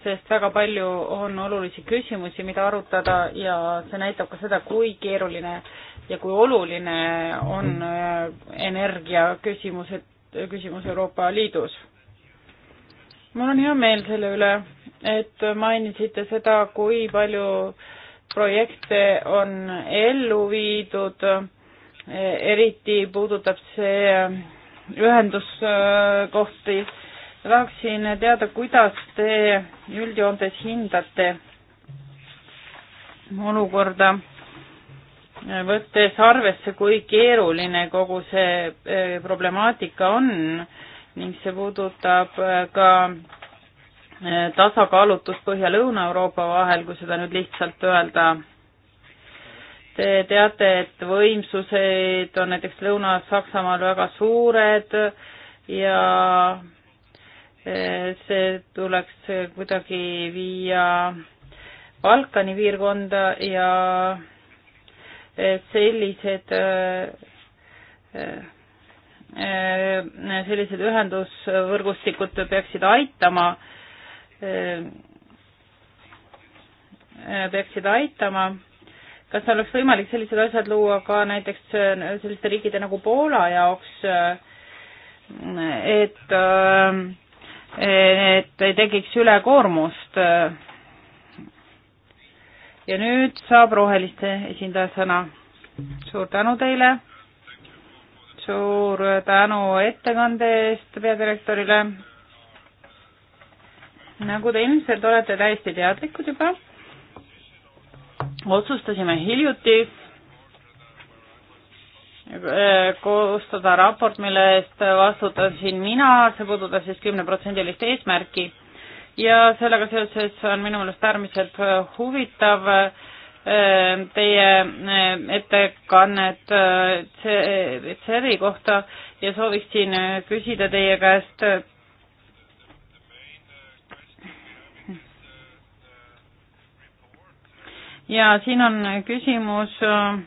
sest väga palju on olulisi küsimusi, mida arutada ja see näitab ka seda, kui keeruline ja kui oluline on äh, energia küsimused küsimus Euroopa Liidus. mul on hea meel selle üle, et mainisite seda, kui palju projekte on ellu viidud, eriti puudutab see ühenduskohti. tahaksin teada, kuidas te üldjoontes hindate olukorda võttes arvesse, kui keeruline kogu see eh, problemaatika on ning see puudutab eh, ka eh, tasakaalutust Põhja-Lõuna-Euroopa vahel, kui seda nüüd lihtsalt öelda. Te teate, et võimsused on näiteks Lõuna-Saksamaal väga suured ja see tuleks kuidagi viia Balkani piirkonda ja sellised äh, äh, sellised ühendusvõrgustikud peaksid aitama, äh, peaksid aitama. kas oleks võimalik sellised asjad luua ka näiteks selliste riikide nagu Poola jaoks, et, et ei tekiks ülekoormust ja nüüd saab roheliste esindaja sõna. suur tänu teile, suur tänu ettekande eest peadirektorile. nagu te ilmselt olete täiesti teadlikud juba, otsustasime hiljuti äh, koostada raport, mille eest vastutasin mina, see puudutas siis kümneprotsendilist eesmärki ja sellega seoses on minu meelest äärmiselt äh, huvitav äh, teie äh, ettekannet CERi kohta ja sooviksin küsida teie käest ja siin on küsimus äh,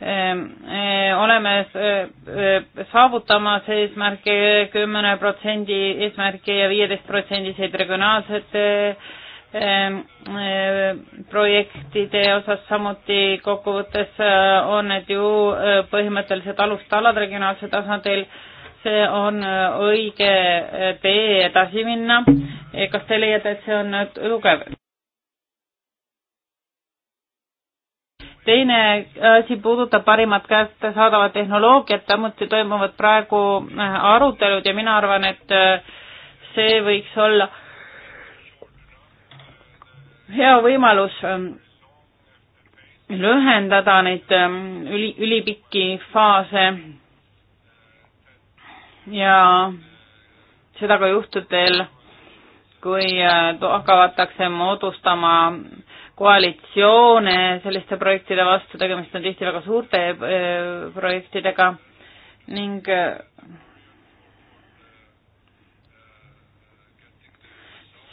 Ehm, eh, oleme eh, eh, saavutamas eesmärke kümne protsendi eesmärke ja viieteist protsendiseid regionaalsete ehm, projektide osas samuti kokkuvõttes on need ju põhimõtteliselt alustalad regionaalsel tasandil, see on õige tee edasi minna. kas te leiate, et see on tugev? teine asi puudutab parimat kättesaadavat tehnoloogiat, samuti toimuvad praegu äh, arutelud ja mina arvan, et äh, see võiks olla hea võimalus ähm, lühendada neid ähm, üli, ülipikki faase ja seda ka juhtudel, kui äh, hakatakse moodustama äh, koalitsioone selliste projektide vastu, tegemist on tihti väga suurte eh, projektidega ning eh,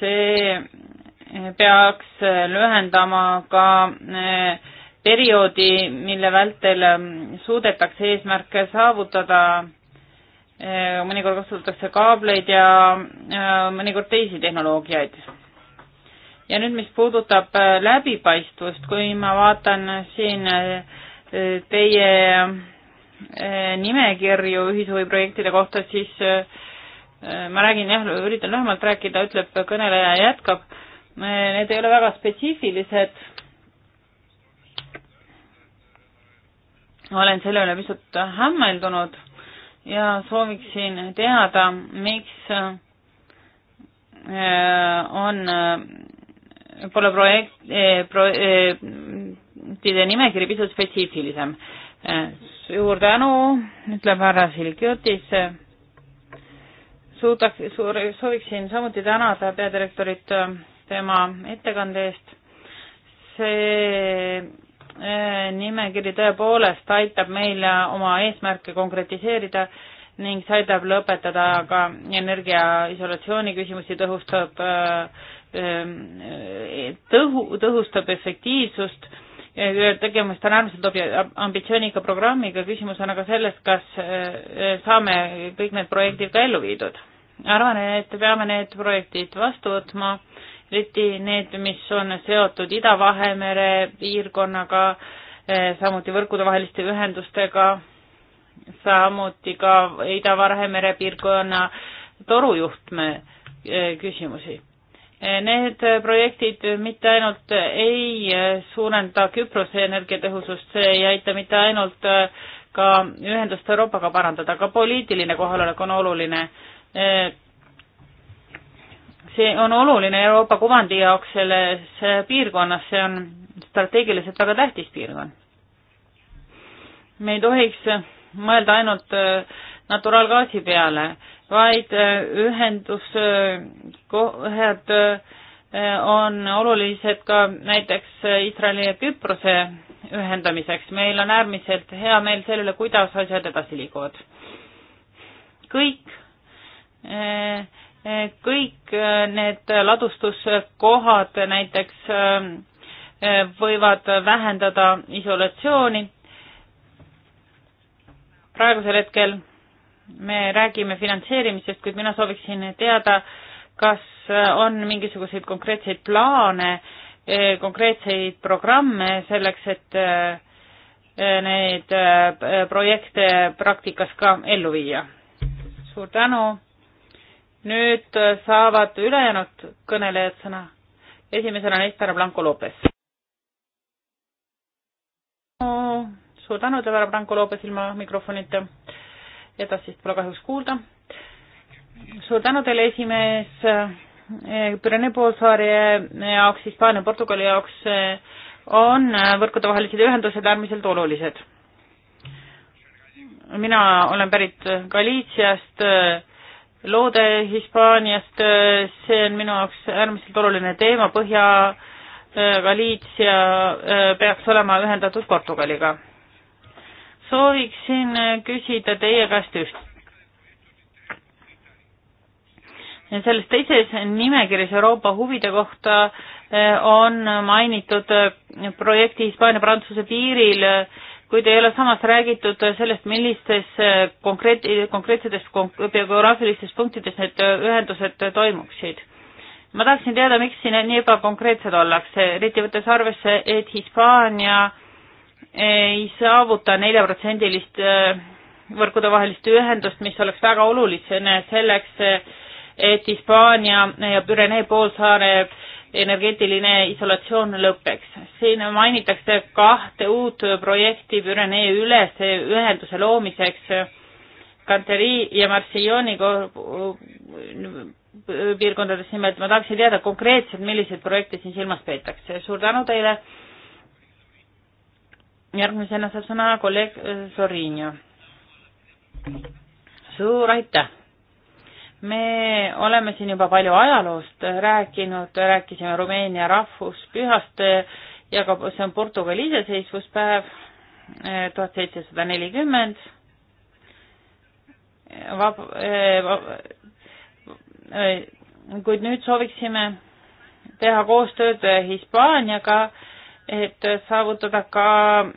see peaks lühendama ka eh, perioodi, mille vältel mm, suudetakse eesmärke saavutada. mõnikord kasutatakse kaableid ja mõnikord teisi tehnoloogiaid ja nüüd, mis puudutab äh, läbipaistvust, kui ma vaatan siin äh, teie äh, nimekirju ühishuviprojektide kohta, siis ma räägin jah, üritan lühemalt rääkida, ütleb kõneleja ja jätkab. Need ei ole väga spetsiifilised. olen selle üle pisut hämmeldunud ja sooviksin teada, miks on pole projekt, eh, projektide eh, nimekiri pisut spetsiifilisem. Eh, suur tänu, ütleb härra Silgiotis. suudaks, suur, sooviksin samuti tänada peadirektorit tema ettekande eest. see nimekiri tõepoolest aitab meil oma eesmärke konkretiseerida ning see aitab lõpetada ka energiaisolatsiooni küsimusi, tõhustab Ähm, tõhu, tõhustab efektiivsust, tegemist on äärmiselt ambitsiooniga programmiga, küsimus on aga selles, kas äh, saame kõik need projektid ka ellu viidud. arvan, et peame need projektid vastu võtma, eriti need, mis on seotud Ida-Vahemere piirkonnaga, äh, samuti võrkudevaheliste ühendustega, samuti ka Ida-Vahemere piirkonna torujuhtme äh, küsimusi Need projektid mitte ainult ei suurenda Küprose energiatõhusust, see ei aita mitte ainult äh, ka ühendust Euroopaga parandada, ka poliitiline kohalolek on oluline. Äh, see on oluline Euroopa kuvandi jaoks selles äh, piirkonnas, see on strateegiliselt väga tähtis piirkond. me ei tohiks mõelda ainult naturaalgaasi peale vaid äh, ühenduskohad äh, äh, on olulised ka näiteks Iisraeli ja Küprose ühendamiseks. meil on äärmiselt hea meel selle üle, kuidas asjad edasi liiguvad. kõik, kõik need ladustuskohad näiteks võivad vähendada isolatsiooni. praegusel hetkel me räägime finantseerimisest, kuid mina sooviksin teada, kas on mingisuguseid konkreetseid plaane, eh, konkreetseid programme selleks, et eh, neid eh, projekte praktikas ka ellu viia. suur tänu. nüüd saavad ülejäänud kõnelejad sõna. esimesena neist härra Blanco Lopes. suur tänu teile, härra Blanco Lopes, ilma mikrofonita edasist pole kahjuks kuulda. suur tänu teile, esimees. Pürene poolsaare jaoks, Hispaania, Portugali jaoks on võrkudevahelised ühendused äärmiselt olulised. mina olen pärit Galiitsiast, Loode Hispaaniast, see on minu jaoks äärmiselt oluline teema, Põhja Galiitsia peaks olema ühendatud Portugaliga sooviksin äh, küsida teie käest üht. selles teises nimekirjas Euroopa huvide kohta äh, on mainitud äh, projekti Hispaania-Prantsuse piiril, kuid ei ole samas räägitud sellest, millistes konkreet-, konkreetsetes geograafilistes punktides need ühendused toimuksid. ma tahaksin teada, miks siin nii ebakonkreetsed ollakse, eriti võttes arvesse, et Hispaania ei saavuta neljaprotsendilist äh, võrkudevahelist ühendust, mis oleks väga oluline selleks, et Hispaania ja Pürenee poolsaare energeetiline isolatsioon lõpeks. siin mainitakse kahte uut projekti Pürenee üles ühenduse loomiseks Kanteri ja Marsioni piirkondades nimelt. ma tahaksin teada konkreetselt, milliseid projekte siin silmas peetakse. suur tänu teile järgmisena saab sõna kolleeg äh, Sorinio. suur aitäh! me oleme siin juba palju ajaloost rääkinud, rääkisime Rumeenia rahvuspühast äh, ja ka see on Portugali iseseisvuspäev äh, tuhat seitsesada nelikümmend. Vab-, vab, kuid nüüd sooviksime teha koostööd Hispaaniaga äh, et saavutada ka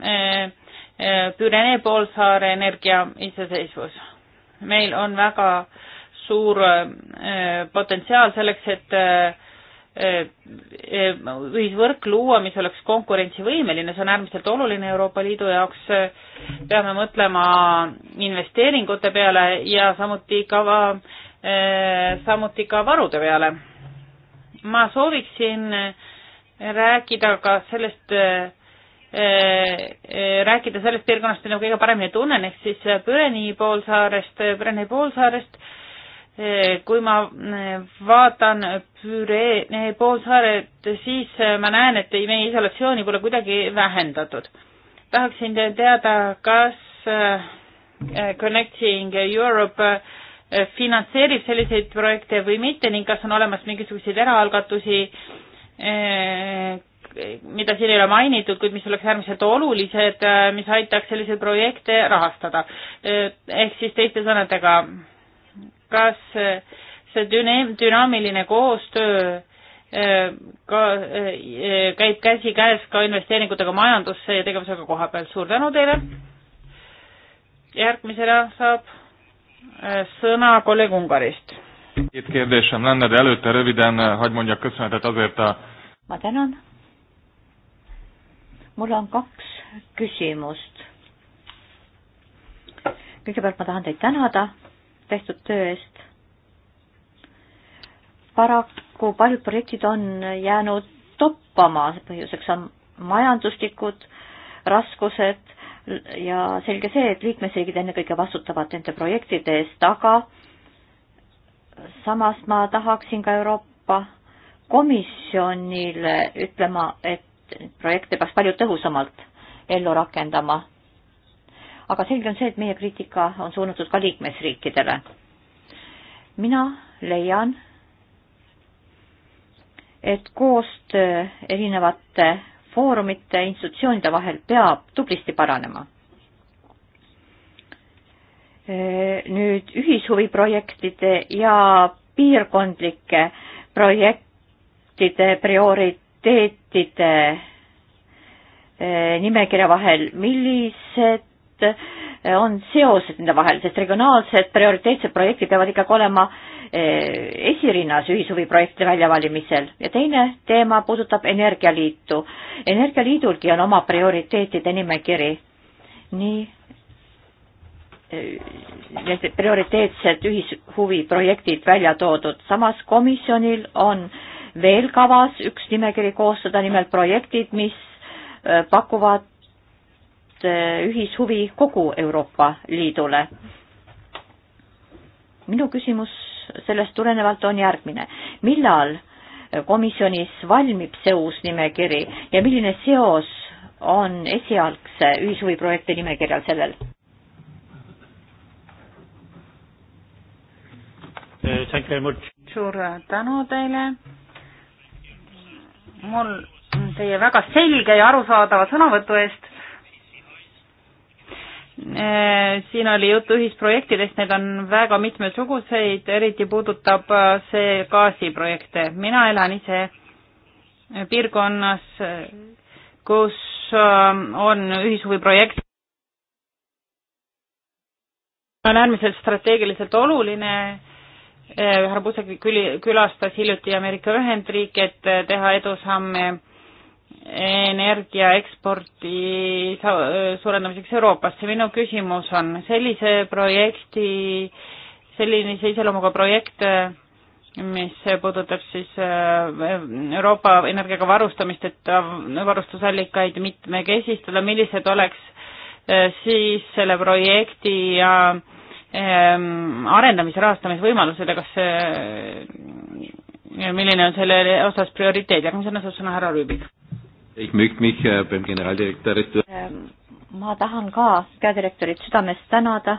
eh, eh, Pürenee poolsaare energia iseseisvus. meil on väga suur eh, potentsiaal selleks, et ühisvõrk luua, mis oleks konkurentsivõimeline, see on äärmiselt oluline Euroopa Liidu jaoks, peame mõtlema investeeringute peale ja samuti ka, samuti ka varude peale. ma sooviksin äh, rääkida ka sellest äh, äh, rääkida sellest piirkonnast, mida kõige paremini tunnen, ehk siis Püreni poolsaarest, Püreni poolsaarest äh,. kui ma vaatan Püreni poolsaaret, siis ma näen, et meie isolatsiooni pole kuidagi vähendatud. tahaksin teada, kas Connecting Europe finantseerib selliseid projekte või mitte ning kas on olemas mingisuguseid eraalgatusi äh, Eh, mida siin ei ole mainitud, kuid mis oleks äärmiselt olulised, eh, mis aitaks selliseid projekte rahastada. Eh, ehk siis teiste sõnadega, kas see düne-, dünaamiline koostöö ka käib käsikäes ka investeeringutega majandusse ja tegevusega koha peal. suur tänu teile. järgmisena saab sõna kolleeg Ungarist Két kérdésem lenne, de előtte röviden eh, hagyd mondjak köszönetet azért a... Ma tänan. mul on kaks küsimust. kõigepealt ma tahan teid tänada tehtud töö eest. paraku paljud projektid on jäänud toppama, põhjuseks on majanduslikud raskused ja selge see, et liikmesriigid ennekõike vastutavad nende projektide eest, aga samas ma tahaksin ka Euroopa Komisjonile ütlema, et projekte peaks palju tõhusamalt ellu rakendama. aga selge on see, et meie kriitika on suunatud ka liikmesriikidele. mina leian, et koostöö erinevate foorumite, institutsioonide vahel peab tublisti paranema Eh, nüüd ühishuviprojektide ja piirkondlike projektide prioriteetide eh, nimekirja vahel, millised eh, on seosed nende vahel, sest regionaalsed prioriteetsed projektid peavad ikkagi olema esirinnas ühishuviprojektide väljavalimisel ja teine teema puudutab Energialiitu. energialiidulgi on oma prioriteetide nimekiri. nii need prioriteetsed ühishuviprojektid välja toodud. samas komisjonil on veel kavas üks nimekiri koostada, nimelt projektid, mis äh, pakuvad äh, ühishuvi kogu Euroopa Liidule. minu küsimus sellest tulenevalt on järgmine. millal komisjonis valmib see uus nimekiri ja milline seos on esialgse ühishuviprojekti nimekirjal sellel? Eh, suur äh, tänu teile. mul teie väga selge ja arusaadava sõnavõtu eest. Eh, siin oli juttu ühisprojektidest, need on väga mitmesuguseid, eriti puudutab äh, see gaasiprojekte. mina elan ise piirkonnas, äh, kus on ühishuviprojekt. on äärmiselt strateegiliselt oluline Eh, härra Pusek külastas hiljuti Ameerika Ühendriike, et eh, teha edusamme energia eksporti eh, suurendamiseks Euroopasse. minu küsimus on, sellise projekti, sellise iseloomuga projekt, mis puudutab siis Euroopa energiaga varustamist, et varustusallikaid mitmekesistada, millised oleks siis selle projekti ja äh, Ehm, arendamise rahastamisvõimalused ja kas see, milline on selle osas prioriteet, järgmisena saab sõna härra Rüübik. Äh, ehm, ma tahan ka peadirektorit südamest tänada.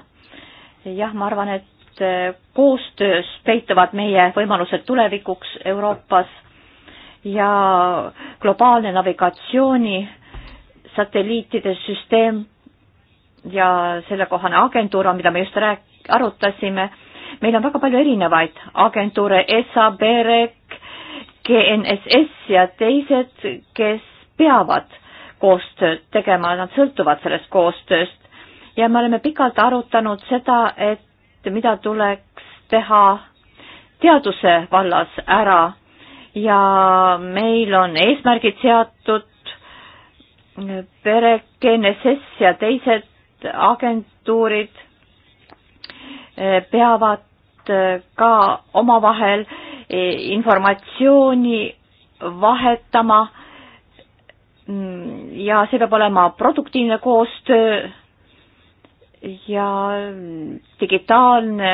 jah, ma arvan, et äh, koostöös peituvad meie võimalused tulevikuks Euroopas ja globaalne navigatsiooni satelliitide süsteem ja sellekohane agentuur on, mida me just rääk-, arutasime. meil on väga palju erinevaid agentuure, ESA, BEREC, GNSS ja teised, kes peavad koostööd tegema, nad sõltuvad sellest koostööst. ja me oleme pikalt arutanud seda, et mida tuleks teha teaduse vallas ära ja meil on eesmärgid seatud, PEREC, GNSS ja teised agentuurid eh, peavad eh, ka omavahel eh, informatsiooni vahetama mm, ja see peab olema produktiivne koostöö ja digitaalne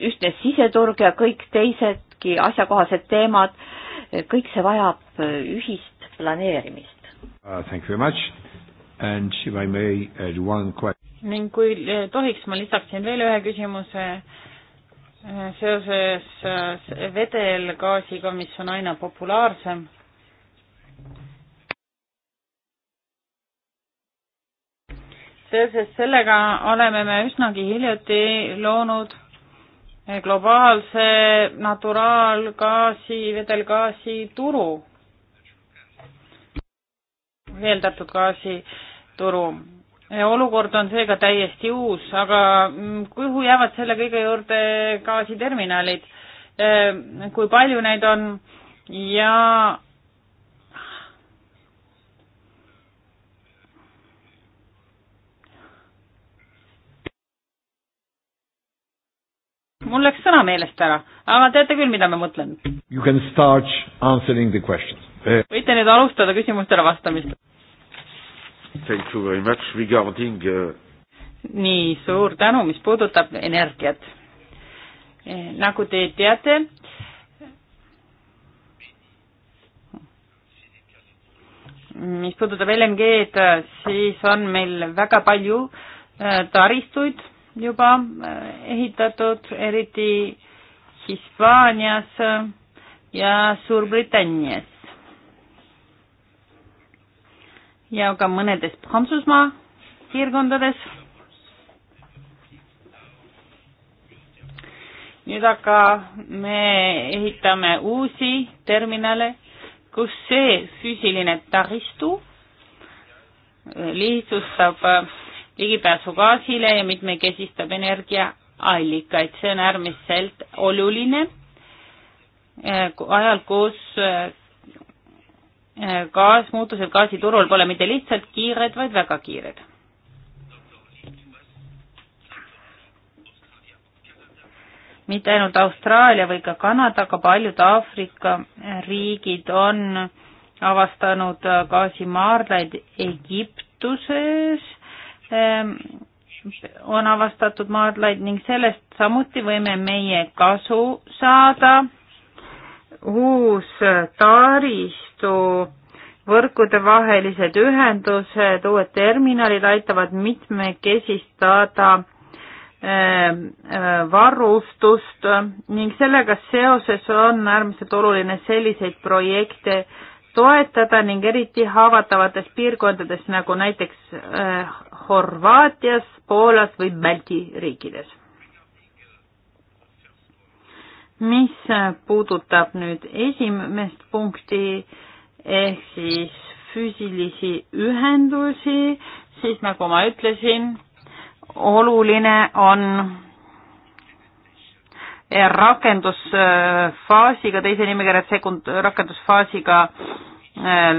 ühtne siseturg ja kõik teisedki asjakohased teemad, kõik see vajab ühist planeerimist. Uh, thank you very much. And if I may add one question. ning kui eh, tohiks, ma lisaksin veel ühe küsimuse eh, seoses eh, vedelgaasiga, mis on aina populaarsem. seoses sellega oleme me üsnagi hiljuti loonud globaalse naturaalgaasi, vedelgaasi turu, veeldatud gaasi äh, turu. olukord on seega täiesti uus, aga mm, kuhu jäävad selle kõige juurde gaasiterminalid? Äh, kui palju neid on ja mul läks sõna meelest ära, aga teate küll, mida ma mõtlen. You can start answering the questions. võite nüüd alustada küsimustele vastamist. Thank you very much regarding uh... nii, suur tänu, mis puudutab energiat. E, nagu te teate, mis puudutab LNG-d, siis on meil väga palju e, taristuid juba e, ehitatud, eriti Hispaanias ja Suurbritannias ja ka mõnedes Prantsusmaa piirkondades. nüüd aga me ehitame uusi terminale, kus see füüsiline taristu lihtsustab ligipääsu gaasile ja mitmekesistab energiaallikaid, see on äärmiselt oluline eh, ajal, kus eh, Äh, gaas, muutused gaasiturul pole mitte lihtsalt kiired, vaid väga kiired. mitte ainult Austraalia või ka Kanada, aga paljud Aafrika riigid on avastanud äh, gaasimaardlaid Egiptuses, ähm, on avastatud maardlaid ning sellest samuti võime meie kasu saada uus taristu, võrkudevahelised ühendused, uued terminalid aitavad mitmekesistada ähm, äh, varustust ning sellega seoses on äärmiselt oluline selliseid projekte toetada ning eriti haavatavates piirkondades nagu näiteks äh, Horvaatias, Poolas või Balti riikides mis puudutab nüüd esimest punkti ehk siis füüsilisi ühendusi, siis nagu ma ütlesin, oluline on rakendusfaasiga, teise nimekirja sekund-, rakendusfaasiga äh, äh,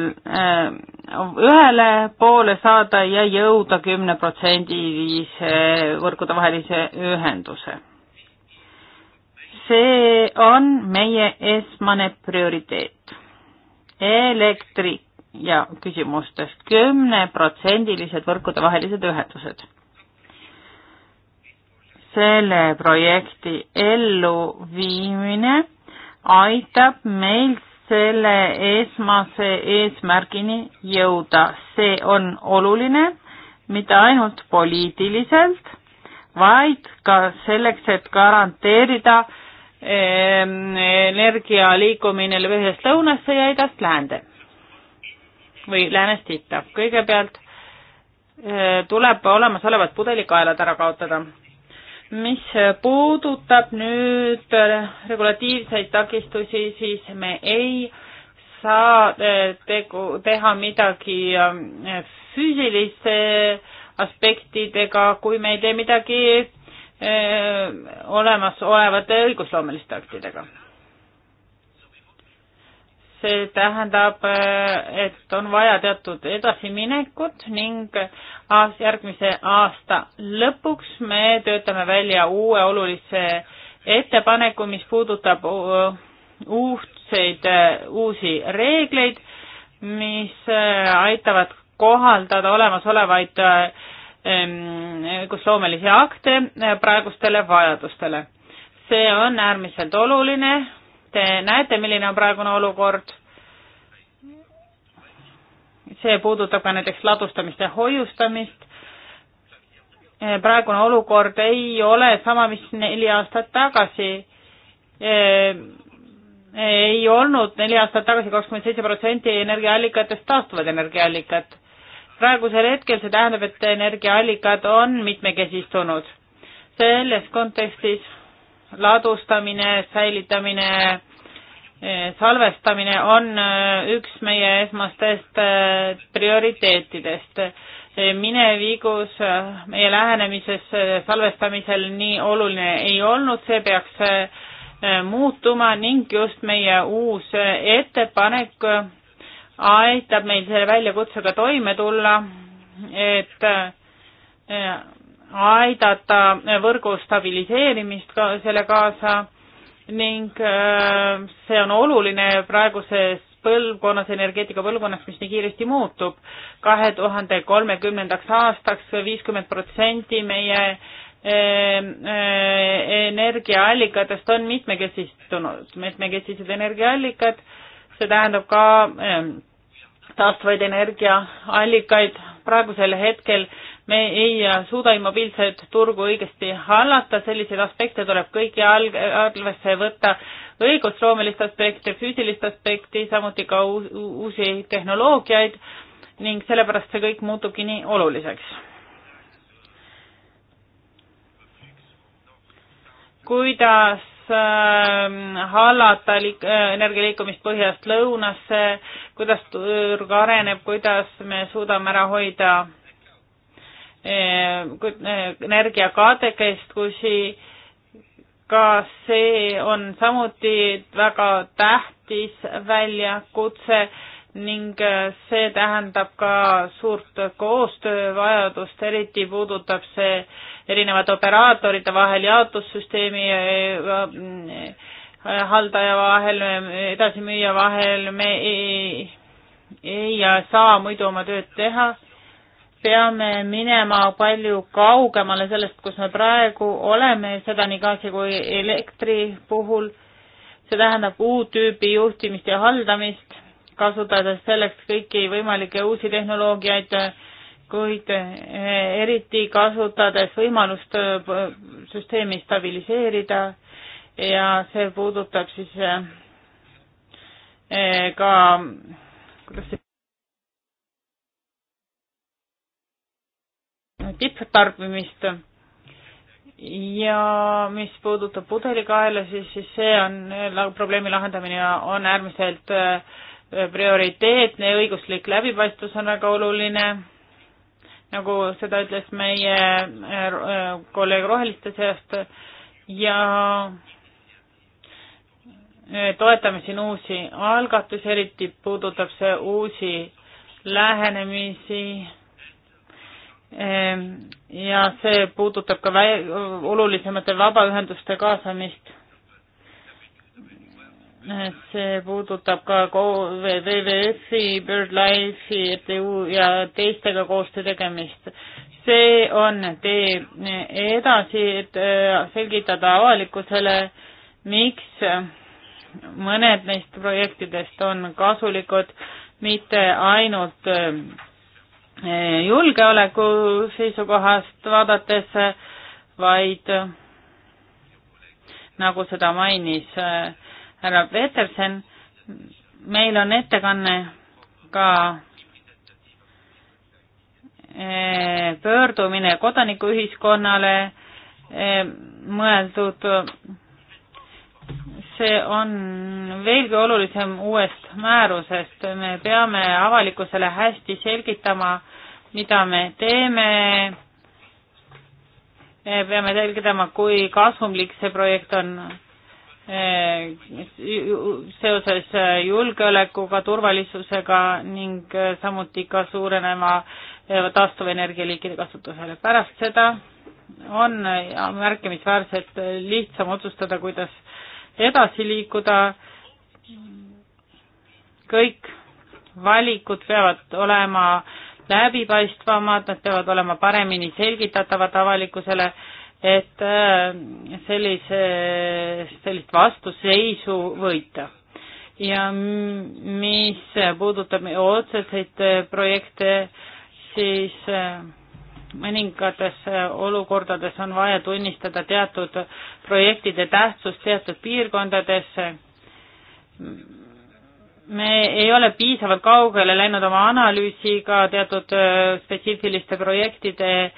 ühele poole saada ja jõuda kümne protsendilise võrkudevahelise ühenduse see on meie esmane prioriteet. elektri ja küsimustest kümneprotsendilised võrkudevahelised ühendused. selle projekti elluviimine aitab meil selle esmase eesmärgini jõuda. see on oluline mitte ainult poliitiliselt, vaid ka selleks, et garanteerida energia liikumine ühest lõunasse ja idast läände või läänest itta. kõigepealt eh, tuleb olemasolevad pudelikaelad ära kaotada. mis puudutab nüüd regulatiivseid takistusi, siis me ei saa eh, tegu, teha midagi eh, füüsiliste aspektidega, kui me ei tee midagi Äh, olemasolevate õigusloomeliste aktidega. see tähendab, äh, et on vaja teatud edasiminekut ning aas, äh, järgmise aasta lõpuks me töötame välja uue olulise ettepaneku, mis puudutab uudseid, uusi reegleid, mis aitavad kohaldada olemasolevaid äh, õigusloomelisi akte eh, praegustele vajadustele. see on äärmiselt oluline, te näete, milline on praegune olukord, see puudutab ka näiteks ladustamist ja hoiustamist, eh, praegune olukord ei ole sama, mis neli aastat tagasi, ei olnud neli aastat tagasi kakskümmend seitse protsenti energiaallikatest taastuvad energiaallikad praegusel hetkel see tähendab, et energiaallikad on mitmekesistunud. selles kontekstis ladustamine, säilitamine, salvestamine on äh, üks meie esmastest äh, prioriteetidest. minevikus äh, meie lähenemises salvestamisel nii oluline ei olnud, see peaks muutuma ning just meie uus ettepanek aitab meil selle väljakutsega toime tulla, et äh, aidata võrgu stabiliseerimist ka selle kaasa ning äh, see on oluline praeguses põlvkonnas, energeetika põlvkonnas, mis nii kiiresti muutub. kahe tuhande kolmekümnendaks aastaks viiskümmend protsenti meie äh, energiaallikatest on mitmekesistunud, mitmekesised energiaallikad see tähendab ka ähm, taastuvaid energiaallikaid, praegusel hetkel me ei äh, suuda immobiilset turgu õigesti hallata, selliseid aspekte tuleb kõiki arvesse võtta, õigusloomelist aspekti, füüsilist aspekti, samuti ka uusi tehnoloogiaid ning sellepärast see kõik muutubki nii oluliseks. kuidas Ähm, hallata liik-, äh, energia liikumist põhjast lõunasse, kuidas turg areneb, kuidas me suudame ära hoida äh, äh, energiakadekest, kusi ka see on samuti väga tähtis väljakutse ning äh, see tähendab ka suurt koostöövajadust, eriti puudutab see erinevate operaatorite vahel, jaotussüsteemi äh, äh, haldaja vahel, edasimüüja vahel, me ei, ei saa muidu oma tööd teha. peame minema palju kaugemale sellest, kus me praegu oleme, seda nii gaasi kui elektri puhul. see tähendab uut tüüpi juhtimist ja haldamist kasutades selleks kõiki võimalikke uusi tehnoloogiaid, kuid eh, eriti kasutades võimalust eh, süsteemi stabiliseerida ja see puudutab siis eh, ka, kuidas see tipptarbimist ja mis puudutab pudelikaela, siis, siis see on, probleemi lahendamine on äärmiselt äh, prioriteetne ja õiguslik läbipaistvus on väga oluline, nagu seda ütles meie äh, kolleeg Roheliste seast ja äh, toetame siin uusi algatusi, eriti puudutab see uusi lähenemisi ähm, ja see puudutab ka olulisemate vabaühenduste kaasamist see puudutab ka WWF-i, BirdLife'i, ETÜ ja teistega koostöö tegemist. see on tee edasi, et äh, selgitada avalikkusele, miks mõned neist projektidest on kasulikud mitte ainult äh, julgeoleku seisukohast vaadates, vaid nagu seda mainis äh, härra Peterson, meil on ettekanne ka eh, pöördumine kodanikuühiskonnale eh, mõeldud. see on veelgi olulisem uuest määrusest, me peame avalikkusele hästi selgitama, mida me teeme me peame jälgima, kui kasumlik see projekt on. Eh, seoses eh, julgeolekuga, turvalisusega ning eh, samuti ka suureneva taastuvenergialiikide kasutusele. pärast seda on märkimisväärselt lihtsam otsustada, kuidas edasi liikuda. kõik valikud peavad olema läbipaistvamad, nad peavad olema paremini selgitatavad avalikkusele et äh, sellise, sellist vastuseisu võita. ja mis puudutab otseseid projekte, siis äh, mõningates olukordades on vaja tunnistada teatud projektide tähtsust teatud piirkondades. me ei ole piisavalt kaugele läinud oma analüüsiga teatud äh, spetsiifiliste projektide äh,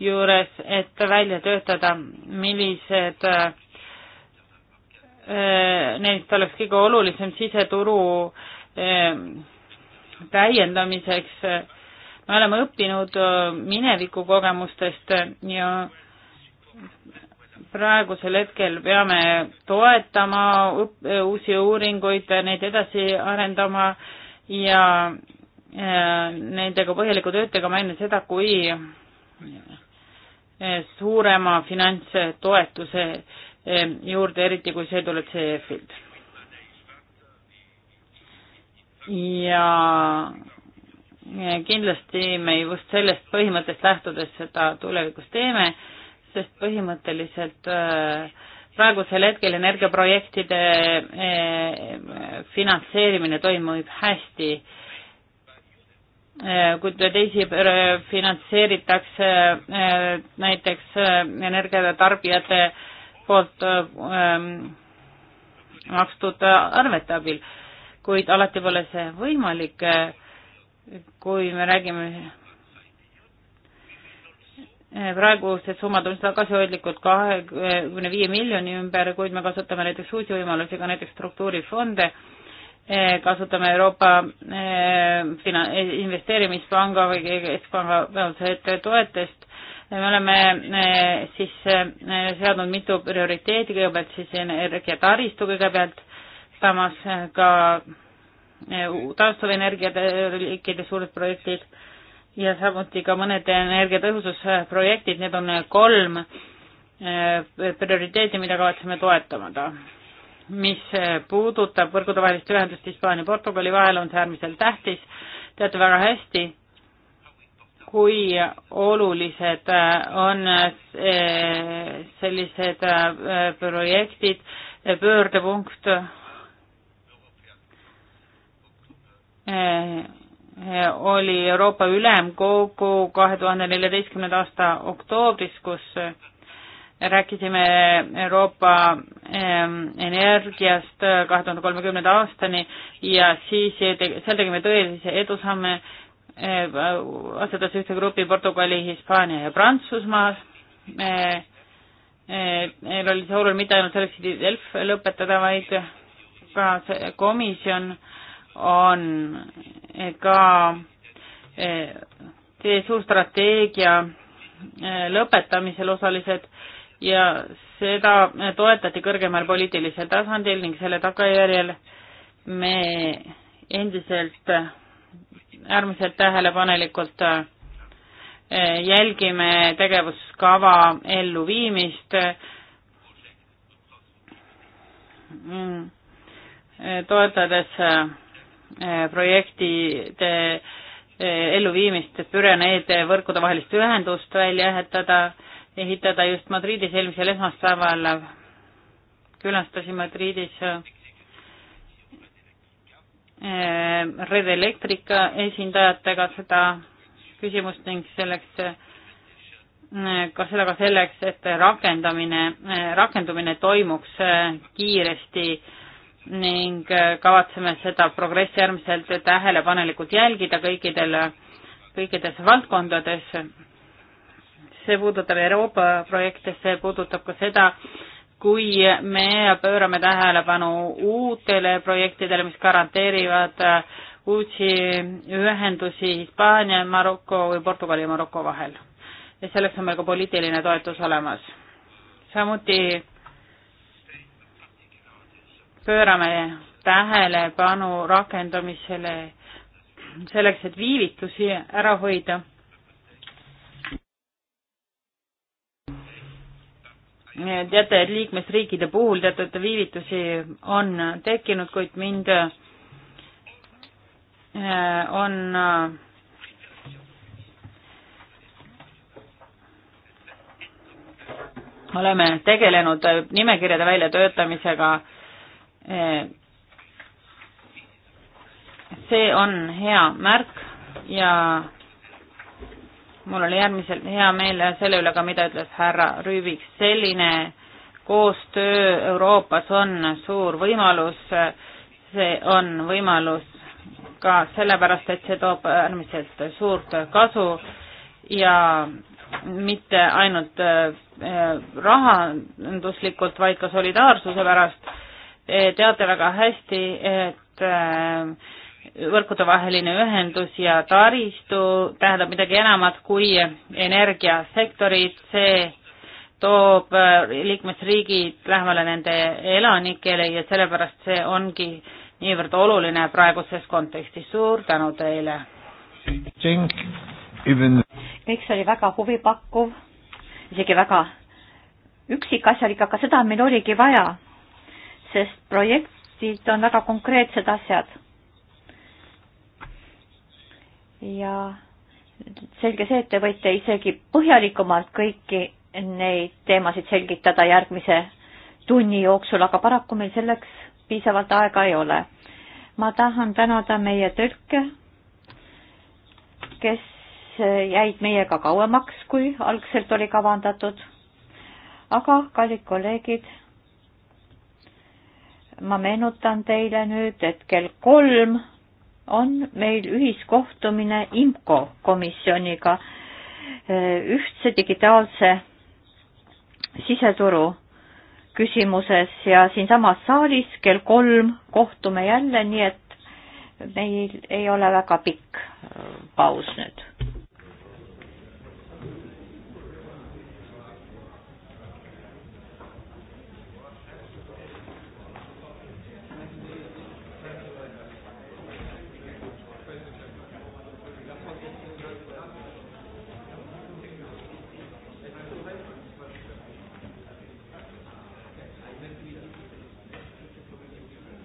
juures, et välja töötada, millised äh, neist oleks kõige olulisem siseturu äh, täiendamiseks. me oleme õppinud äh, mineviku kogemustest ja praegusel hetkel peame toetama uusi uuringuid, neid edasi arendama ja nendega põhjalikku tööd tegema enne seda, kui suurema finantstoetuse eh, juurde, eriti kui see tuleb CEF-ilt. ja eh, kindlasti me just sellest põhimõttest lähtudes seda tulevikus teeme, sest põhimõtteliselt eh, praegusel hetkel energiaprojektide finantseerimine toimub hästi Äh, kui teisi äh, finantseeritakse äh, näiteks energiatarbijate poolt ähm, makstud arvete abil, kuid alati pole see võimalik, kui me räägime praegused summad on tagasihoidlikud kahekümne viie miljoni ümber, kuid me kasutame näiteks uusi võimalusi, ka näiteks struktuurifonde äh, Eh, kasutame Euroopa eh, fina-, investeerimispanga või keskpanga peamiselt toetust. me oleme eh, siis seadnud mitu prioriteeti, kõigepealt siis energia taristu kõigepealt, samas ka taastuvenergialiikide suured projektid ja samuti ka mõned energiatõhususprojektid, need on kolm prioriteeti, mida kavatseme toetamada mis puudutab võrgudevahelist ühendust Hispaania ja Portugali vahel, on see äärmiselt tähtis. teate väga hästi, kui olulised äh, on äh, sellised äh, projektid, pöördepunkt oli Euroopa Ülemkogu kahe tuhande neljateistkümnenda aasta oktoobris, kus rääkisime Euroopa energiast äh, kahe tuhande kolmekümnenda aastani ja siis seal tegime tõelise edusamme, äh, asetas ühte gruppi Portugali, Hispaania ja Prantsusmaa. Neil äh, oli see oluline mitte ainult selleks, et ELF lõpetada, vaid ka see komisjon on ka see suur strateegia lõpetamisel osalised ja seda toetati kõrgemal poliitilisel tasandil ning selle tagajärjel me endiselt äärmiselt tähelepanelikult äh, jälgime tegevuskava elluviimist mm. äh, toetades äh, projektide elluviimist, et Püreneede võrkude vahelist ühendust välja ehitada ehitada just Madridis eelmisel esmaspäeval. külastasin Madridis äh, Red Electrica esindajatega seda küsimust ning selleks, äh, ka seda ka selleks, et rakendamine, äh, rakendumine toimuks kiiresti ning kavatseme seda progressi äärmiselt tähelepanelikult jälgida kõikidel, kõikides valdkondades see puudutab Euroopa projekte, see puudutab ka seda, kui me pöörame tähelepanu uutele projektidele, mis garanteerivad äh, uusi ühendusi Hispaania, Maroko või Portugali ja Maroko vahel. ja selleks on meil ka poliitiline toetus olemas. samuti pöörame tähelepanu rakendamisele selleks, et viivitusi ära hoida teate, et liikmesriikide puhul teatud viivitusi on tekkinud, kuid mind äh, on äh, oleme tegelenud nimekirjade väljatöötamisega. Äh, see on hea märk ja mul oli äärmiselt hea meel selle üle ka, mida ütles härra Rüübik, selline koostöö Euroopas on suur võimalus, see on võimalus ka sellepärast, et see toob äärmiselt suurt kasu ja mitte ainult eh, rahanduslikult, vaid ka solidaarsuse pärast. Eh, teate väga hästi, et eh, võrkudevaheline ühendus ja taristu tähendab midagi enamat kui energiasektorit, see toob äh, liikmesriigid lähemale nende elanikele ja sellepärast see ongi niivõrd oluline praeguses kontekstis. suur tänu teile! kõik see oli väga huvipakkuv, isegi väga üksikasjalik, aga seda meil oligi vaja, sest projektid on väga konkreetsed asjad ja selge see, et te võite isegi põhjalikumalt kõiki neid teemasid selgitada järgmise tunni jooksul, aga paraku meil selleks piisavalt aega ei ole. ma tahan tänada meie tõlke, kes jäid meiega kauemaks, kui algselt oli kavandatud. aga, kallid kolleegid, ma meenutan teile nüüd, et kell kolm on meil ühiskohtumine IMCO komisjoniga eh, ühtse digitaalse siseturu küsimuses ja siinsamas saalis kell kolm kohtume jälle, nii et meil ei ole väga pikk eh, paus nüüd.